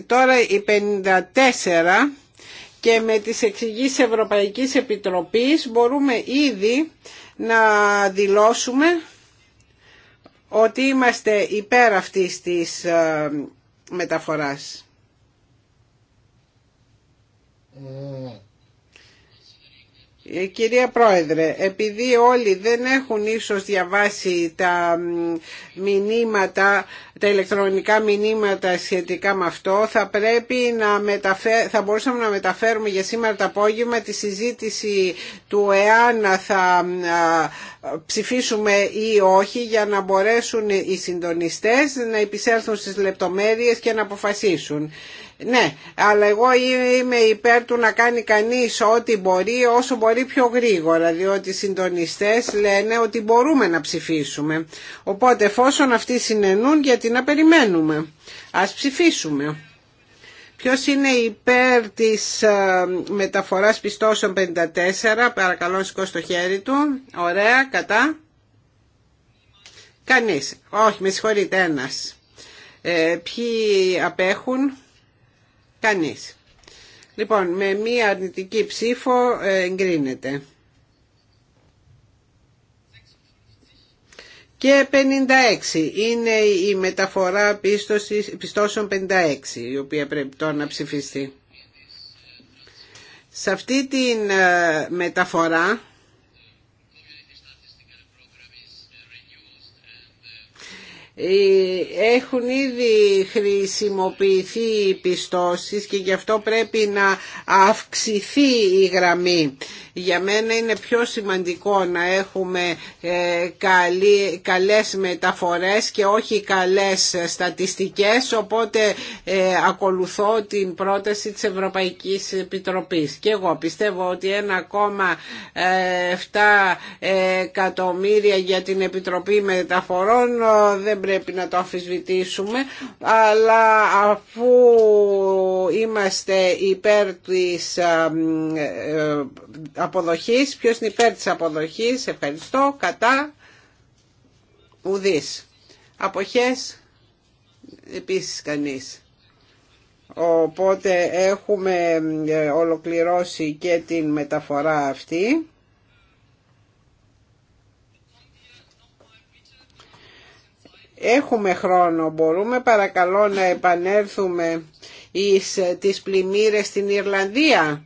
A: Τώρα η 54 και με τις εξηγήσεις Ευρωπαϊκής Επιτροπής μπορούμε ήδη να δηλώσουμε ότι είμαστε υπέρ αυτής της ε, μεταφοράς. Ε Κυρία Πρόεδρε, επειδή όλοι δεν έχουν ίσως διαβάσει τα μηνύματα τα ηλεκτρονικά μηνύματα σχετικά με αυτό. Θα, πρέπει να θα μπορούσαμε να μεταφέρουμε για σήμερα το απόγευμα τη συζήτηση του εάν θα ψηφίσουμε ή όχι για να μπορέσουν οι συντονιστές να επισέλθουν στις λεπτομέρειες και να αποφασίσουν. Ναι, αλλά εγώ είμαι υπέρ του να κάνει κανείς ό,τι μπορεί όσο μπορεί πιο γρήγορα διότι οι συντονιστές λένε ότι μπορούμε να ψηφίσουμε. Οπότε εφόσον αυτοί συνενούν γιατί να περιμένουμε. Ας ψηφίσουμε. Ποιος είναι υπέρ της ε, μεταφοράς πιστώσεων 54, παρακαλώ σηκώσει το χέρι του. Ωραία, κατά. Κανείς. Όχι, με συγχωρείτε, ένας. Ε, ποιοι απέχουν. Κανείς. Λοιπόν, με μία αρνητική ψήφο ε, εγκρίνεται. Και 56 είναι η μεταφορά πίστοσης, πιστώσεων 56, η οποία πρέπει τώρα να ψηφιστεί. Σε αυτή τη ε, μεταφορά Ε, έχουν ήδη χρησιμοποιηθεί οι πιστώσεις και γι' αυτό πρέπει να αυξηθεί η γραμμή. Για μένα είναι πιο σημαντικό να έχουμε ε, καλές μεταφορές και όχι καλές στατιστικές, οπότε ε, ακολουθώ την πρόταση της Ευρωπαϊκής Επιτροπής. Και εγώ πιστεύω ότι 1,7 εκατομμύρια για την Επιτροπή Μεταφορών δεν πρέπει πρέπει να το αμφισβητήσουμε αλλά αφού είμαστε υπέρ της ε, αποδοχής ποιος είναι υπέρ της αποδοχής ευχαριστώ κατά ουδής αποχές επίσης κανείς οπότε έχουμε ε, ολοκληρώσει και την μεταφορά αυτή Έχουμε χρόνο, μπορούμε παρακαλώ να επανέλθουμε εις ε, τις πλημμύρες στην Ιρλανδία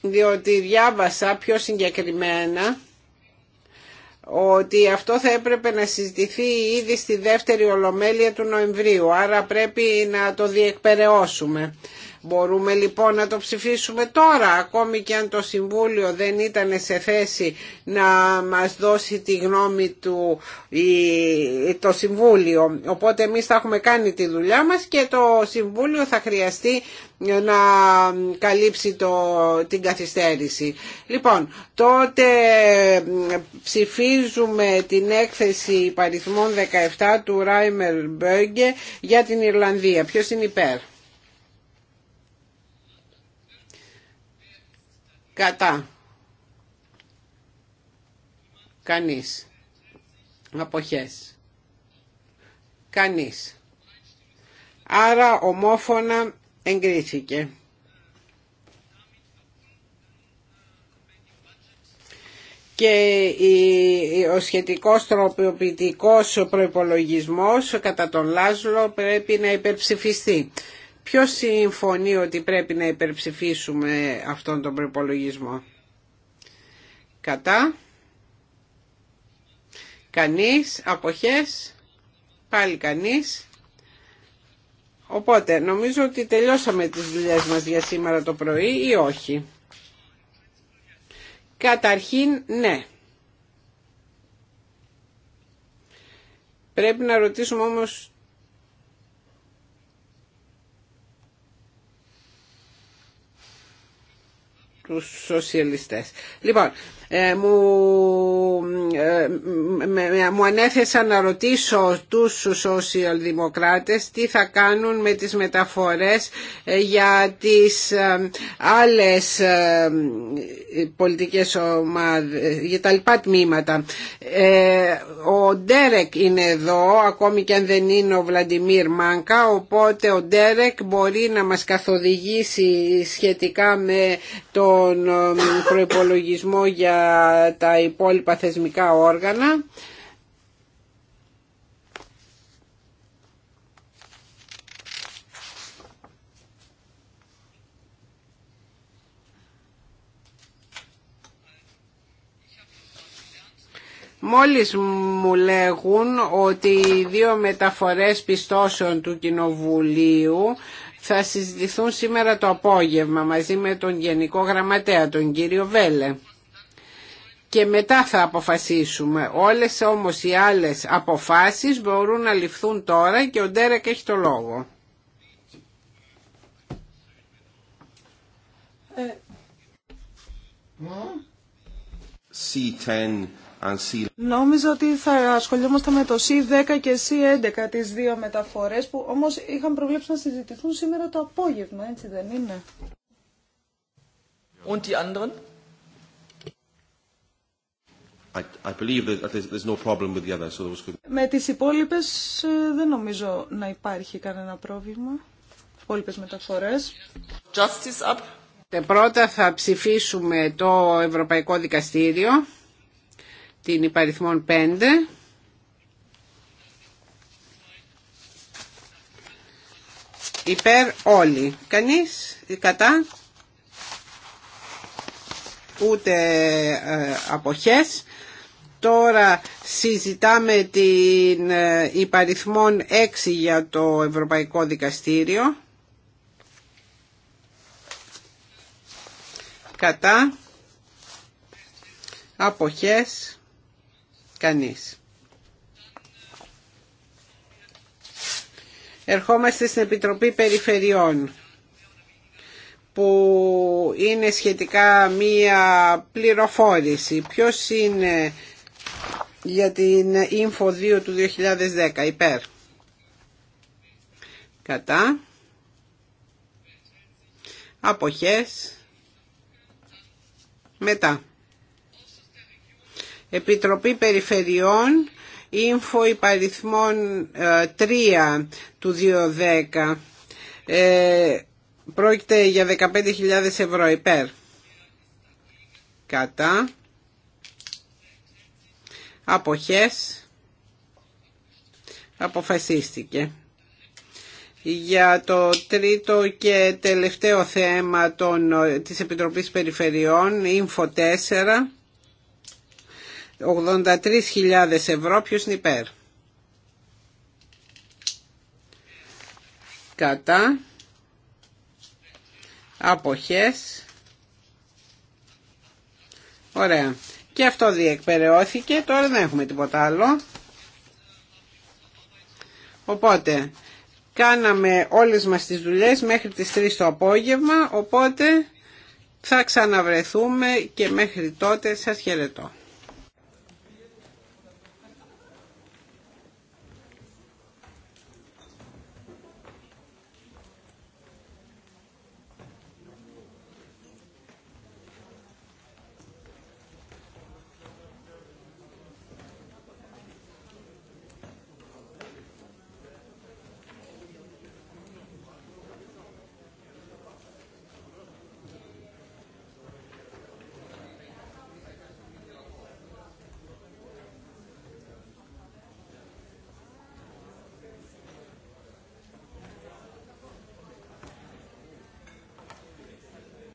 A: διότι διάβασα πιο συγκεκριμένα ότι αυτό θα έπρεπε να συζητηθεί ήδη στη δεύτερη ολομέλεια του Νοεμβρίου, άρα πρέπει να το διεκπαιρεώσουμε. Μπορούμε λοιπόν να το ψηφίσουμε τώρα, ακόμη και αν το Συμβούλιο δεν ήταν σε θέση να μας δώσει τη γνώμη του το Συμβούλιο. Οπότε εμείς θα έχουμε κάνει τη δουλειά μας και το Συμβούλιο θα χρειαστεί να καλύψει το, την καθυστέρηση. Λοιπόν, τότε ψηφίζουμε την έκθεση παριθμών 17 του Ράιμερ για την Ιρλανδία. Ποιος είναι υπέρ. Κατά. Κανείς. Αποχές. Κανείς. Άρα ομόφωνα εγκρίθηκε. και ο σχετικός τροποποιητικός προϋπολογισμός κατά τον Λάζλο πρέπει να υπερψηφιστεί. Ποιο συμφωνεί ότι πρέπει να υπερψηφίσουμε αυτόν τον προπολογισμό. Κατά. Κανείς. Αποχές. Πάλι κανείς. Οπότε νομίζω ότι τελειώσαμε τις δουλειές μας για σήμερα το πρωί ή όχι. Καταρχήν ναι. Πρέπει να ρωτήσουμε όμως τους σοσιαλιστές. Λοιπόν, ε, ε, ε, μου ανέθεσαν να ρωτήσω τους σοσιαλδημοκράτες τι θα κάνουν με τις μεταφορές για τις άλλες πολιτικές ομάδες, για τα λοιπά τμήματα. Ο Ντέρεκ είναι εδώ, ακόμη και αν δεν είναι ο Βλαντιμίρ Μάνκα, οπότε ο Ντέρεκ μπορεί να μας καθοδηγήσει σχετικά με τον προϋπολογισμό για τα υπόλοιπα θεσμικά όργανα. Μόλις μου λέγουν ότι οι δύο μεταφορές πιστώσεων του Κοινοβουλίου θα συζητηθούν σήμερα το απόγευμα μαζί με τον Γενικό Γραμματέα, τον κύριο Βέλε και μετά θα αποφασίσουμε. Όλες όμως οι άλλες αποφάσεις μπορούν να ληφθούν τώρα και ο Ντέρεκ έχει το λόγο.
C: Ε,
B: Νόμιζα ότι θα ασχολιόμαστε με το C10 και C11 τις δύο μεταφορές που όμως είχαν προβλέψει να συζητηθούν σήμερα το απόγευμα, έτσι δεν είναι.
C: Und die anderen?
B: Με τις υπόλοιπες ε, δεν νομίζω να υπάρχει κανένα πρόβλημα. Υπόλοιπες μεταφορές. Justice up.
A: Πρώτα θα ψηφίσουμε το Ευρωπαϊκό Δικαστήριο, την υπαριθμόν 5. Υπέρ όλοι. Κανείς ε, κατά ούτε ε, αποχές Τώρα συζητάμε την ε, υπαριθμόν 6 για το Ευρωπαϊκό Δικαστήριο. Κατά αποχές κανείς. Ερχόμαστε στην Επιτροπή Περιφερειών που είναι σχετικά μία πληροφόρηση. Ποιος είναι για την Info 2 του 2010 υπέρ κατά αποχές μετά Επιτροπή Περιφερειών Info υπαριθμών 3 ε, του 2010 ε, πρόκειται για 15.000 ευρώ υπέρ κατά αποχές αποφασίστηκε. Για το τρίτο και τελευταίο θέμα των, της Επιτροπής Περιφερειών, Info 4, 83.000 ευρώ, ποιος είναι υπέρ. Κατά, αποχές, ωραία. Και αυτό διεκπαιρεώθηκε. Τώρα δεν έχουμε τίποτα άλλο. Οπότε, κάναμε όλες μας τις δουλειές μέχρι τις 3 το απόγευμα, οπότε θα ξαναβρεθούμε και μέχρι τότε σας χαιρετώ.